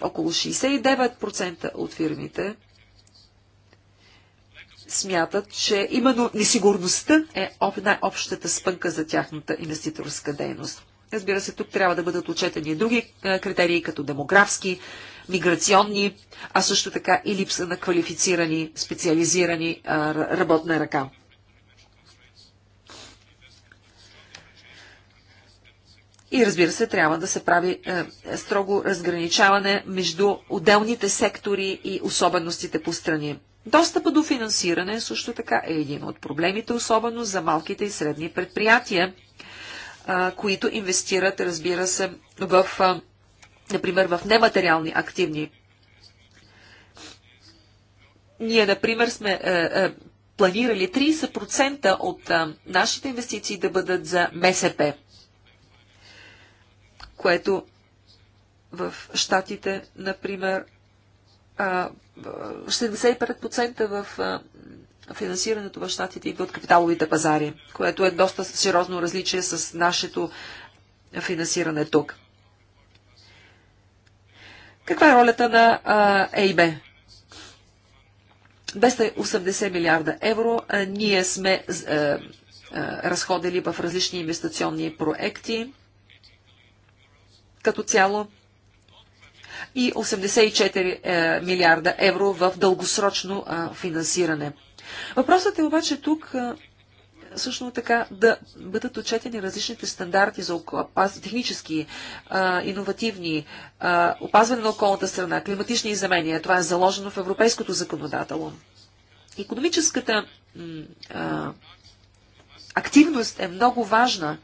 Около 69% от фирмите смятат, че именно несигурността е най-общата спънка за тяхната инвеститорска дейност. Разбира се, тук трябва да бъдат отчетени други е, критерии, като демографски, миграционни, а също така и липса на квалифицирани, специализирани е, работна ръка. И разбира се, трябва да се прави е, строго разграничаване между отделните сектори и особеностите по страни. Достъпа до финансиране също така е един от проблемите, особено за малките и средни предприятия, е, които инвестират, разбира се, в, е, например, в нематериални активни. Ние, например, сме е, е, планирали 30% от а, е, нашите инвестиции да бъдат за МСП което в щатите, например, 75% в финансирането в Штатите идва от капиталовите пазари, което е доста сериозно различие с нашето финансиране тук. Каква е ролята на ЕИБ? 280 милиарда евро ние сме разходили в различни инвестиционни проекти като цяло и 84 е, милиарда евро в дългосрочно е, финансиране. Въпросът е обаче тук е, също така да бъдат отчетени различните стандарти за технически, иновативни, опазване на околната страна, климатични изменения. Това е заложено в европейското законодателство. Економическата активност е много важна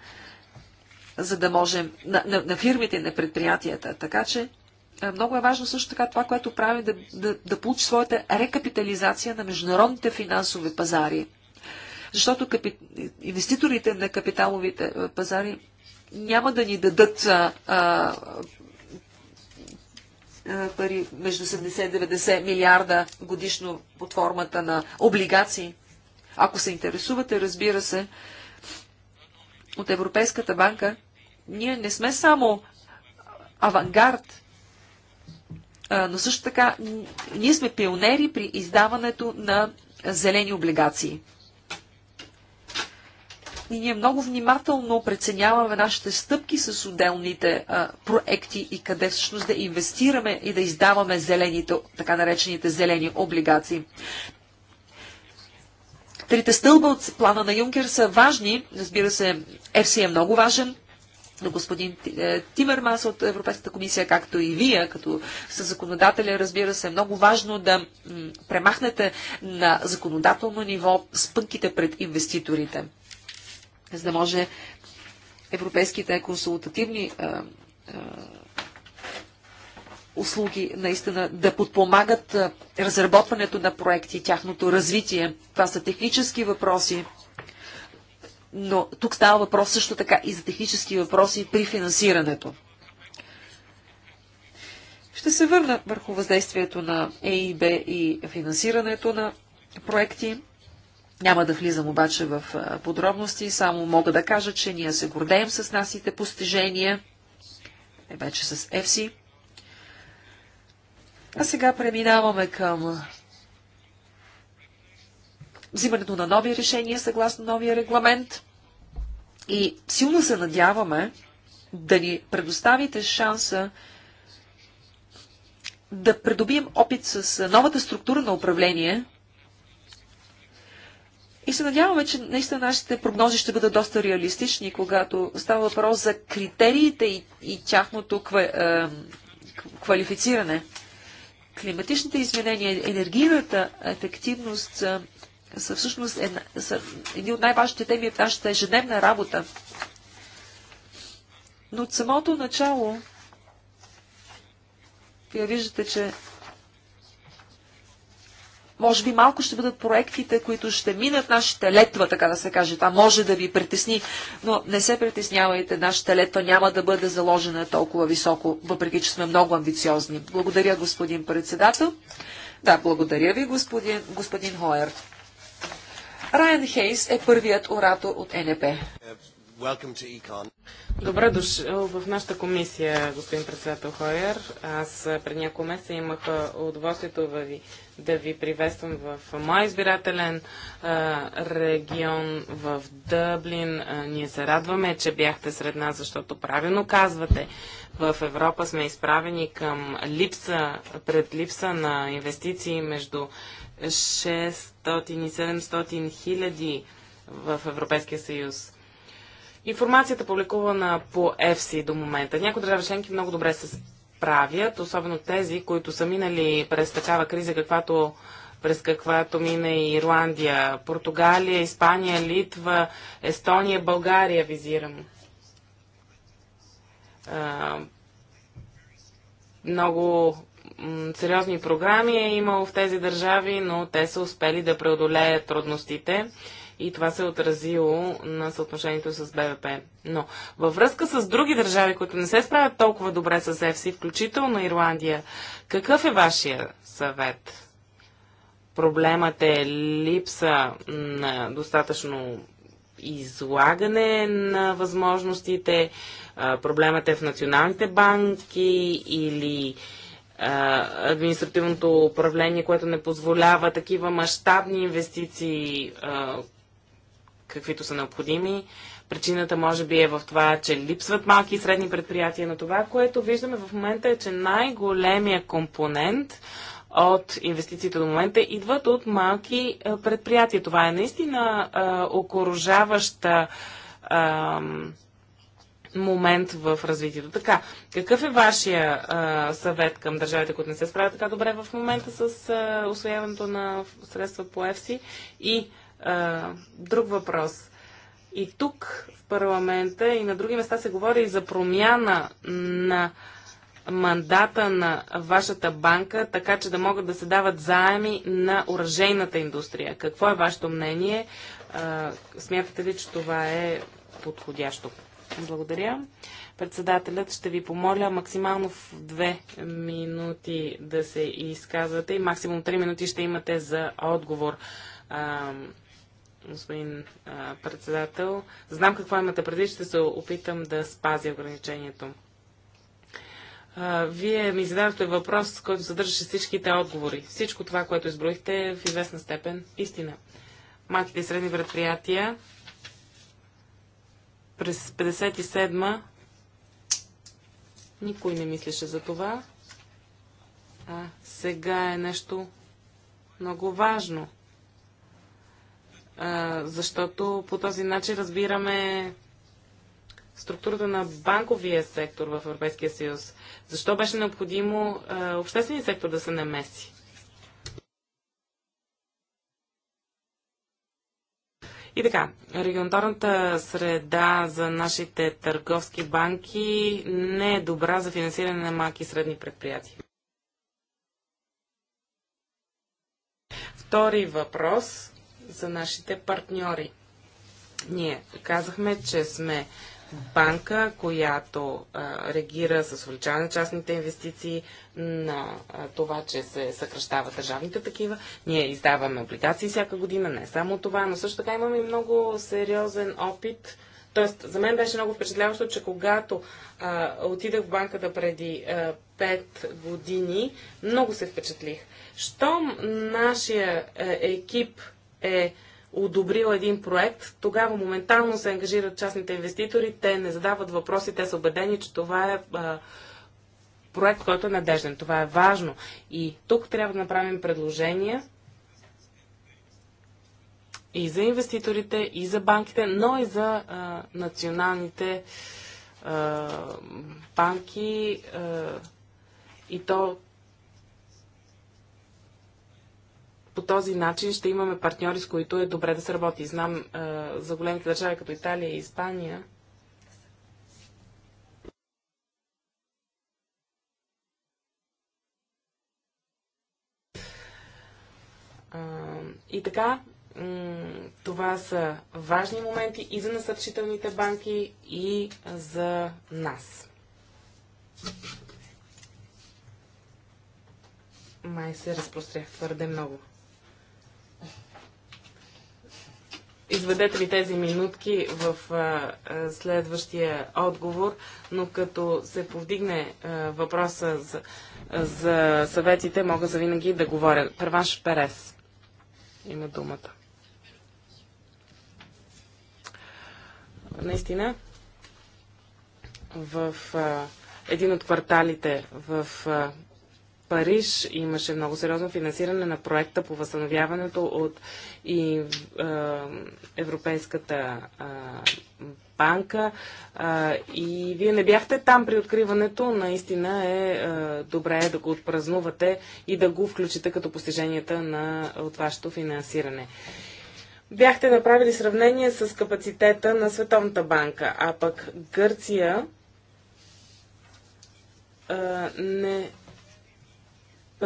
за да можем на, на, на фирмите, на предприятията. Така че много е важно също така това, което прави да, да, да получи своята рекапитализация на международните финансови пазари. Защото капи... инвеститорите на капиталовите пазари няма да ни дадат а, а, пари между 70 90 милиарда годишно под формата на облигации. Ако се интересувате, разбира се, от Европейската банка ние не сме само авангард, но също така ние сме пионери при издаването на зелени облигации. И ние много внимателно преценяваме нашите стъпки с отделните а, проекти и къде всъщност да инвестираме и да издаваме зелените, така наречените зелени облигации. Трите стълба от плана на Юнкер са важни. Разбира се, FC е много важен на господин е, Тимермас от Европейската комисия, както и вие, като със законодателя, разбира се, е много важно да премахнете на законодателно ниво спънките пред инвеститорите, за да може европейските консултативни е, е, услуги наистина да подпомагат разработването на проекти, тяхното развитие. Това са технически въпроси, но тук става въпрос също така и за технически въпроси при финансирането. Ще се върна върху въздействието на ЕИБ и финансирането на проекти. Няма да влизам обаче в подробности, само мога да кажа, че ние се гордеем с насите постижения, е вече с ЕФСИ. А сега преминаваме към взимането на нови решения съгласно новия регламент. И силно се надяваме да ни предоставите шанса да придобием опит с новата структура на управление. И се надяваме, че наистина нашите прогнози ще бъдат доста реалистични, когато става въпрос за критериите и, и тяхното е, квалифициране. Климатичните изменения, енергийната ефективност са всъщност една, са едни от най-важните теми в нашата ежедневна работа. Но от самото начало вие виждате, че може би малко ще бъдат проектите, които ще минат нашите летва, така да се каже. Това може да ви притесни, но не се притеснявайте, нашата летва няма да бъде заложена толкова високо, въпреки че сме много амбициозни. Благодаря, господин председател. Да, благодаря ви, господин, господин Хоер. Райан Хейс е първият оратор от НП. Добре дошъл в нашата комисия, господин председател Хойер. Аз пред няколко месеца имах удоволствието ви, да ви приветствам в моя избирателен а, регион в Дъблин. А, ние се радваме, че бяхте сред нас, защото правилно казвате, в Европа сме изправени към липса, пред липса на инвестиции между 600-700 хиляди в Европейския съюз. Информацията публикувана по Ефси до момента. Някои държави членки много добре се справят, особено тези, които са минали през такава криза, каквато, през каквато мина и Ирландия, Португалия, Испания, Литва, Естония, България визирам. А, много сериозни програми е имало в тези държави, но те са успели да преодолеят трудностите и това се е отразило на съотношението с БВП. Но във връзка с други държави, които не се справят толкова добре с ЕФСИ, включително Ирландия, какъв е вашия съвет? Проблемът е липса на достатъчно излагане на възможностите, проблемът е в националните банки или административното управление, което не позволява такива мащабни инвестиции, каквито са необходими. Причината може би е в това, че липсват малки и средни предприятия, но това, което виждаме в момента е, че най-големия компонент от инвестициите до момента идват от малки предприятия. Това е наистина окоръжаваща момент в развитието. Така, какъв е вашия а, съвет към държавите, които не се справят така добре в момента с а, освояването на средства по ЕФСИ? И а, друг въпрос. И тук в парламента и на други места се говори и за промяна на мандата на вашата банка, така че да могат да се дават заеми на оръжейната индустрия. Какво е вашето мнение? А, смятате ли, че това е подходящо? Благодаря. Председателят ще ви помоля максимално в две минути да се изказвате и максимум три минути ще имате за отговор. А, господин а, председател, знам какво имате преди, ще се опитам да спазя ограничението. А, вие ми зададохте въпрос, който съдържаше всичките отговори. Всичко това, което изброихте, е в известна степен истина. Малките и средни предприятия през 57-ма никой не мислеше за това, а сега е нещо много важно. А, защото по този начин разбираме структурата на банковия сектор в Европейския съюз. Защо беше необходимо а, обществения сектор да се намеси? И така, регионалната среда за нашите търговски банки не е добра за финансиране на малки и средни предприятия. Втори въпрос за нашите партньори. Ние казахме, че сме банка, която а, реагира с увеличаване на частните инвестиции, на а, това, че се съкръщават държавните такива. Ние издаваме облигации всяка година, не само това, но също така имаме и много сериозен опит. Тоест, за мен беше много впечатляващо, че когато а, отидах в банката преди а, 5 години, много се впечатлих. Щом нашия а, е, екип е одобрил един проект, тогава моментално се ангажират частните инвеститори, те не задават въпроси, те са убедени, че това е проект, който е надежден. Това е важно. И тук трябва да направим предложения и за инвеститорите, и за банките, но и за а, националните а, банки. А, и то по този начин ще имаме партньори, с които е добре да се работи. Знам е, за големите държави като Италия и Испания. и така, това са важни моменти и за насърчителните банки, и за нас. Май се разпрострях твърде много. изведете ли тези минутки в а, следващия отговор, но като се повдигне а, въпроса за, за съветите, мога за винаги да говоря. Преванш Перес има думата. Наистина, в а, един от кварталите в Париж имаше много сериозно финансиране на проекта по възстановяването от и, е, Европейската е, банка. Е, и вие не бяхте там при откриването. Наистина е е добре да го отпразнувате и да го включите като постиженията на, от вашето финансиране бяхте направили сравнение с капацитета на Световната банка, а пък Гърция не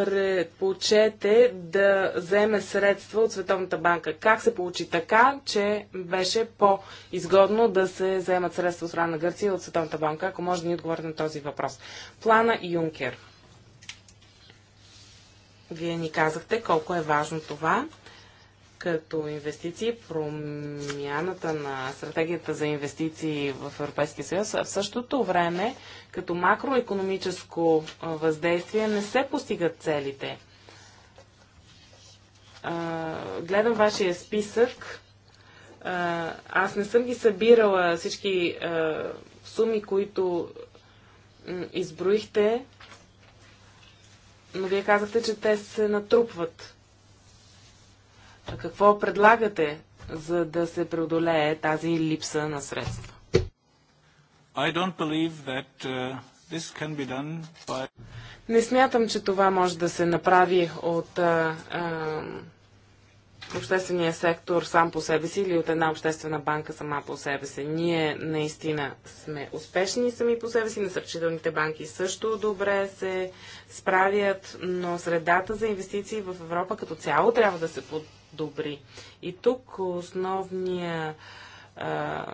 предпочете да вземе средства от Световната банка. Как се получи така, че беше по-изгодно да се вземат средства от страна на Гърция от Световната банка? Ако може да ни отговорите на този въпрос. Плана Юнкер. Вие ни казахте колко е важно това като инвестиции, промяната на стратегията за инвестиции в Европейския съюз, а в същото време като макроекономическо въздействие не се постигат целите. гледам вашия списък. аз не съм ги събирала всички суми, които изброихте, но вие казахте, че те се натрупват. Какво предлагате, за да се преодолее тази липса на средства? I don't believe that uh, this can be done by... Не смятам, че това може да се направи от обществения сектор сам по себе си или от една обществена банка сама по себе си. Ние наистина сме успешни сами по себе си, насърчителните банки също добре се справят, но средата за инвестиции в Европа като цяло трябва да се добри И тук основния а,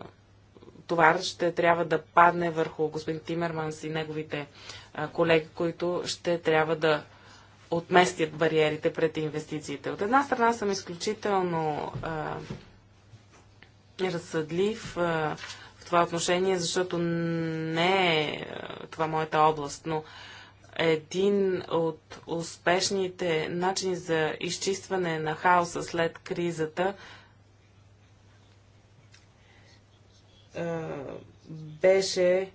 товар ще трябва да падне върху господин Тимерманс и неговите а, колеги, които ще трябва да отместят бариерите пред инвестициите. От една страна съм изключително а, разсъдлив а, в това отношение, защото не е това моята област, но един от успешните начини за изчистване на хаоса след кризата беше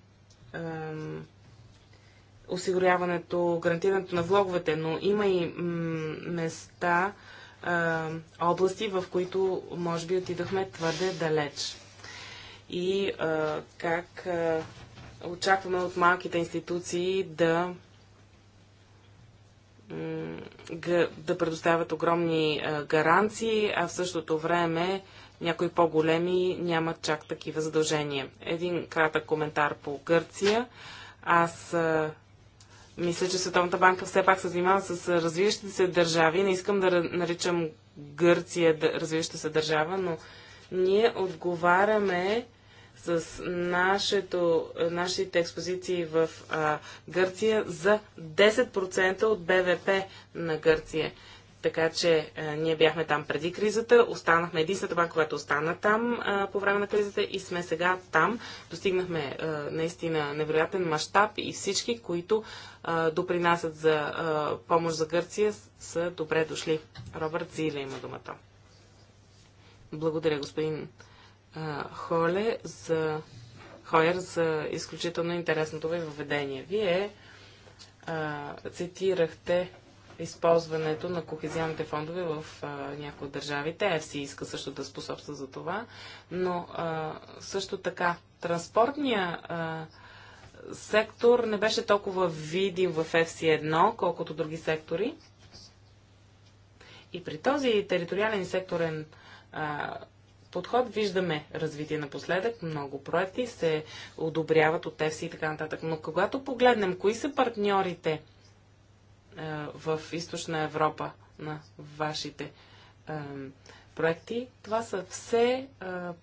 осигуряването, гарантирането на влоговете, но има и места, области, в които може би отидахме твърде далеч. И как очакваме от малките институции да да предоставят огромни гаранции, а в същото време някои по-големи нямат чак такива задължения. Един кратък коментар по Гърция. Аз мисля, че Световната банка все пак се занимава с развиващите се държави. Не искам да наричам Гърция развиваща се държава, но ние отговаряме с нашето, нашите експозиции в а, Гърция за 10% от БВП на Гърция. Така че а, ние бяхме там преди кризата, останахме единствената банка, която остана там а, по време на кризата и сме сега там. Достигнахме а, наистина невероятен мащаб и всички, които а, допринасят за а, помощ за Гърция, са добре дошли. Робърт Зиле има думата. Благодаря, господин Холе за, Хойер за изключително интересното ви въведение. Вие а, цитирахте използването на кохезионните фондове в някои от държавите. ЕФСИ иска също да способства за това, но а, също така транспортния а, сектор не беше толкова видим в FC1, колкото други сектори. И при този териториален секторен а, подход. Виждаме развитие напоследък, много проекти се одобряват от ЕФСИ и така нататък. Но когато погледнем кои са партньорите е, в източна Европа на вашите е, проекти, това са все е,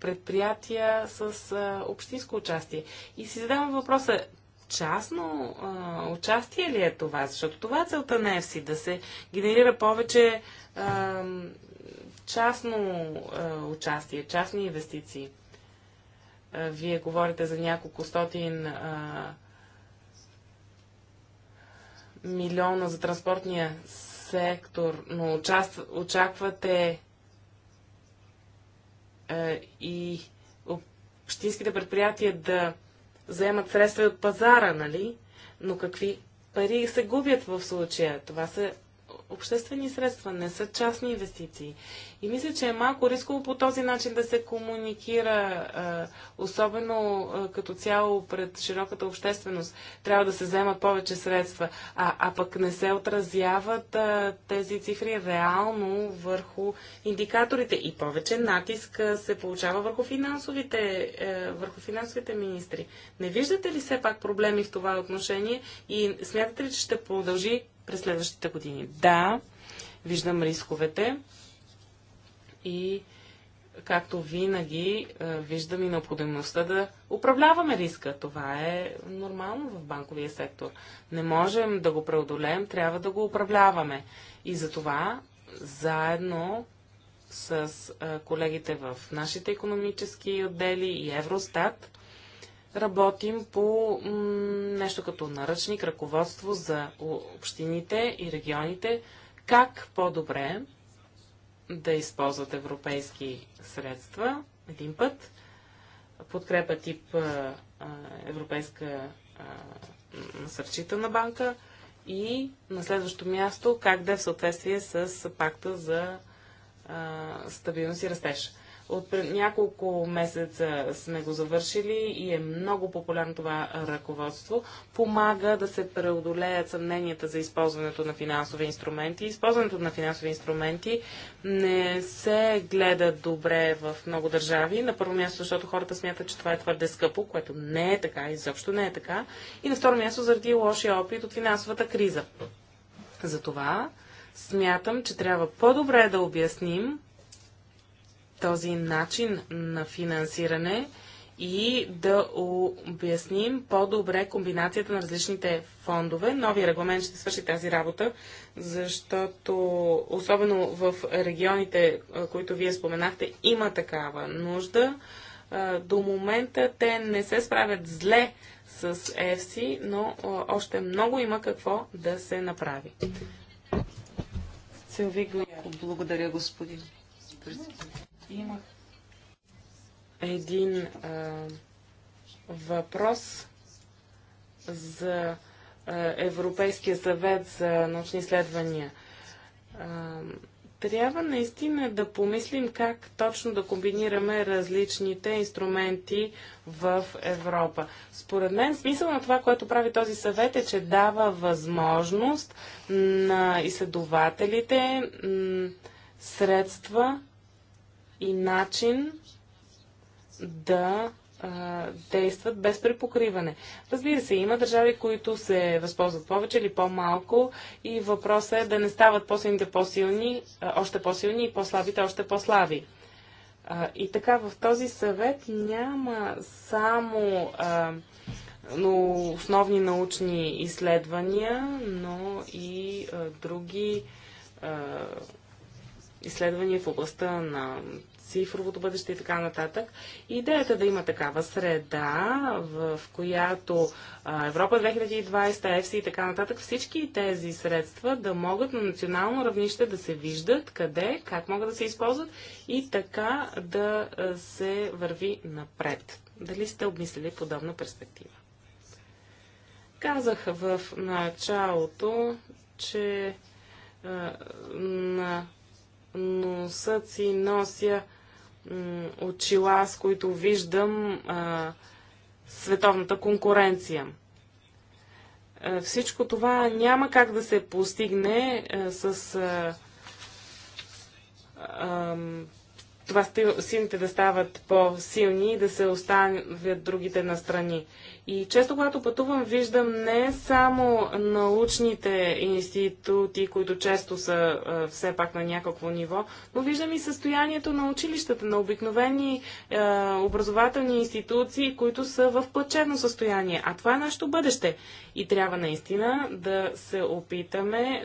предприятия с общинско участие. И си задавам въпроса, частно участие ли е това? Защото това е целта на ЕФСИ, да се генерира повече частно е, участие, частни инвестиции. Е, вие говорите за няколко стотин е, милиона за транспортния сектор, но очаквате и общинските предприятия да вземат средства от пазара, нали? Но какви пари се губят в случая? Това са обществени средства, не са частни инвестиции. И мисля, че е малко рисково по този начин да се комуникира, особено като цяло пред широката общественост. Трябва да се вземат повече средства, а, а пък не се отразяват тези цифри реално върху индикаторите. И повече натиск се получава върху финансовите, върху финансовите министри. Не виждате ли все пак проблеми в това отношение и смятате ли, че ще продължи през следващите години. Да, виждам рисковете и както винаги виждам и необходимостта да управляваме риска. Това е нормално в банковия сектор. Не можем да го преодолеем, трябва да го управляваме. И затова заедно с колегите в нашите економически отдели и Евростат работим по нещо като наръчник, ръководство за общините и регионите, как по-добре да използват европейски средства един път, подкрепа тип Европейска насърчителна банка и на следващо място как да е в съответствие с пакта за стабилност и растеж. От няколко месеца сме го завършили и е много популярно това ръководство. Помага да се преодолеят съмненията за използването на финансови инструменти. Използването на финансови инструменти не се гледа добре в много държави. На първо място, защото хората смятат, че това е твърде скъпо, което не е така, изобщо не е така. И на второ място, заради лошия опит от финансовата криза. Затова смятам, че трябва по-добре да обясним този начин на финансиране и да обясним по-добре комбинацията на различните фондове. Новия регламент ще свърши тази работа, защото особено в регионите, които вие споменахте, има такава нужда. До момента те не се справят зле с Ефси, но още много има какво да се направи. Благодаря, господин. Имах един а, въпрос за а, Европейския съвет за научни изследвания. А, трябва наистина да помислим как точно да комбинираме различните инструменти в Европа. Според мен смисъл на това, което прави този съвет е, че дава възможност на изследователите средства и начин да а, действат без препокриване. Разбира се, има държави, които се възползват повече или по-малко и въпросът е да не стават по-силните по-силни, още по-силни и по-слабите още по-слаби. И така в този съвет няма само а, но основни научни изследвания, но и а, други а, изследвания в областта на цифровото бъдеще и така нататък. Идеята е да има такава среда, в която Европа 2020, ЕФСИ и така нататък, всички тези средства да могат на национално равнище да се виждат къде, как могат да се използват и така да се върви напред. Дали сте обмислили подобна перспектива? Казах в началото, че на носът си нося очила, с които виждам а, световната конкуренция. А, всичко това няма как да се постигне а, с а, а, това силните да стават по-силни и да се оставят другите настрани. И често, когато пътувам, виждам не само научните институти, които често са а, все пак на някакво ниво, но виждам и състоянието на училищата, на обикновени а, образователни институции, които са в плачевно състояние. А това е нашето бъдеще. И трябва наистина да се опитаме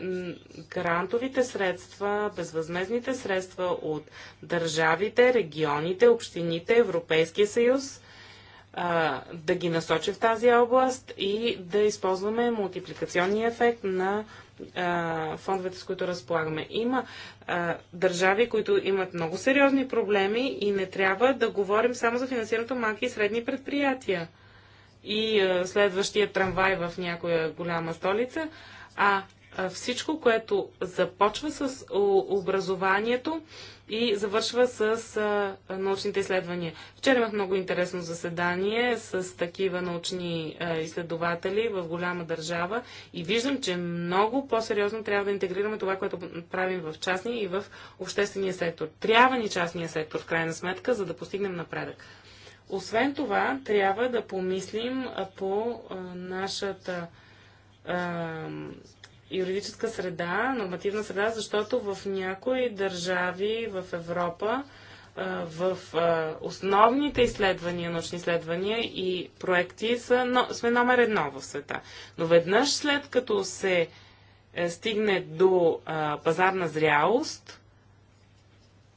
грантовите средства, безвъзмезните средства от държавите, регионите, общините, Европейския съюз, а, да ги насочи в тази област и да използваме мултипликационния ефект на а, фондовете, с които разполагаме. Има а, държави, които имат много сериозни проблеми и не трябва да говорим само за финансирането малки и средни предприятия и а, следващия трамвай в някоя голяма столица, а всичко, което започва с образованието и завършва с научните изследвания. Вчера имах много интересно заседание с такива научни изследователи в голяма държава и виждам, че много по-сериозно трябва да интегрираме това, което правим в частния и в обществения сектор. Трябва ни частния сектор, в крайна сметка, за да постигнем напредък. Освен това, трябва да помислим по нашата юридическа среда, нормативна среда, защото в някои държави в Европа в основните изследвания, научни изследвания и проекти са, но, сме номер едно в света. Но веднъж след като се е, стигне до пазарна зрялост,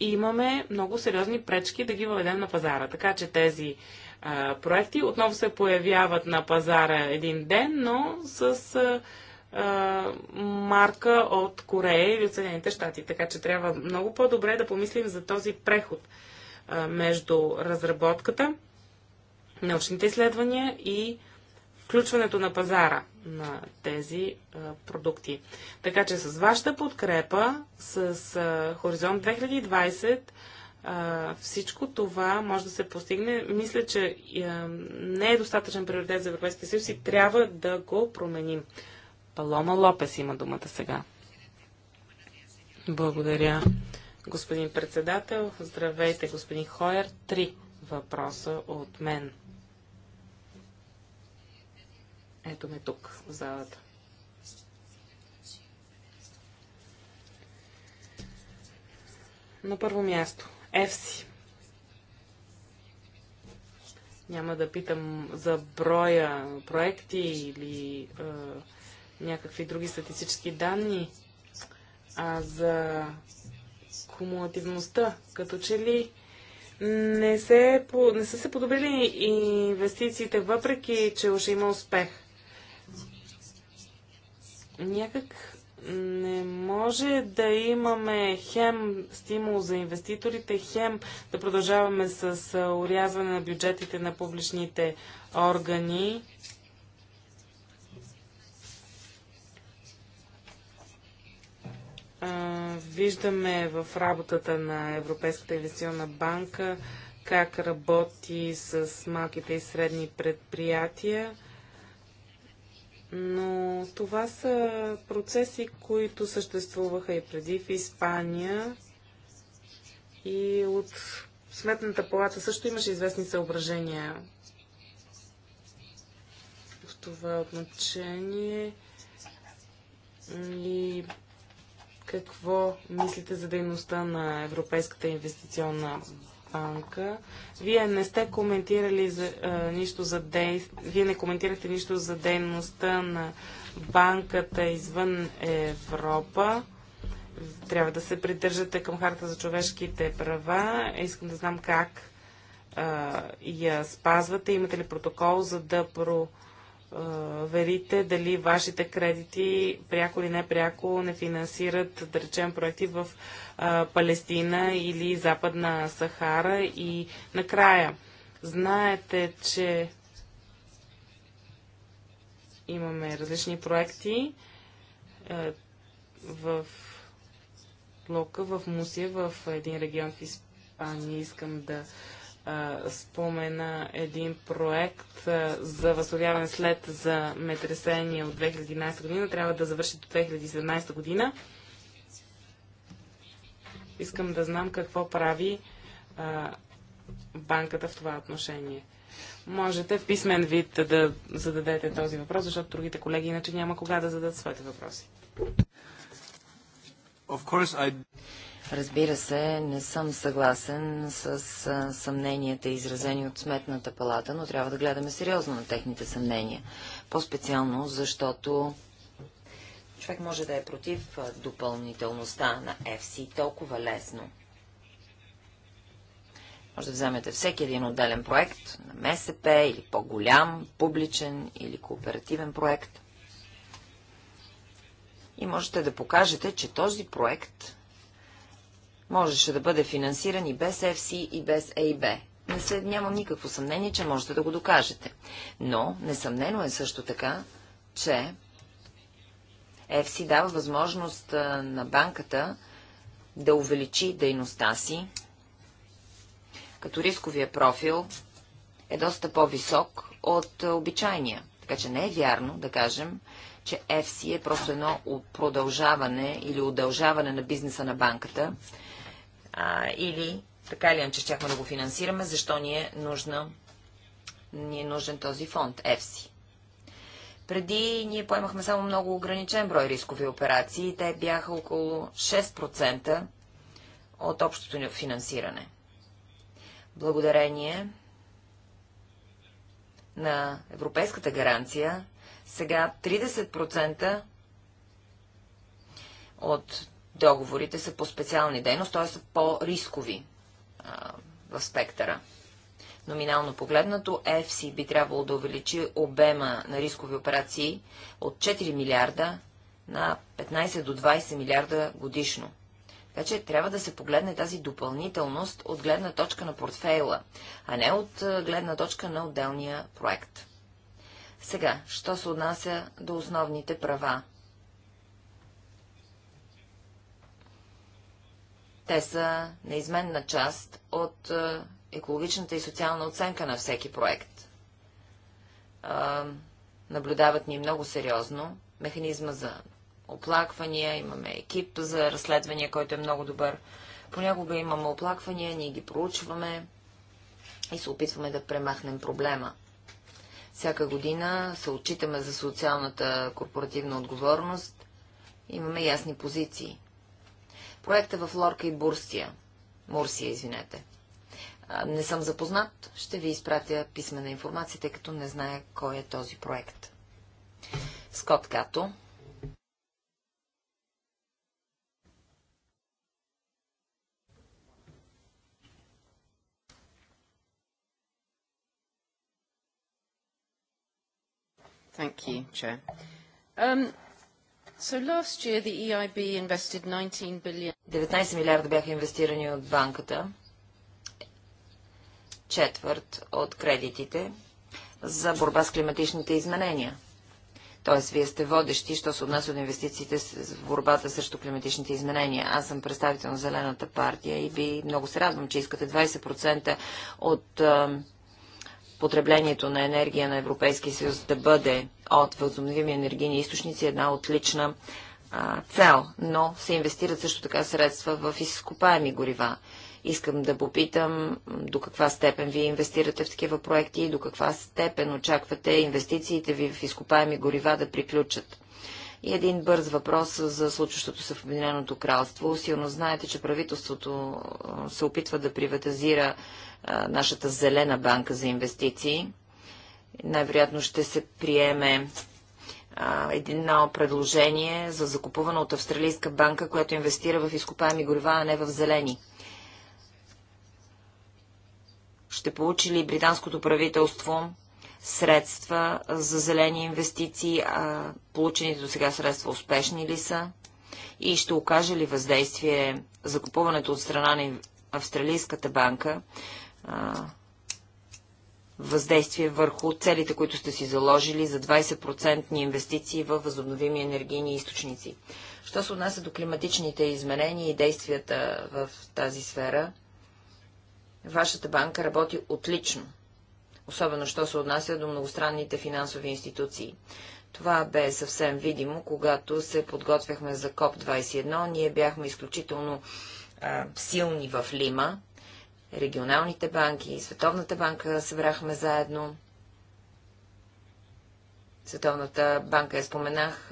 имаме много сериозни пречки да ги въведем на пазара. Така че тези проекти отново се появяват на пазара един ден, но с марка от Корея или от Съединените щати. Така че трябва много по-добре да помислим за този преход между разработката, научните изследвания и включването на пазара на тези продукти. Така че с вашата подкрепа, с Хоризонт 2020, всичко това може да се постигне. Мисля, че не е достатъчен приоритет за Европейския съюз и трябва да го променим. Палома Лопес има думата сега. Благодаря, господин председател. Здравейте, господин Хойер. Три въпроса от мен. Ето ме тук, в залата. На първо място, ЕФСИ. Няма да питам за броя проекти или е, някакви други статистически данни а, за кумулативността. Като че ли не, се, не са се подобрили инвестициите, въпреки че уж има успех. Някак не може да имаме хем стимул за инвеститорите, хем да продължаваме с урязване на бюджетите на публичните органи виждаме в работата на Европейската инвестиционна банка как работи с малките и средни предприятия. Но това са процеси, които съществуваха и преди в Испания. И от Сметната палата също имаше известни съображения в това отношение. И какво мислите за дейността на Европейската инвестиционна банка. Вие не сте коментирали за, а, нищо за дей... Вие не коментирахте нищо за дейността на банката извън Европа. Трябва да се придържате към харта за човешките права. Искам да знам как а, я спазвате. Имате ли протокол, за да про верите дали вашите кредити, пряко или непряко, не финансират, да речем, проекти в Палестина или Западна Сахара. И накрая, знаете, че имаме различни проекти в Лока, в Мусия, в един регион в Испания. Искам да спомена един проект за възстановяване след за метресение от 2011 година. Трябва да завърши до 2017 година. Искам да знам какво прави а, банката в това отношение. Можете в писмен вид да зададете този въпрос, защото другите колеги иначе няма кога да зададат своите въпроси. I... Разбира се, не съм съгласен с съмненията, изразени от Сметната палата, но трябва да гледаме сериозно на техните съмнения. По-специално, защото човек може да е против допълнителността на ФСИ толкова лесно. Може да вземете всеки един отделен проект на МСП или по-голям, публичен или кооперативен проект. И можете да покажете, че този проект можеше да бъде финансиран и без FC и без AB. Не се, нямам никакво съмнение, че можете да го докажете. Но, несъмнено е също така, че FC дава възможност на банката да увеличи дейността си, като рисковия профил е доста по-висок от обичайния. Така че не е вярно да кажем, че FC е просто едно продължаване или удължаване на бизнеса на банката, а, или, така ли че щяхме да го финансираме, защо ни е, нужна, ни е нужен този фонд, ЕФСИ. Преди ние поемахме само много ограничен брой рискови операции. Те бяха около 6% от общото ни финансиране. Благодарение на европейската гаранция, сега 30% от договорите са по специални дейности, т.е. са по-рискови в спектъра. Номинално погледнато, EFSI би трябвало да увеличи обема на рискови операции от 4 милиарда на 15 до 20 милиарда годишно. Така че трябва да се погледне тази допълнителност от гледна точка на портфейла, а не от гледна точка на отделния проект. Сега, що се отнася до основните права? Те са неизменна част от е, екологичната и социална оценка на всеки проект. Е, наблюдават ни много сериозно механизма за оплаквания, имаме екип за разследвания, който е много добър. Понякога имаме оплаквания, ние ги проучваме и се опитваме да премахнем проблема. Всяка година се отчитаме за социалната корпоративна отговорност, имаме ясни позиции проекта в Лорка и Бурсия. Мурсия, извинете. Не съм запознат, ще ви изпратя писмена информация, тъй като не знае кой е този проект. Скот Като. Thank you, Chair. Um, So last year the EIB invested 19 billion. 19 милиарда бяха инвестирани от банката. Четвърт от кредитите за борба с климатичните изменения. Тоест, вие сте водещи, що се отнася от инвестициите в борбата срещу климатичните изменения. Аз съм представител на Зелената партия и ви много се радвам, че искате 20% от а, потреблението на енергия на Европейския съюз да бъде от възобновими енергийни източници е една отлична а, цел, но се инвестират също така средства в изкопаеми горива. Искам да попитам до каква степен вие инвестирате в такива проекти и до каква степен очаквате инвестициите ви в изкопаеми горива да приключат. И един бърз въпрос за случващото се в Обединеното кралство. Силно знаете, че правителството се опитва да приватизира нашата зелена банка за инвестиции. Най-вероятно ще се приеме едно предложение за закупуване от Австралийска банка, която инвестира в изкопаеми горива, а не в зелени. Ще получи ли британското правителство средства за зелени инвестиции, а получените до сега средства успешни ли са? И ще окаже ли въздействие закупуването от страна на Австралийската банка а, въздействие върху целите, които сте си заложили за 20% инвестиции в възобновими енергийни източници. Що се отнася до климатичните изменения и действията в тази сфера, вашата банка работи отлично, особено що се отнася до многостранните финансови институции. Това бе съвсем видимо, когато се подготвяхме за КОП-21. Ние бяхме изключително а, силни в Лима, регионалните банки, Световната банка събрахме заедно. Световната банка я споменах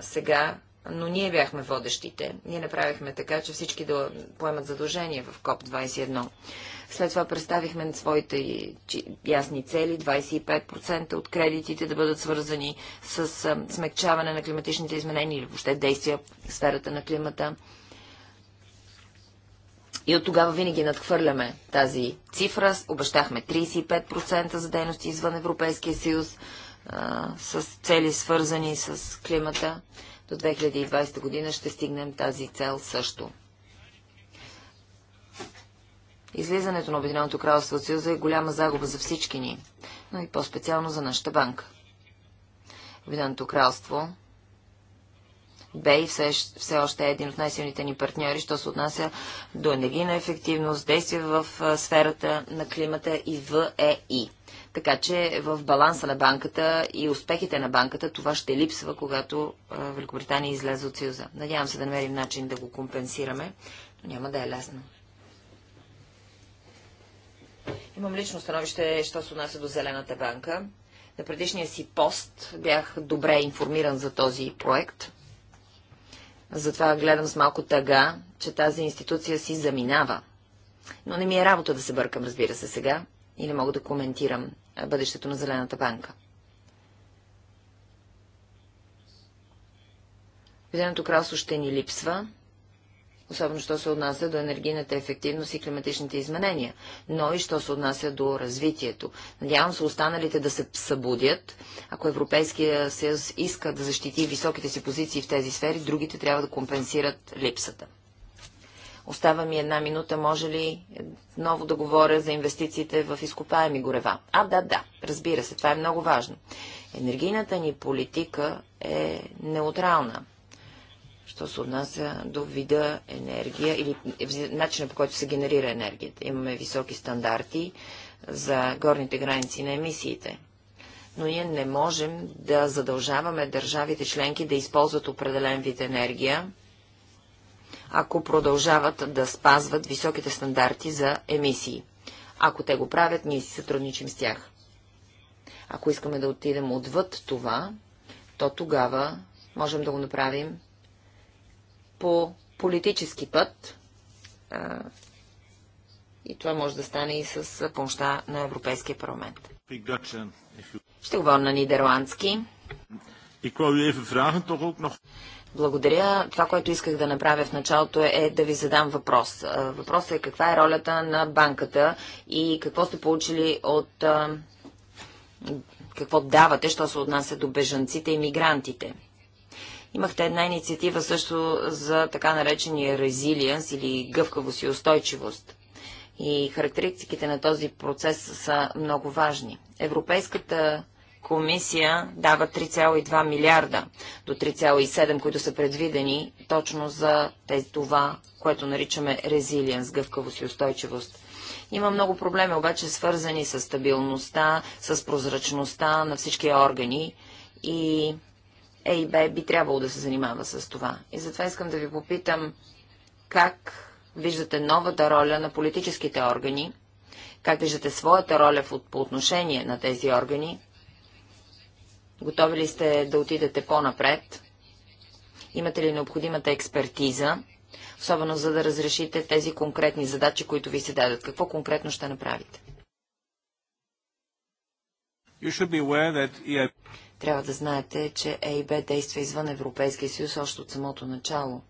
сега, но ние бяхме водещите. Ние направихме така, че всички да поемат задължение в КОП-21. След това представихме своите ясни цели, 25% от кредитите да бъдат свързани с смягчаване на климатичните изменения или въобще действия в сферата на климата. И от тогава винаги надхвърляме тази цифра. Обещахме 35% за дейности извън Европейския съюз а, с цели свързани с климата. До 2020 година ще стигнем тази цел също. Излизането на Обединеното кралство от Съюза е голяма загуба за всички ни, но и по-специално за нашата банка. Обединеното кралство бе и все, все още е един от най-силните ни партньори, що се отнася до енергийна ефективност, действия в сферата на климата и ЕИ. Така че в баланса на банката и успехите на банката това ще липсва, когато Великобритания излезе от Съюза. Надявам се да намерим начин да го компенсираме, но няма да е лесно. Имам лично становище, що се отнася до Зелената банка. На предишния си пост бях добре информиран за този проект. Затова гледам с малко тъга, че тази институция си заминава. Но не ми е работа да се бъркам, разбира се, сега и не мога да коментирам бъдещето на Зелената банка. Виденото кралство ще ни липсва особено що се отнася до енергийната ефективност и климатичните изменения, но и що се отнася до развитието. Надявам се останалите да се събудят. Ако Европейския съюз иска да защити високите си позиции в тези сфери, другите трябва да компенсират липсата. Остава ми една минута, може ли отново да говоря за инвестициите в изкопаеми горева? А, да, да, разбира се, това е много важно. Енергийната ни политика е неутрална що се отнася до вида енергия или начина по който се генерира енергията. Имаме високи стандарти за горните граници на емисиите. Но ние не можем да задължаваме държавите членки да използват определен вид енергия, ако продължават да спазват високите стандарти за емисии. Ако те го правят, ние си сътрудничим с тях. Ако искаме да отидем отвъд това, то тогава можем да го направим по политически път. А, и това може да стане и с помощта на Европейския парламент. Ще говоря на нидерландски. Благодаря. Това, което исках да направя в началото е, е да ви задам въпрос. Въпросът е каква е ролята на банката и какво сте получили от какво давате, що се отнася до бежанците и мигрантите. Имахте една инициатива също за така наречения резилиенс или гъвкавост и устойчивост. И характеристиките на този процес са много важни. Европейската комисия дава 3,2 милиарда до 3,7, които са предвидени точно за тези, това, което наричаме резилиенс, гъвкавост и устойчивост. Има много проблеми, обаче свързани с стабилността, с прозрачността на всички органи и Б би трябвало да се занимава с това. И затова искам да ви попитам как виждате новата роля на политическите органи, как виждате своята роля в, по отношение на тези органи, готови ли сте да отидете по-напред, имате ли необходимата експертиза, особено за да разрешите тези конкретни задачи, които ви се дадат. Какво конкретно ще направите? That... E трябва да знаете, че ЕИБ действа извън Европейския съюз още от самото начало.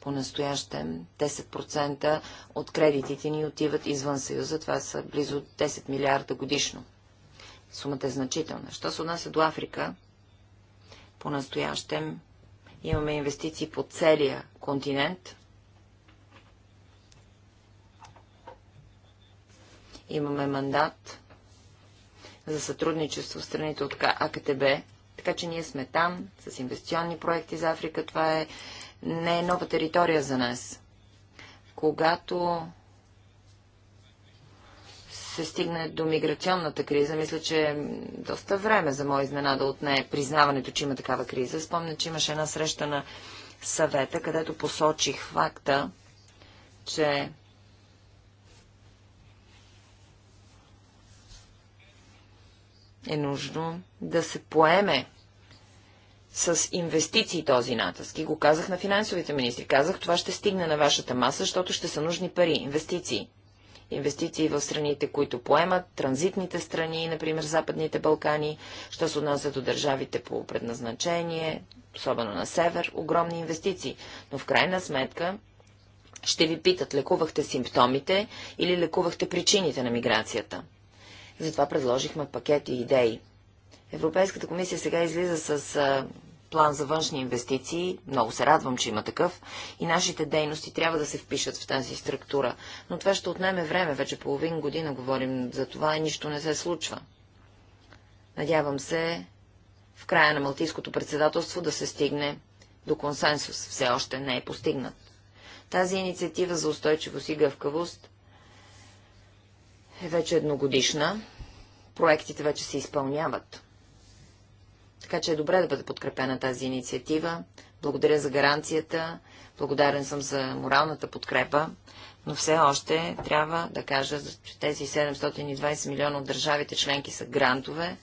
По-настоящем 10% от кредитите ни отиват извън съюза, това са близо 10 милиарда годишно. Сумата е значителна. Що се отнася до Африка, по-настоящем имаме инвестиции по целия континент. Имаме мандат за сътрудничество в страните от АКТБ. Така че ние сме там с инвестиционни проекти за Африка. Това е не е нова територия за нас. Когато се стигне до миграционната криза, мисля, че доста време за моя изненада нея признаването, че има такава криза. Спомня, че имаше една среща на съвета, където посочих факта, че е нужно да се поеме с инвестиции този натиск. И го казах на финансовите министри. Казах, това ще стигне на вашата маса, защото ще са нужни пари, инвестиции. Инвестиции в страните, които поемат, транзитните страни, например Западните Балкани, що се отнася до държавите по предназначение, особено на север, огромни инвестиции. Но в крайна сметка ще ви питат, лекувахте симптомите или лекувахте причините на миграцията. Затова предложихме пакет и идеи. Европейската комисия сега излиза с а, план за външни инвестиции. Много се радвам, че има такъв. И нашите дейности трябва да се впишат в тази структура. Но това ще отнеме време. Вече половин година говорим за това и нищо не се случва. Надявам се в края на Малтийското председателство да се стигне до консенсус. Все още не е постигнат. Тази инициатива за устойчивост и гъвкавост е вече едногодишна. Проектите вече се изпълняват. Така че е добре да бъде подкрепена тази инициатива. Благодаря за гаранцията, благодарен съм за моралната подкрепа, но все още трябва да кажа, че тези 720 милиона от държавите членки са грантове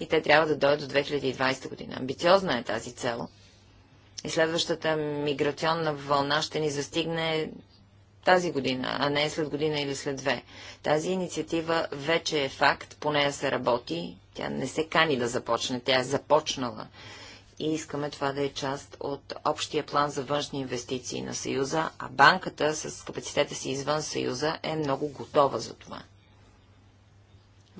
и те трябва да дойдат до 2020 година. Амбициозна е тази цел. И следващата миграционна вълна ще ни застигне тази година, а не след година или след две. Тази инициатива вече е факт, по нея се работи, тя не се кани да започне, тя е започнала. И искаме това да е част от общия план за външни инвестиции на Съюза, а банката с капацитета си извън Съюза е много готова за това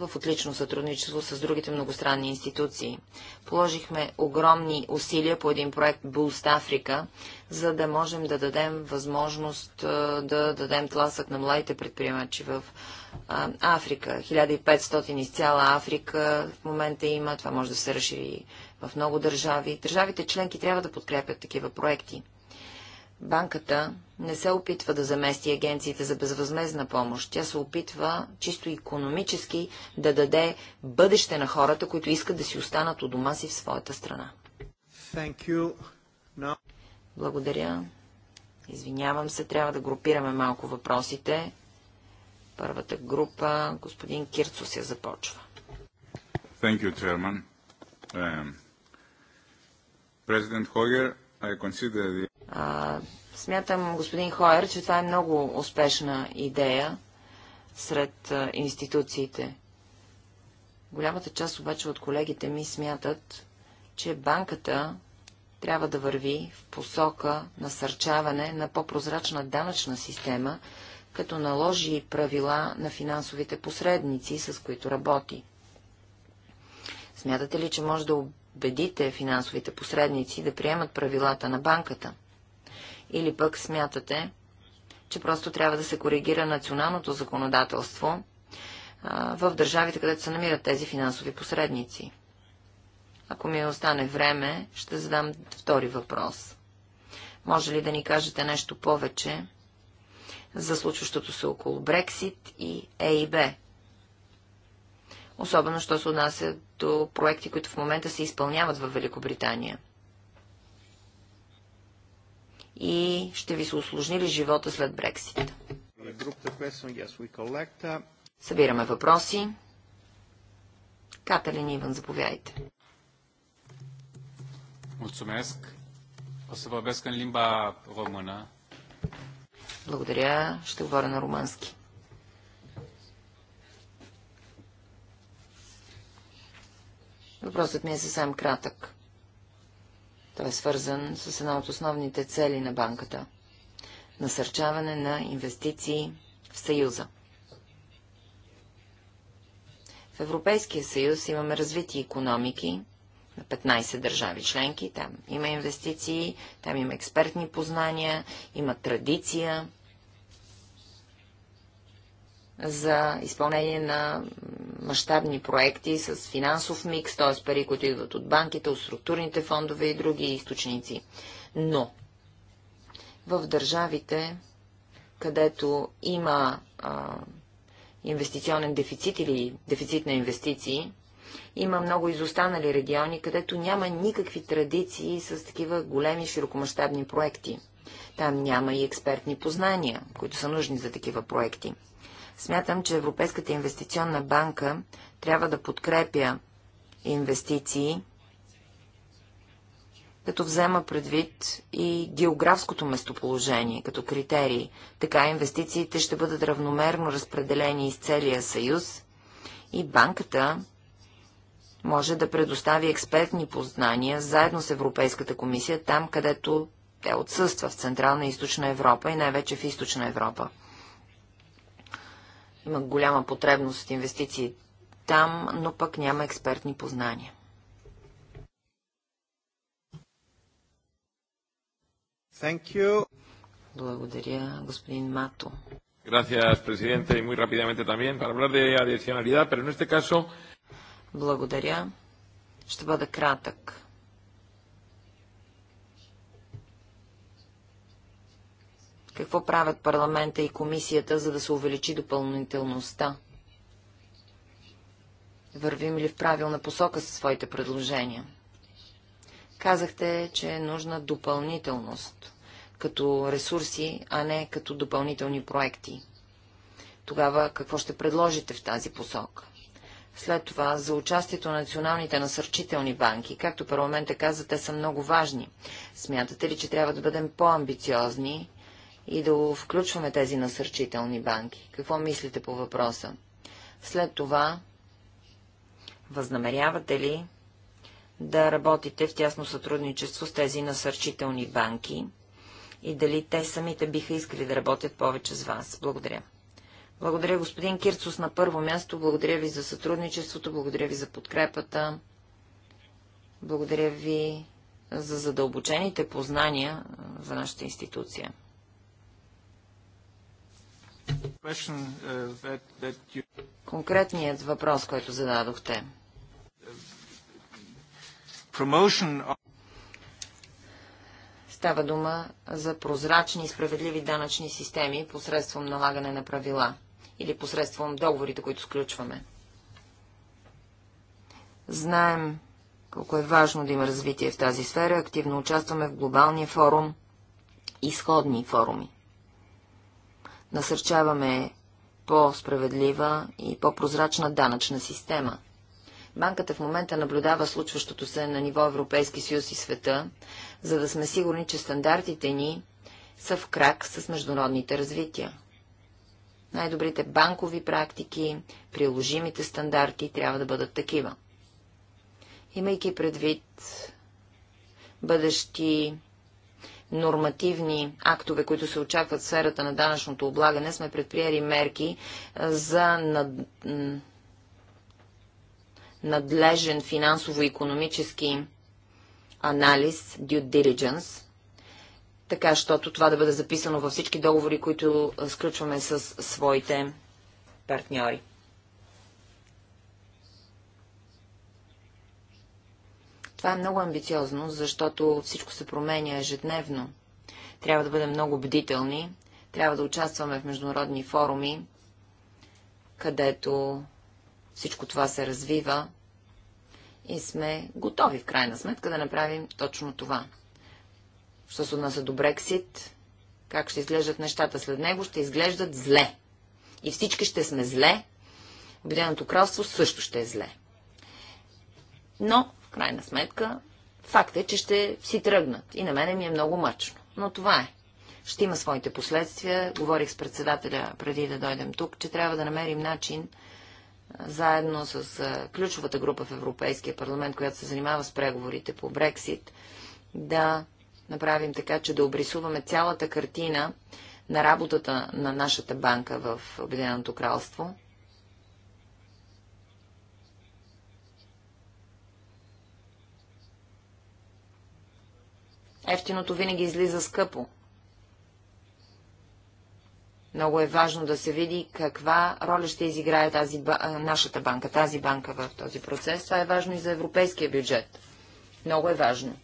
в отлично сътрудничество с другите многостранни институции. Положихме огромни усилия по един проект Булст Африка, за да можем да дадем възможност да дадем тласък на младите предприемачи в Африка. 1500 из цяла Африка в момента има, това може да се разшири в много държави. Държавите членки трябва да подкрепят такива проекти. Банката не се опитва да замести агенциите за безвъзмезна помощ. Тя се опитва чисто економически да даде бъдеще на хората, които искат да си останат у дома си в своята страна. No. Благодаря. Извинявам се, трябва да групираме малко въпросите. Първата група, господин Кирцо, се започва. Thank you, Chairman. Um, President I consider the... А, смятам, господин Хойер, че това е много успешна идея сред а, институциите. Голямата част обаче от колегите ми смятат, че банката трябва да върви в посока насърчаване на по-прозрачна данъчна система, като наложи правила на финансовите посредници, с които работи. Смятате ли, че може да убедите финансовите посредници да приемат правилата на банката? Или пък смятате, че просто трябва да се коригира националното законодателство в държавите, където се намират тези финансови посредници. Ако ми остане време, ще задам втори въпрос. Може ли да ни кажете нещо повече за случващото се около Брексит и ЕИБ? Особено, що се отнася до проекти, които в момента се изпълняват в Великобритания и ще ви се усложни ли живота след Брексит? Събираме въпроси. Каталин Иван, заповядайте. Mulțumesc. O să vorbesc Благодаря. Ще говоря на румънски. Въпросът ми е съвсем кратък. Той е свързан с една от основните цели на банката – насърчаване на инвестиции в Съюза. В Европейския съюз имаме развити економики на 15 държави членки. Там има инвестиции, там има експертни познания, има традиция, за изпълнение на мащабни проекти с финансов микс, т.е. пари, които идват от банките, от структурните фондове и други източници. Но в държавите, където има а, инвестиционен дефицит или дефицит на инвестиции, има много изостанали региони, където няма никакви традиции с такива големи широкомащабни проекти. Там няма и експертни познания, които са нужни за такива проекти. Смятам, че Европейската инвестиционна банка трябва да подкрепя инвестиции, като взема предвид и географското местоположение като критерии. Така инвестициите ще бъдат равномерно разпределени из целия съюз и банката може да предостави експертни познания заедно с Европейската комисия там, където те отсъства в Централна и Източна Европа и най-вече в Източна Европа. Има голяма потребност от инвестиции там, но пък няма експертни познания. Thank you. Благодаря, господин Мато. Gracias, presidente. Y muy rápidamente también para hablar de adicionalidad, pero en este caso... Благодаря. Ще бъда кратък. Какво правят парламента и комисията, за да се увеличи допълнителността? Вървим ли в правилна посока със своите предложения? Казахте, че е нужна допълнителност като ресурси, а не като допълнителни проекти. Тогава какво ще предложите в тази посока? След това за участието на националните насърчителни банки. Както парламента каза, те са много важни. Смятате ли, че трябва да бъдем по-амбициозни и да включваме тези насърчителни банки. Какво мислите по въпроса? След това, възнамерявате ли да работите в тясно сътрудничество с тези насърчителни банки и дали те самите биха искали да работят повече с вас? Благодаря. Благодаря, господин Кирцус, на първо място. Благодаря ви за сътрудничеството, благодаря ви за подкрепата, благодаря ви за задълбочените познания за нашата институция. Uh, Конкретният въпрос, който зададохте. Става дума за прозрачни и справедливи данъчни системи посредством налагане на правила или посредством договорите, които сключваме. Знаем колко е важно да има развитие в тази сфера. Активно участваме в глобалния форум и сходни форуми. Насърчаваме по-справедлива и по-прозрачна данъчна система. Банката в момента наблюдава случващото се на ниво Европейски съюз и света, за да сме сигурни, че стандартите ни са в крак с международните развития. Най-добрите банкови практики, приложимите стандарти трябва да бъдат такива. Имайки предвид бъдещи нормативни актове, които се очакват в сферата на данъчното облагане, сме предприели мерки за над... надлежен финансово-економически анализ, due diligence, така, щото това да бъде записано във всички договори, които сключваме с своите партньори. Това е много амбициозно, защото всичко се променя ежедневно. Трябва да бъдем много бдителни, трябва да участваме в международни форуми, където всичко това се развива и сме готови в крайна сметка да направим точно това. Що се отнася до Брексит, как ще изглеждат нещата след него, ще изглеждат зле. И всички ще сме зле, Обединеното кралство също ще е зле. Но в крайна сметка, факт е, че ще си тръгнат. И на мене ми е много мъчно. Но това е. Ще има своите последствия. Говорих с председателя преди да дойдем тук, че трябва да намерим начин заедно с ключовата група в Европейския парламент, която се занимава с преговорите по Брексит, да направим така, че да обрисуваме цялата картина на работата на нашата банка в Обединеното кралство, Ефтиното винаги излиза скъпо. Много е важно да се види каква роля ще изиграе тази, нашата банка, тази банка в този процес. Това е важно и за европейския бюджет. Много е важно.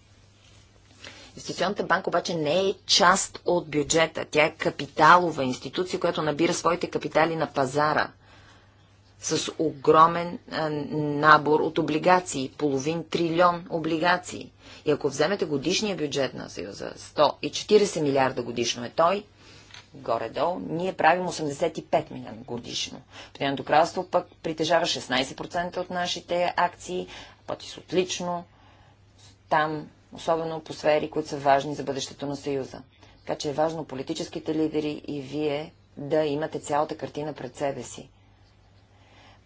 Инвестиционната банка обаче не е част от бюджета. Тя е капиталова институция, която набира своите капитали на пазара – с огромен набор от облигации, половин трилион облигации. И ако вземете годишния бюджет на Съюза, 140 милиарда годишно е той, горе-долу, ние правим 85 милиона годишно. Обединеното кралство пък притежава 16% от нашите акции, пъти с отлично, там, особено по сфери, които са важни за бъдещето на Съюза. Така че е важно политическите лидери и вие да имате цялата картина пред себе си.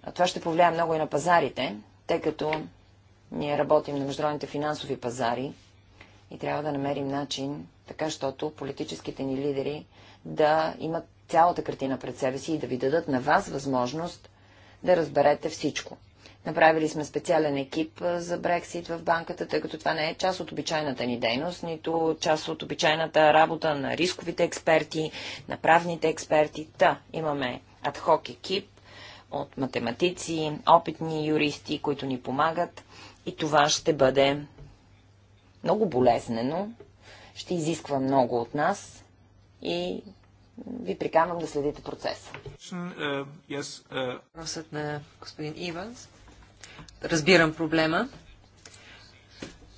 А това ще повлияе много и на пазарите, тъй като ние работим на международните финансови пазари и трябва да намерим начин, така, защото политическите ни лидери да имат цялата картина пред себе си и да ви дадат на вас възможност да разберете всичко. Направили сме специален екип за Брексит в банката, тъй като това не е част от обичайната ни дейност, нито част от обичайната работа на рисковите експерти, на правните експерти. Та, имаме адхок екип, от математици, опитни юристи, които ни помагат. И това ще бъде много болезнено, ще изисква много от нас и ви приканвам да следите процеса. Въпросът на господин Иванс. Разбирам проблема,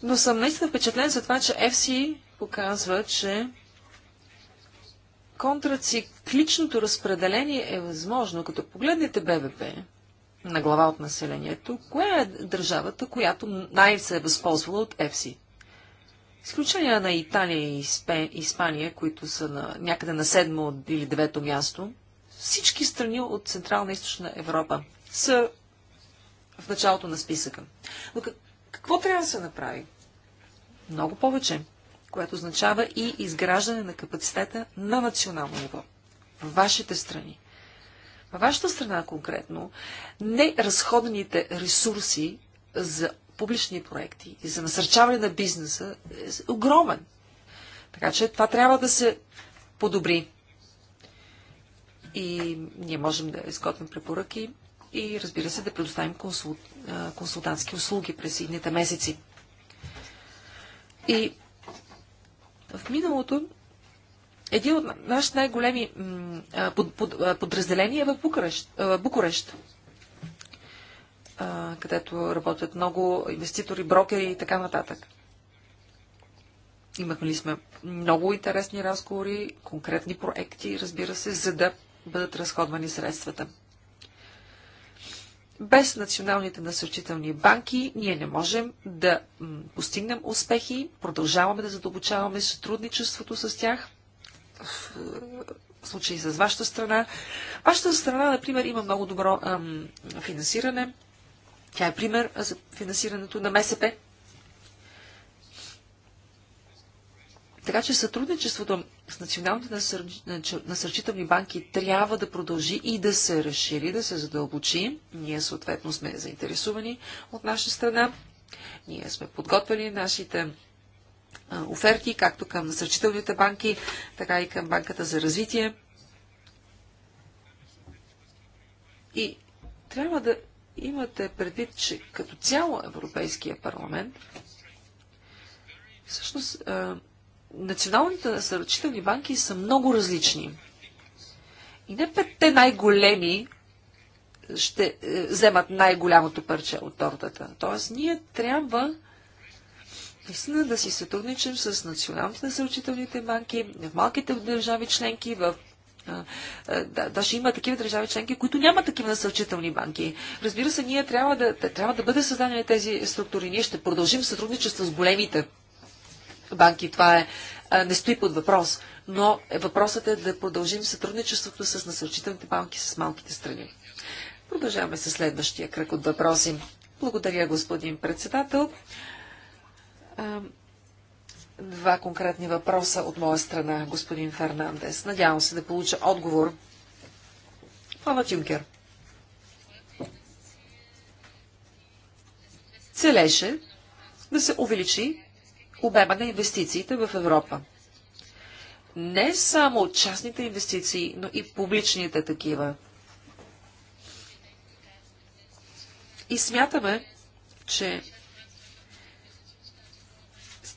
но съм наистина впечатлен за това, че FC показва, че контрацикличното разпределение е възможно. Като погледнете БВП на глава от населението, коя е държавата, която най се е възползвала от ЕФСИ? Изключение на Италия и Испания, които са на, някъде на седмо или девето място, всички страни от Централна и Източна Европа са в началото на списъка. Но какво трябва да се направи? Много повече което означава и изграждане на капацитета на национално ниво. В вашите страни. Във вашата страна конкретно, неразходените ресурси за публични проекти и за насърчаване на бизнеса е огромен. Така че това трябва да се подобри. И ние можем да изготвим препоръки и разбира се да предоставим консул... консултантски услуги през едните месеци. И в миналото един от нашите най-големи под, под, подразделения е в Букурещ, Букурещ, където работят много инвеститори, брокери и така нататък. Имахме ли сме много интересни разговори, конкретни проекти, разбира се, за да бъдат разходвани средствата. Без националните насърчителни банки ние не можем да постигнем успехи, продължаваме да задълбочаваме сътрудничеството с тях в случай с вашата страна. Вашата страна, например, има много добро ам, финансиране. Тя е пример за финансирането на МСП. Така че сътрудничеството с националните насърчителни банки трябва да продължи и да се разшири, да се задълбочи. Ние съответно сме заинтересувани от наша страна. Ние сме подготвили нашите оферти, както към насърчителните банки, така и към Банката за развитие. И трябва да имате предвид, че като цяло Европейския парламент всъщност националните насърчителни банки са много различни. И не петте най-големи ще е, вземат най-голямото парче от тортата. Тоест, ние трябва наистина да си сътрудничим с националните насърчителните банки, в малките държави членки, в да, даже има такива държави членки, които няма такива насърчителни банки. Разбира се, ние трябва да, трябва да бъде създадени тези структури. Ние ще продължим сътрудничество с големите банки. Това е, не стои под въпрос. Но е, въпросът е да продължим сътрудничеството с насърчителните банки, с малките страни. Продължаваме с следващия кръг от въпроси. Благодаря, господин председател. Два конкретни въпроса от моя страна, господин Фернандес. Надявам се да получа отговор. Планът Тюнкер. Целеше да се увеличи обема на инвестициите в Европа. Не само частните инвестиции, но и публичните такива. И смятаме, че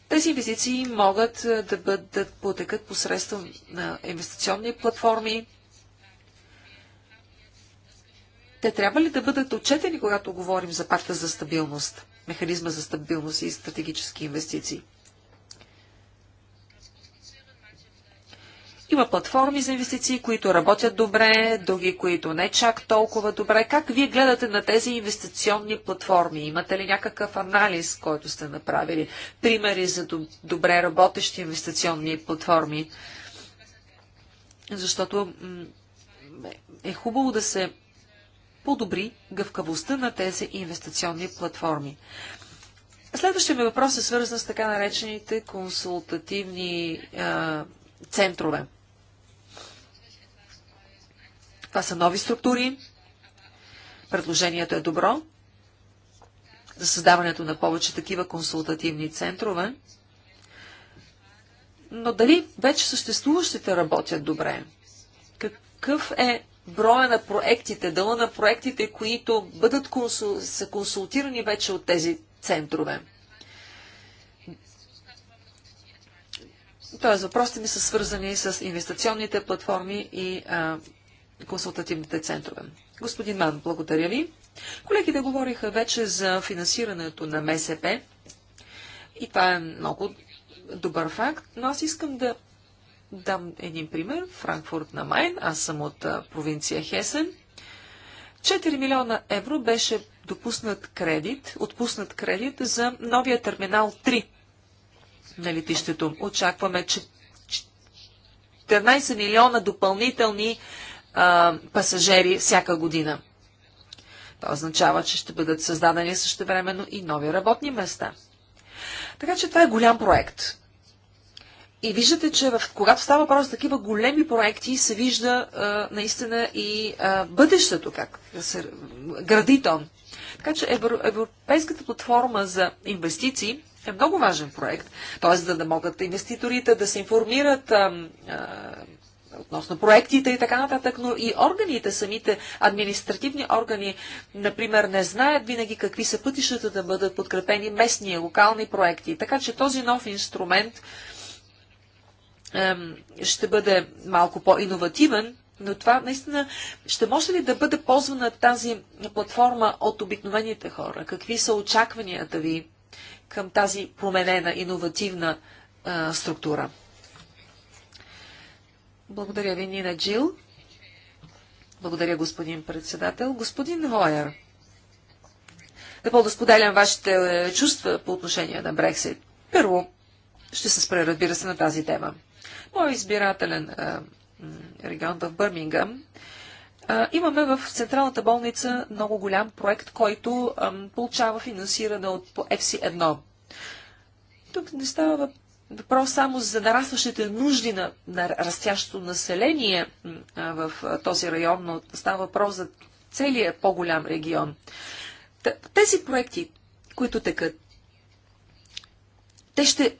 тези инвестиции могат е, да бъдат потекат посредством на инвестиционни платформи. Те трябва ли да бъдат отчетени, когато говорим за пакта за стабилност, механизма за стабилност и стратегически инвестиции? Има платформи за инвестиции, които работят добре, други, които не чак толкова добре. Как вие гледате на тези инвестиционни платформи? Имате ли някакъв анализ, който сте направили? Примери за добре работещи инвестиционни платформи? Защото е хубаво да се подобри гъвкавостта на тези инвестиционни платформи. Следващия ми въпрос е свързан с така наречените консултативни центрове. Това са нови структури. Предложението е добро за създаването на повече такива консултативни центрове. Но дали вече съществуващите работят добре? Какъв е броя на проектите, дела на проектите, които бъдат консул... са консултирани вече от тези центрове? Тоест, въпросите ми са свързани с инвестиционните платформи и а, консултативните центрове. Господин Ман, благодаря ви. Колегите говориха вече за финансирането на МСП и това е много добър факт, но аз искам да дам един пример. Франкфурт на Майн, аз съм от провинция Хесен. 4 милиона евро беше допуснат кредит, отпуснат кредит за новия терминал 3 на летището. Очакваме 14 милиона допълнителни а, пасажери всяка година. Това означава, че ще бъдат създадени същевременно и нови работни места. Така че това е голям проект. И виждате, че в, когато става въпрос за такива големи проекти, се вижда а, наистина и а, бъдещето, как се гради то. Така че Европейската платформа за инвестиции е много важен проект, т.е. за да могат инвеститорите да се информират а, а, относно проектите и така нататък, но и органите, самите административни органи, например, не знаят винаги какви са пътищата да бъдат подкрепени местни, локални проекти. Така че този нов инструмент ще бъде малко по-инновативен, но това наистина ще може ли да бъде ползвана тази платформа от обикновените хора? Какви са очакванията ви към тази променена, иновативна структура? Благодаря ви, Нина Джил. Благодаря, господин председател. Господин Войер. да споделям вашите е, чувства по отношение на Брексит. Първо, ще се спре, разбира се, на тази тема. Мой избирателен а, е, регион в Бърмингъм а, е, имаме в Централната болница много голям проект, който а, получава финансиране от по FC1. Тук не става въпрос само за нарастващите нужди на, на растящото население в този район, но става въпрос за целия по-голям регион. Тези проекти, които текат, те ще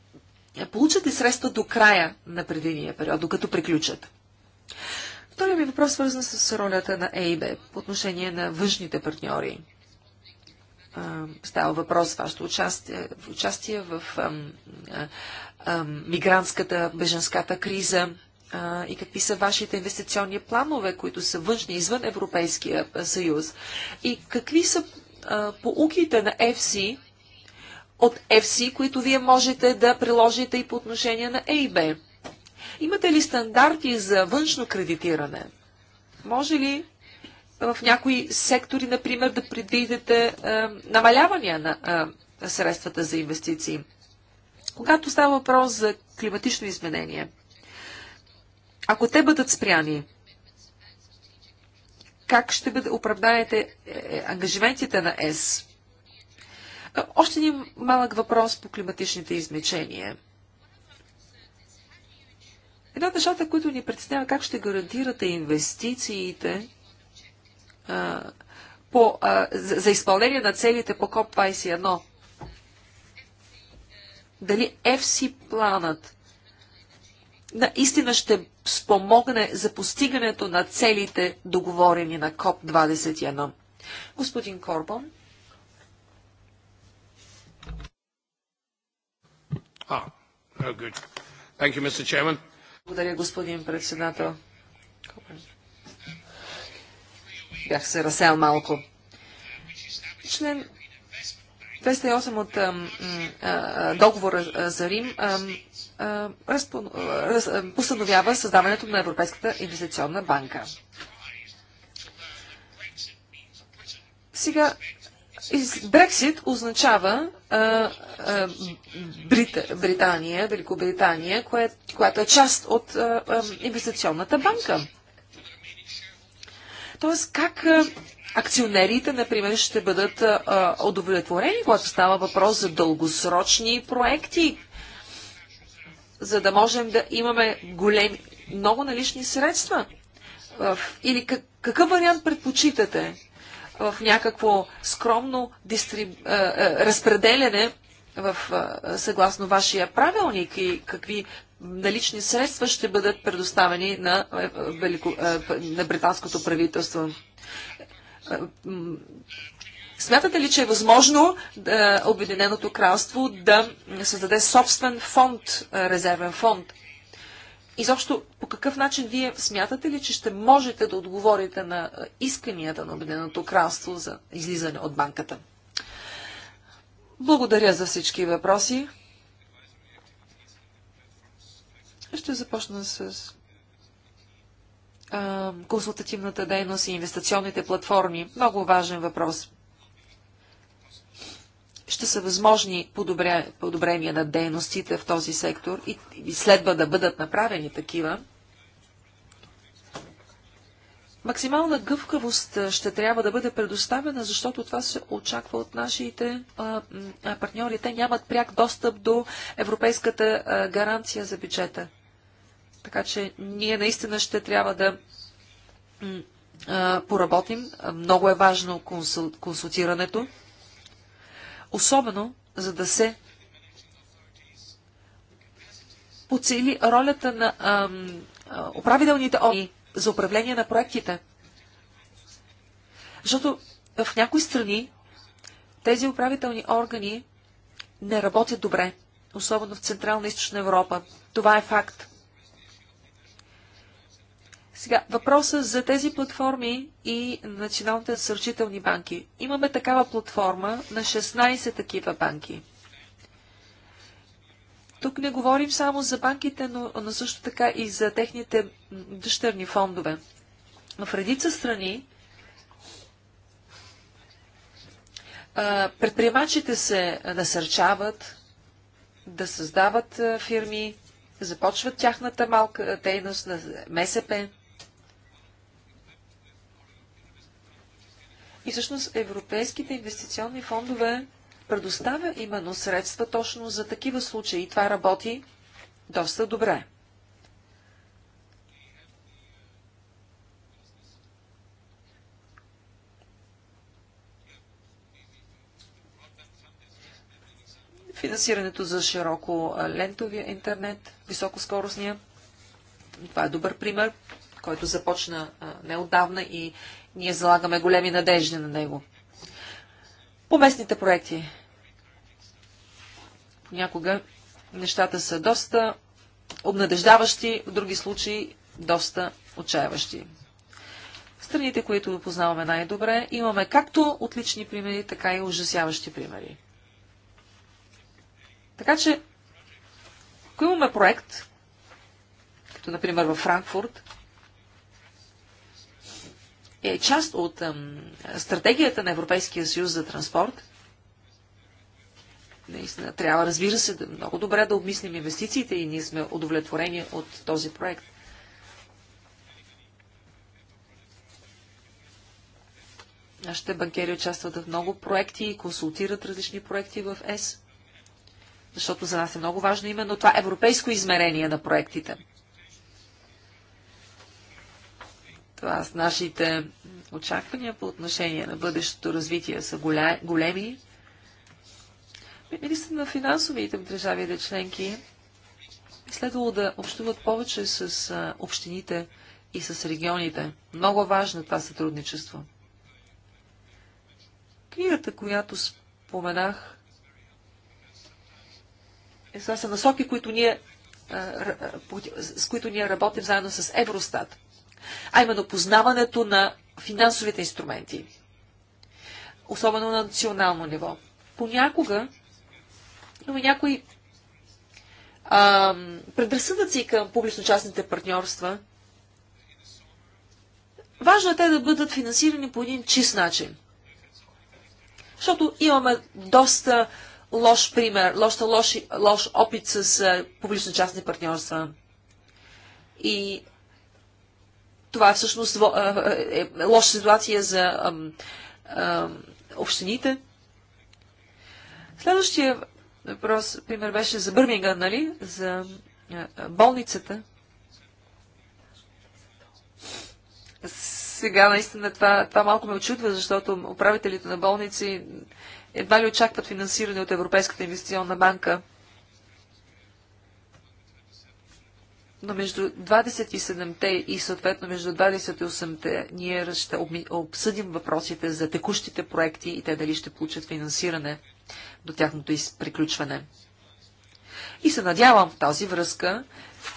получат ли средства до края на предвидения период, докато приключат? Вторият ми въпрос е свързан с ролята на ЕИБ по отношение на външните партньори. Става въпрос вашето участие, участие в мигрантската, беженската криза и какви са вашите инвестиционни планове, които са външни извън Европейския съюз и какви са поуките на ЕФСИ от ЕФСИ, които вие можете да приложите и по отношение на ЕИБ. Имате ли стандарти за външно кредитиране? Може ли в някои сектори, например, да предвидите е, намалявания на е, средствата за инвестиции? Когато става въпрос за климатично изменение, ако те бъдат спряни, как ще бъде оправдаете е, ангажиментите на ЕС? Е, още един малък въпрос по климатичните измечения. Една от нещата, които ни представя как ще гарантирате инвестициите а, е, по, а, за, за изпълнение на целите по КОП-21, дали FC планът наистина ще спомогне за постигането на целите, договорени на КОП-21. Господин Корбон. Ah, Благодаря, господин председател. Бях се разсел малко. Член 208 от а, договора за Рим а, раз, постановява създаването на Европейската инвестиционна банка. Сега, Брексит означава а, а, Брит, Британия, Великобритания, кое, която е част от а, а, инвестиционната банка. Тоест, как акционерите, например, ще бъдат а, удовлетворени, когато става въпрос за дългосрочни проекти, за да можем да имаме големи, много налични средства. А, или как, какъв вариант предпочитате в някакво скромно дистри, а, разпределене в, а, съгласно вашия правилник и какви налични средства ще бъдат предоставени на, велико, на британското правителство. Смятате ли, че е възможно да, е, Обединеното кралство да създаде собствен фонд, е, резервен фонд? И защо, по какъв начин вие смятате ли, че ще можете да отговорите на е, исканията на Обединеното кралство за излизане от банката? Благодаря за всички въпроси. Ще започна с консултативната дейност и инвестиционните платформи. Много важен въпрос. Ще са възможни подобрения на дейностите в този сектор и, следва да бъдат направени такива. Максимална гъвкавост ще трябва да бъде предоставена, защото това се очаква от нашите партньори. Те нямат пряк достъп до Европейската гаранция за бюджета. Така че ние наистина ще трябва да поработим. Много е важно консул... консултирането. Особено, за да се оцели ролята на ам, управителните органи за управление на проектите. Защото в някои страни тези управителни органи не работят добре, особено в Централна и Източна Европа. Това е факт. Сега, въпроса за тези платформи и националните насърчителни банки. Имаме такава платформа на 16 такива банки. Тук не говорим само за банките, но, но също така и за техните дъщерни фондове. В редица страни предприемачите се насърчават да създават фирми, започват тяхната малка дейност на МСП. И всъщност европейските инвестиционни фондове предоставя именно средства точно за такива случаи. Това работи доста добре. Финансирането за широко лентовия интернет, високоскоростния. Това е добър пример, който започна неодавна и ние залагаме големи надежди на него. По местните проекти. Понякога нещата са доста обнадеждаващи, в други случаи доста отчаяващи. В страните, които познаваме най-добре, имаме както отлични примери, така и ужасяващи примери. Така че, ако имаме проект, като например във Франкфурт, е част от ам, стратегията на Европейския съюз за транспорт. Наистина, трябва, разбира се, да, много добре да обмислим инвестициите и ние сме удовлетворени от този проект. Нашите банкери участват в много проекти и консултират различни проекти в ЕС, защото за нас е много важно именно това европейско измерение на проектите. с нашите очаквания по отношение на бъдещото развитие са големи. Министрите на финансовите държавите членки следвало да общуват повече с общините и с регионите. Много важно е това сътрудничество. Книгата, която споменах, е, това са насоки, които ние, с които ние работим заедно с Евростат а именно познаването на финансовите инструменти, особено на национално ниво. Понякога има някои предразсъдъци към публично-частните партньорства. Важно е те да бъдат финансирани по един чист начин. Защото имаме доста лош пример, лош, лош, лош опит с публично-частни партньорства. И това всъщност е, е лоша ситуация за общините. Следващия въпрос, пример, беше за Бърминга, нали? За болницата. Сега наистина това, това малко ме очудва, защото управителите на болници едва ли очакват финансиране от Европейската инвестиционна банка. но между 27-те и съответно между 28-те ние ще обсъдим въпросите за текущите проекти и те дали ще получат финансиране до тяхното приключване. И се надявам в тази връзка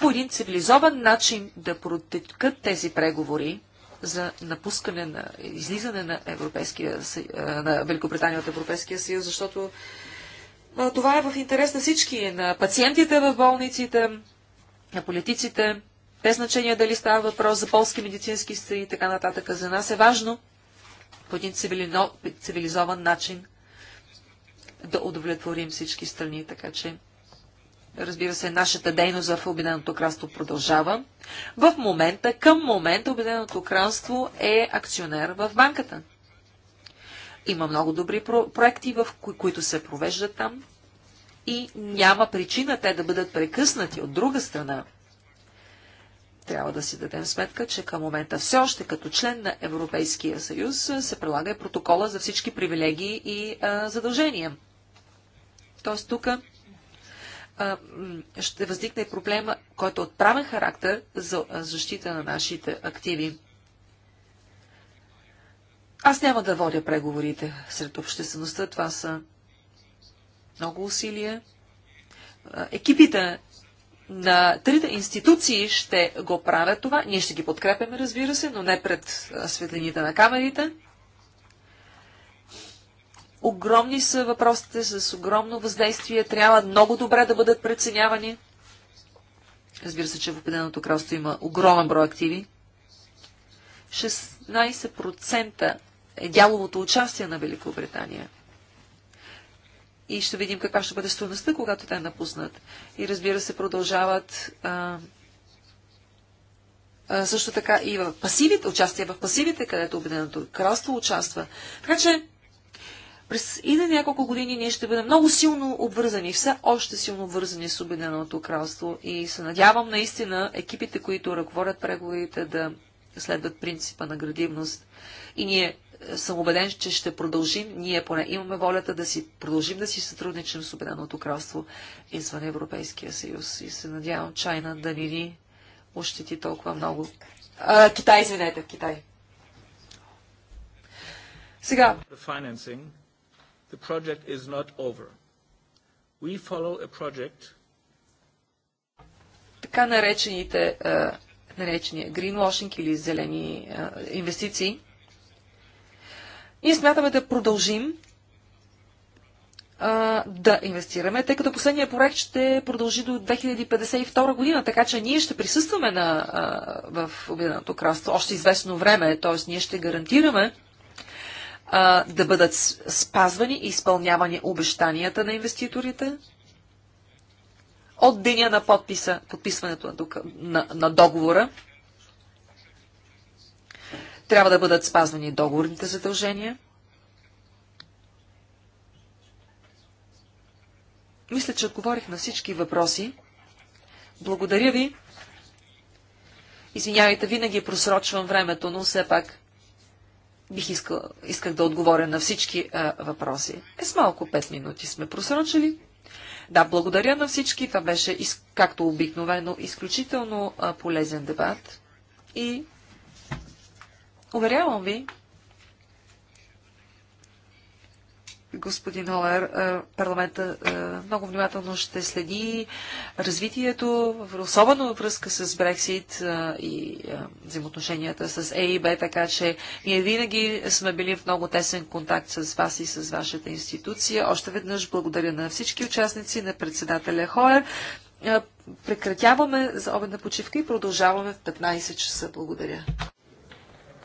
по един цивилизован начин да протекат тези преговори за напускане на излизане на, Европейския, е, на Великобритания от Европейския съюз, защото това е в интерес на всички, на пациентите в болниците, на политиците, без значение дали става въпрос за полски медицински сестри и така нататък. За нас е важно по един цивилизован начин да удовлетворим всички страни, така че Разбира се, нашата дейност в Обединеното кралство продължава. В момента, към момента, Обединеното кралство е акционер в банката. Има много добри проекти, в кои, които се провеждат там и няма причина те да бъдат прекъснати. От друга страна, трябва да си дадем сметка, че към момента все още като член на Европейския съюз се прилага и протокола за всички привилегии и а, задължения. Тоест тук ще възникне и проблема, който е отправен характер за защита на нашите активи. Аз няма да водя преговорите сред обществеността. Това са много усилия. Екипите на трите институции ще го правят това. Ние ще ги подкрепяме, разбира се, но не пред светлините на камерите. Огромни са въпросите с огромно въздействие. Трябва много добре да бъдат преценявани. Разбира се, че в Обединеното кралство има огромен брой активи. 16% е дяловото участие на Великобритания и ще видим каква ще бъде стоеността, когато те напуснат. И разбира се, продължават а, а, също така и в пасивите, участие в пасивите, където Обединеното кралство участва. Така че през и на няколко години ние ще бъдем много силно обвързани, все още силно обвързани с Обединеното кралство и се надявам наистина екипите, които ръководят преговорите да следват принципа на градивност. И ние съм убеден, че ще продължим, ние поне имаме волята да си продължим да си сътрудничим с Обеденото кралство извън Европейския съюз. И се надявам Чайна да ни ни ощети толкова много. А, Китай, извинете, Китай. Сега. The project is not over. We follow a project. Така наречените, наречения greenwashing или зелени инвестиции ние смятаме да продължим а, да инвестираме, тъй като последния проект ще продължи до 2052 година, така че ние ще присъстваме на, а, в Обединеното кралство още известно време, т.е. ние ще гарантираме а, да бъдат спазвани и изпълнявани обещанията на инвеститорите от деня на подписа, подписването на, на, на договора трябва да бъдат спазвани договорните задължения. Мисля, че отговорих на всички въпроси. Благодаря ви. Извинявайте, винаги просрочвам времето, но все пак бих искал, исках да отговоря на всички а, въпроси. Е, с малко 5 минути сме просрочили. Да, благодаря на всички. Това беше, както обикновено, изключително а, полезен дебат. И Уверявам ви, господин Олер, е, парламента е, много внимателно ще следи развитието, особено във връзка с Брексит е, и взаимоотношенията с ЕИБ, така че ние винаги сме били в много тесен контакт с вас и с вашата институция. Още веднъж благодаря на всички участници, на председателя Хоер. Прекратяваме за обедна почивка и продължаваме в 15 часа. Благодаря.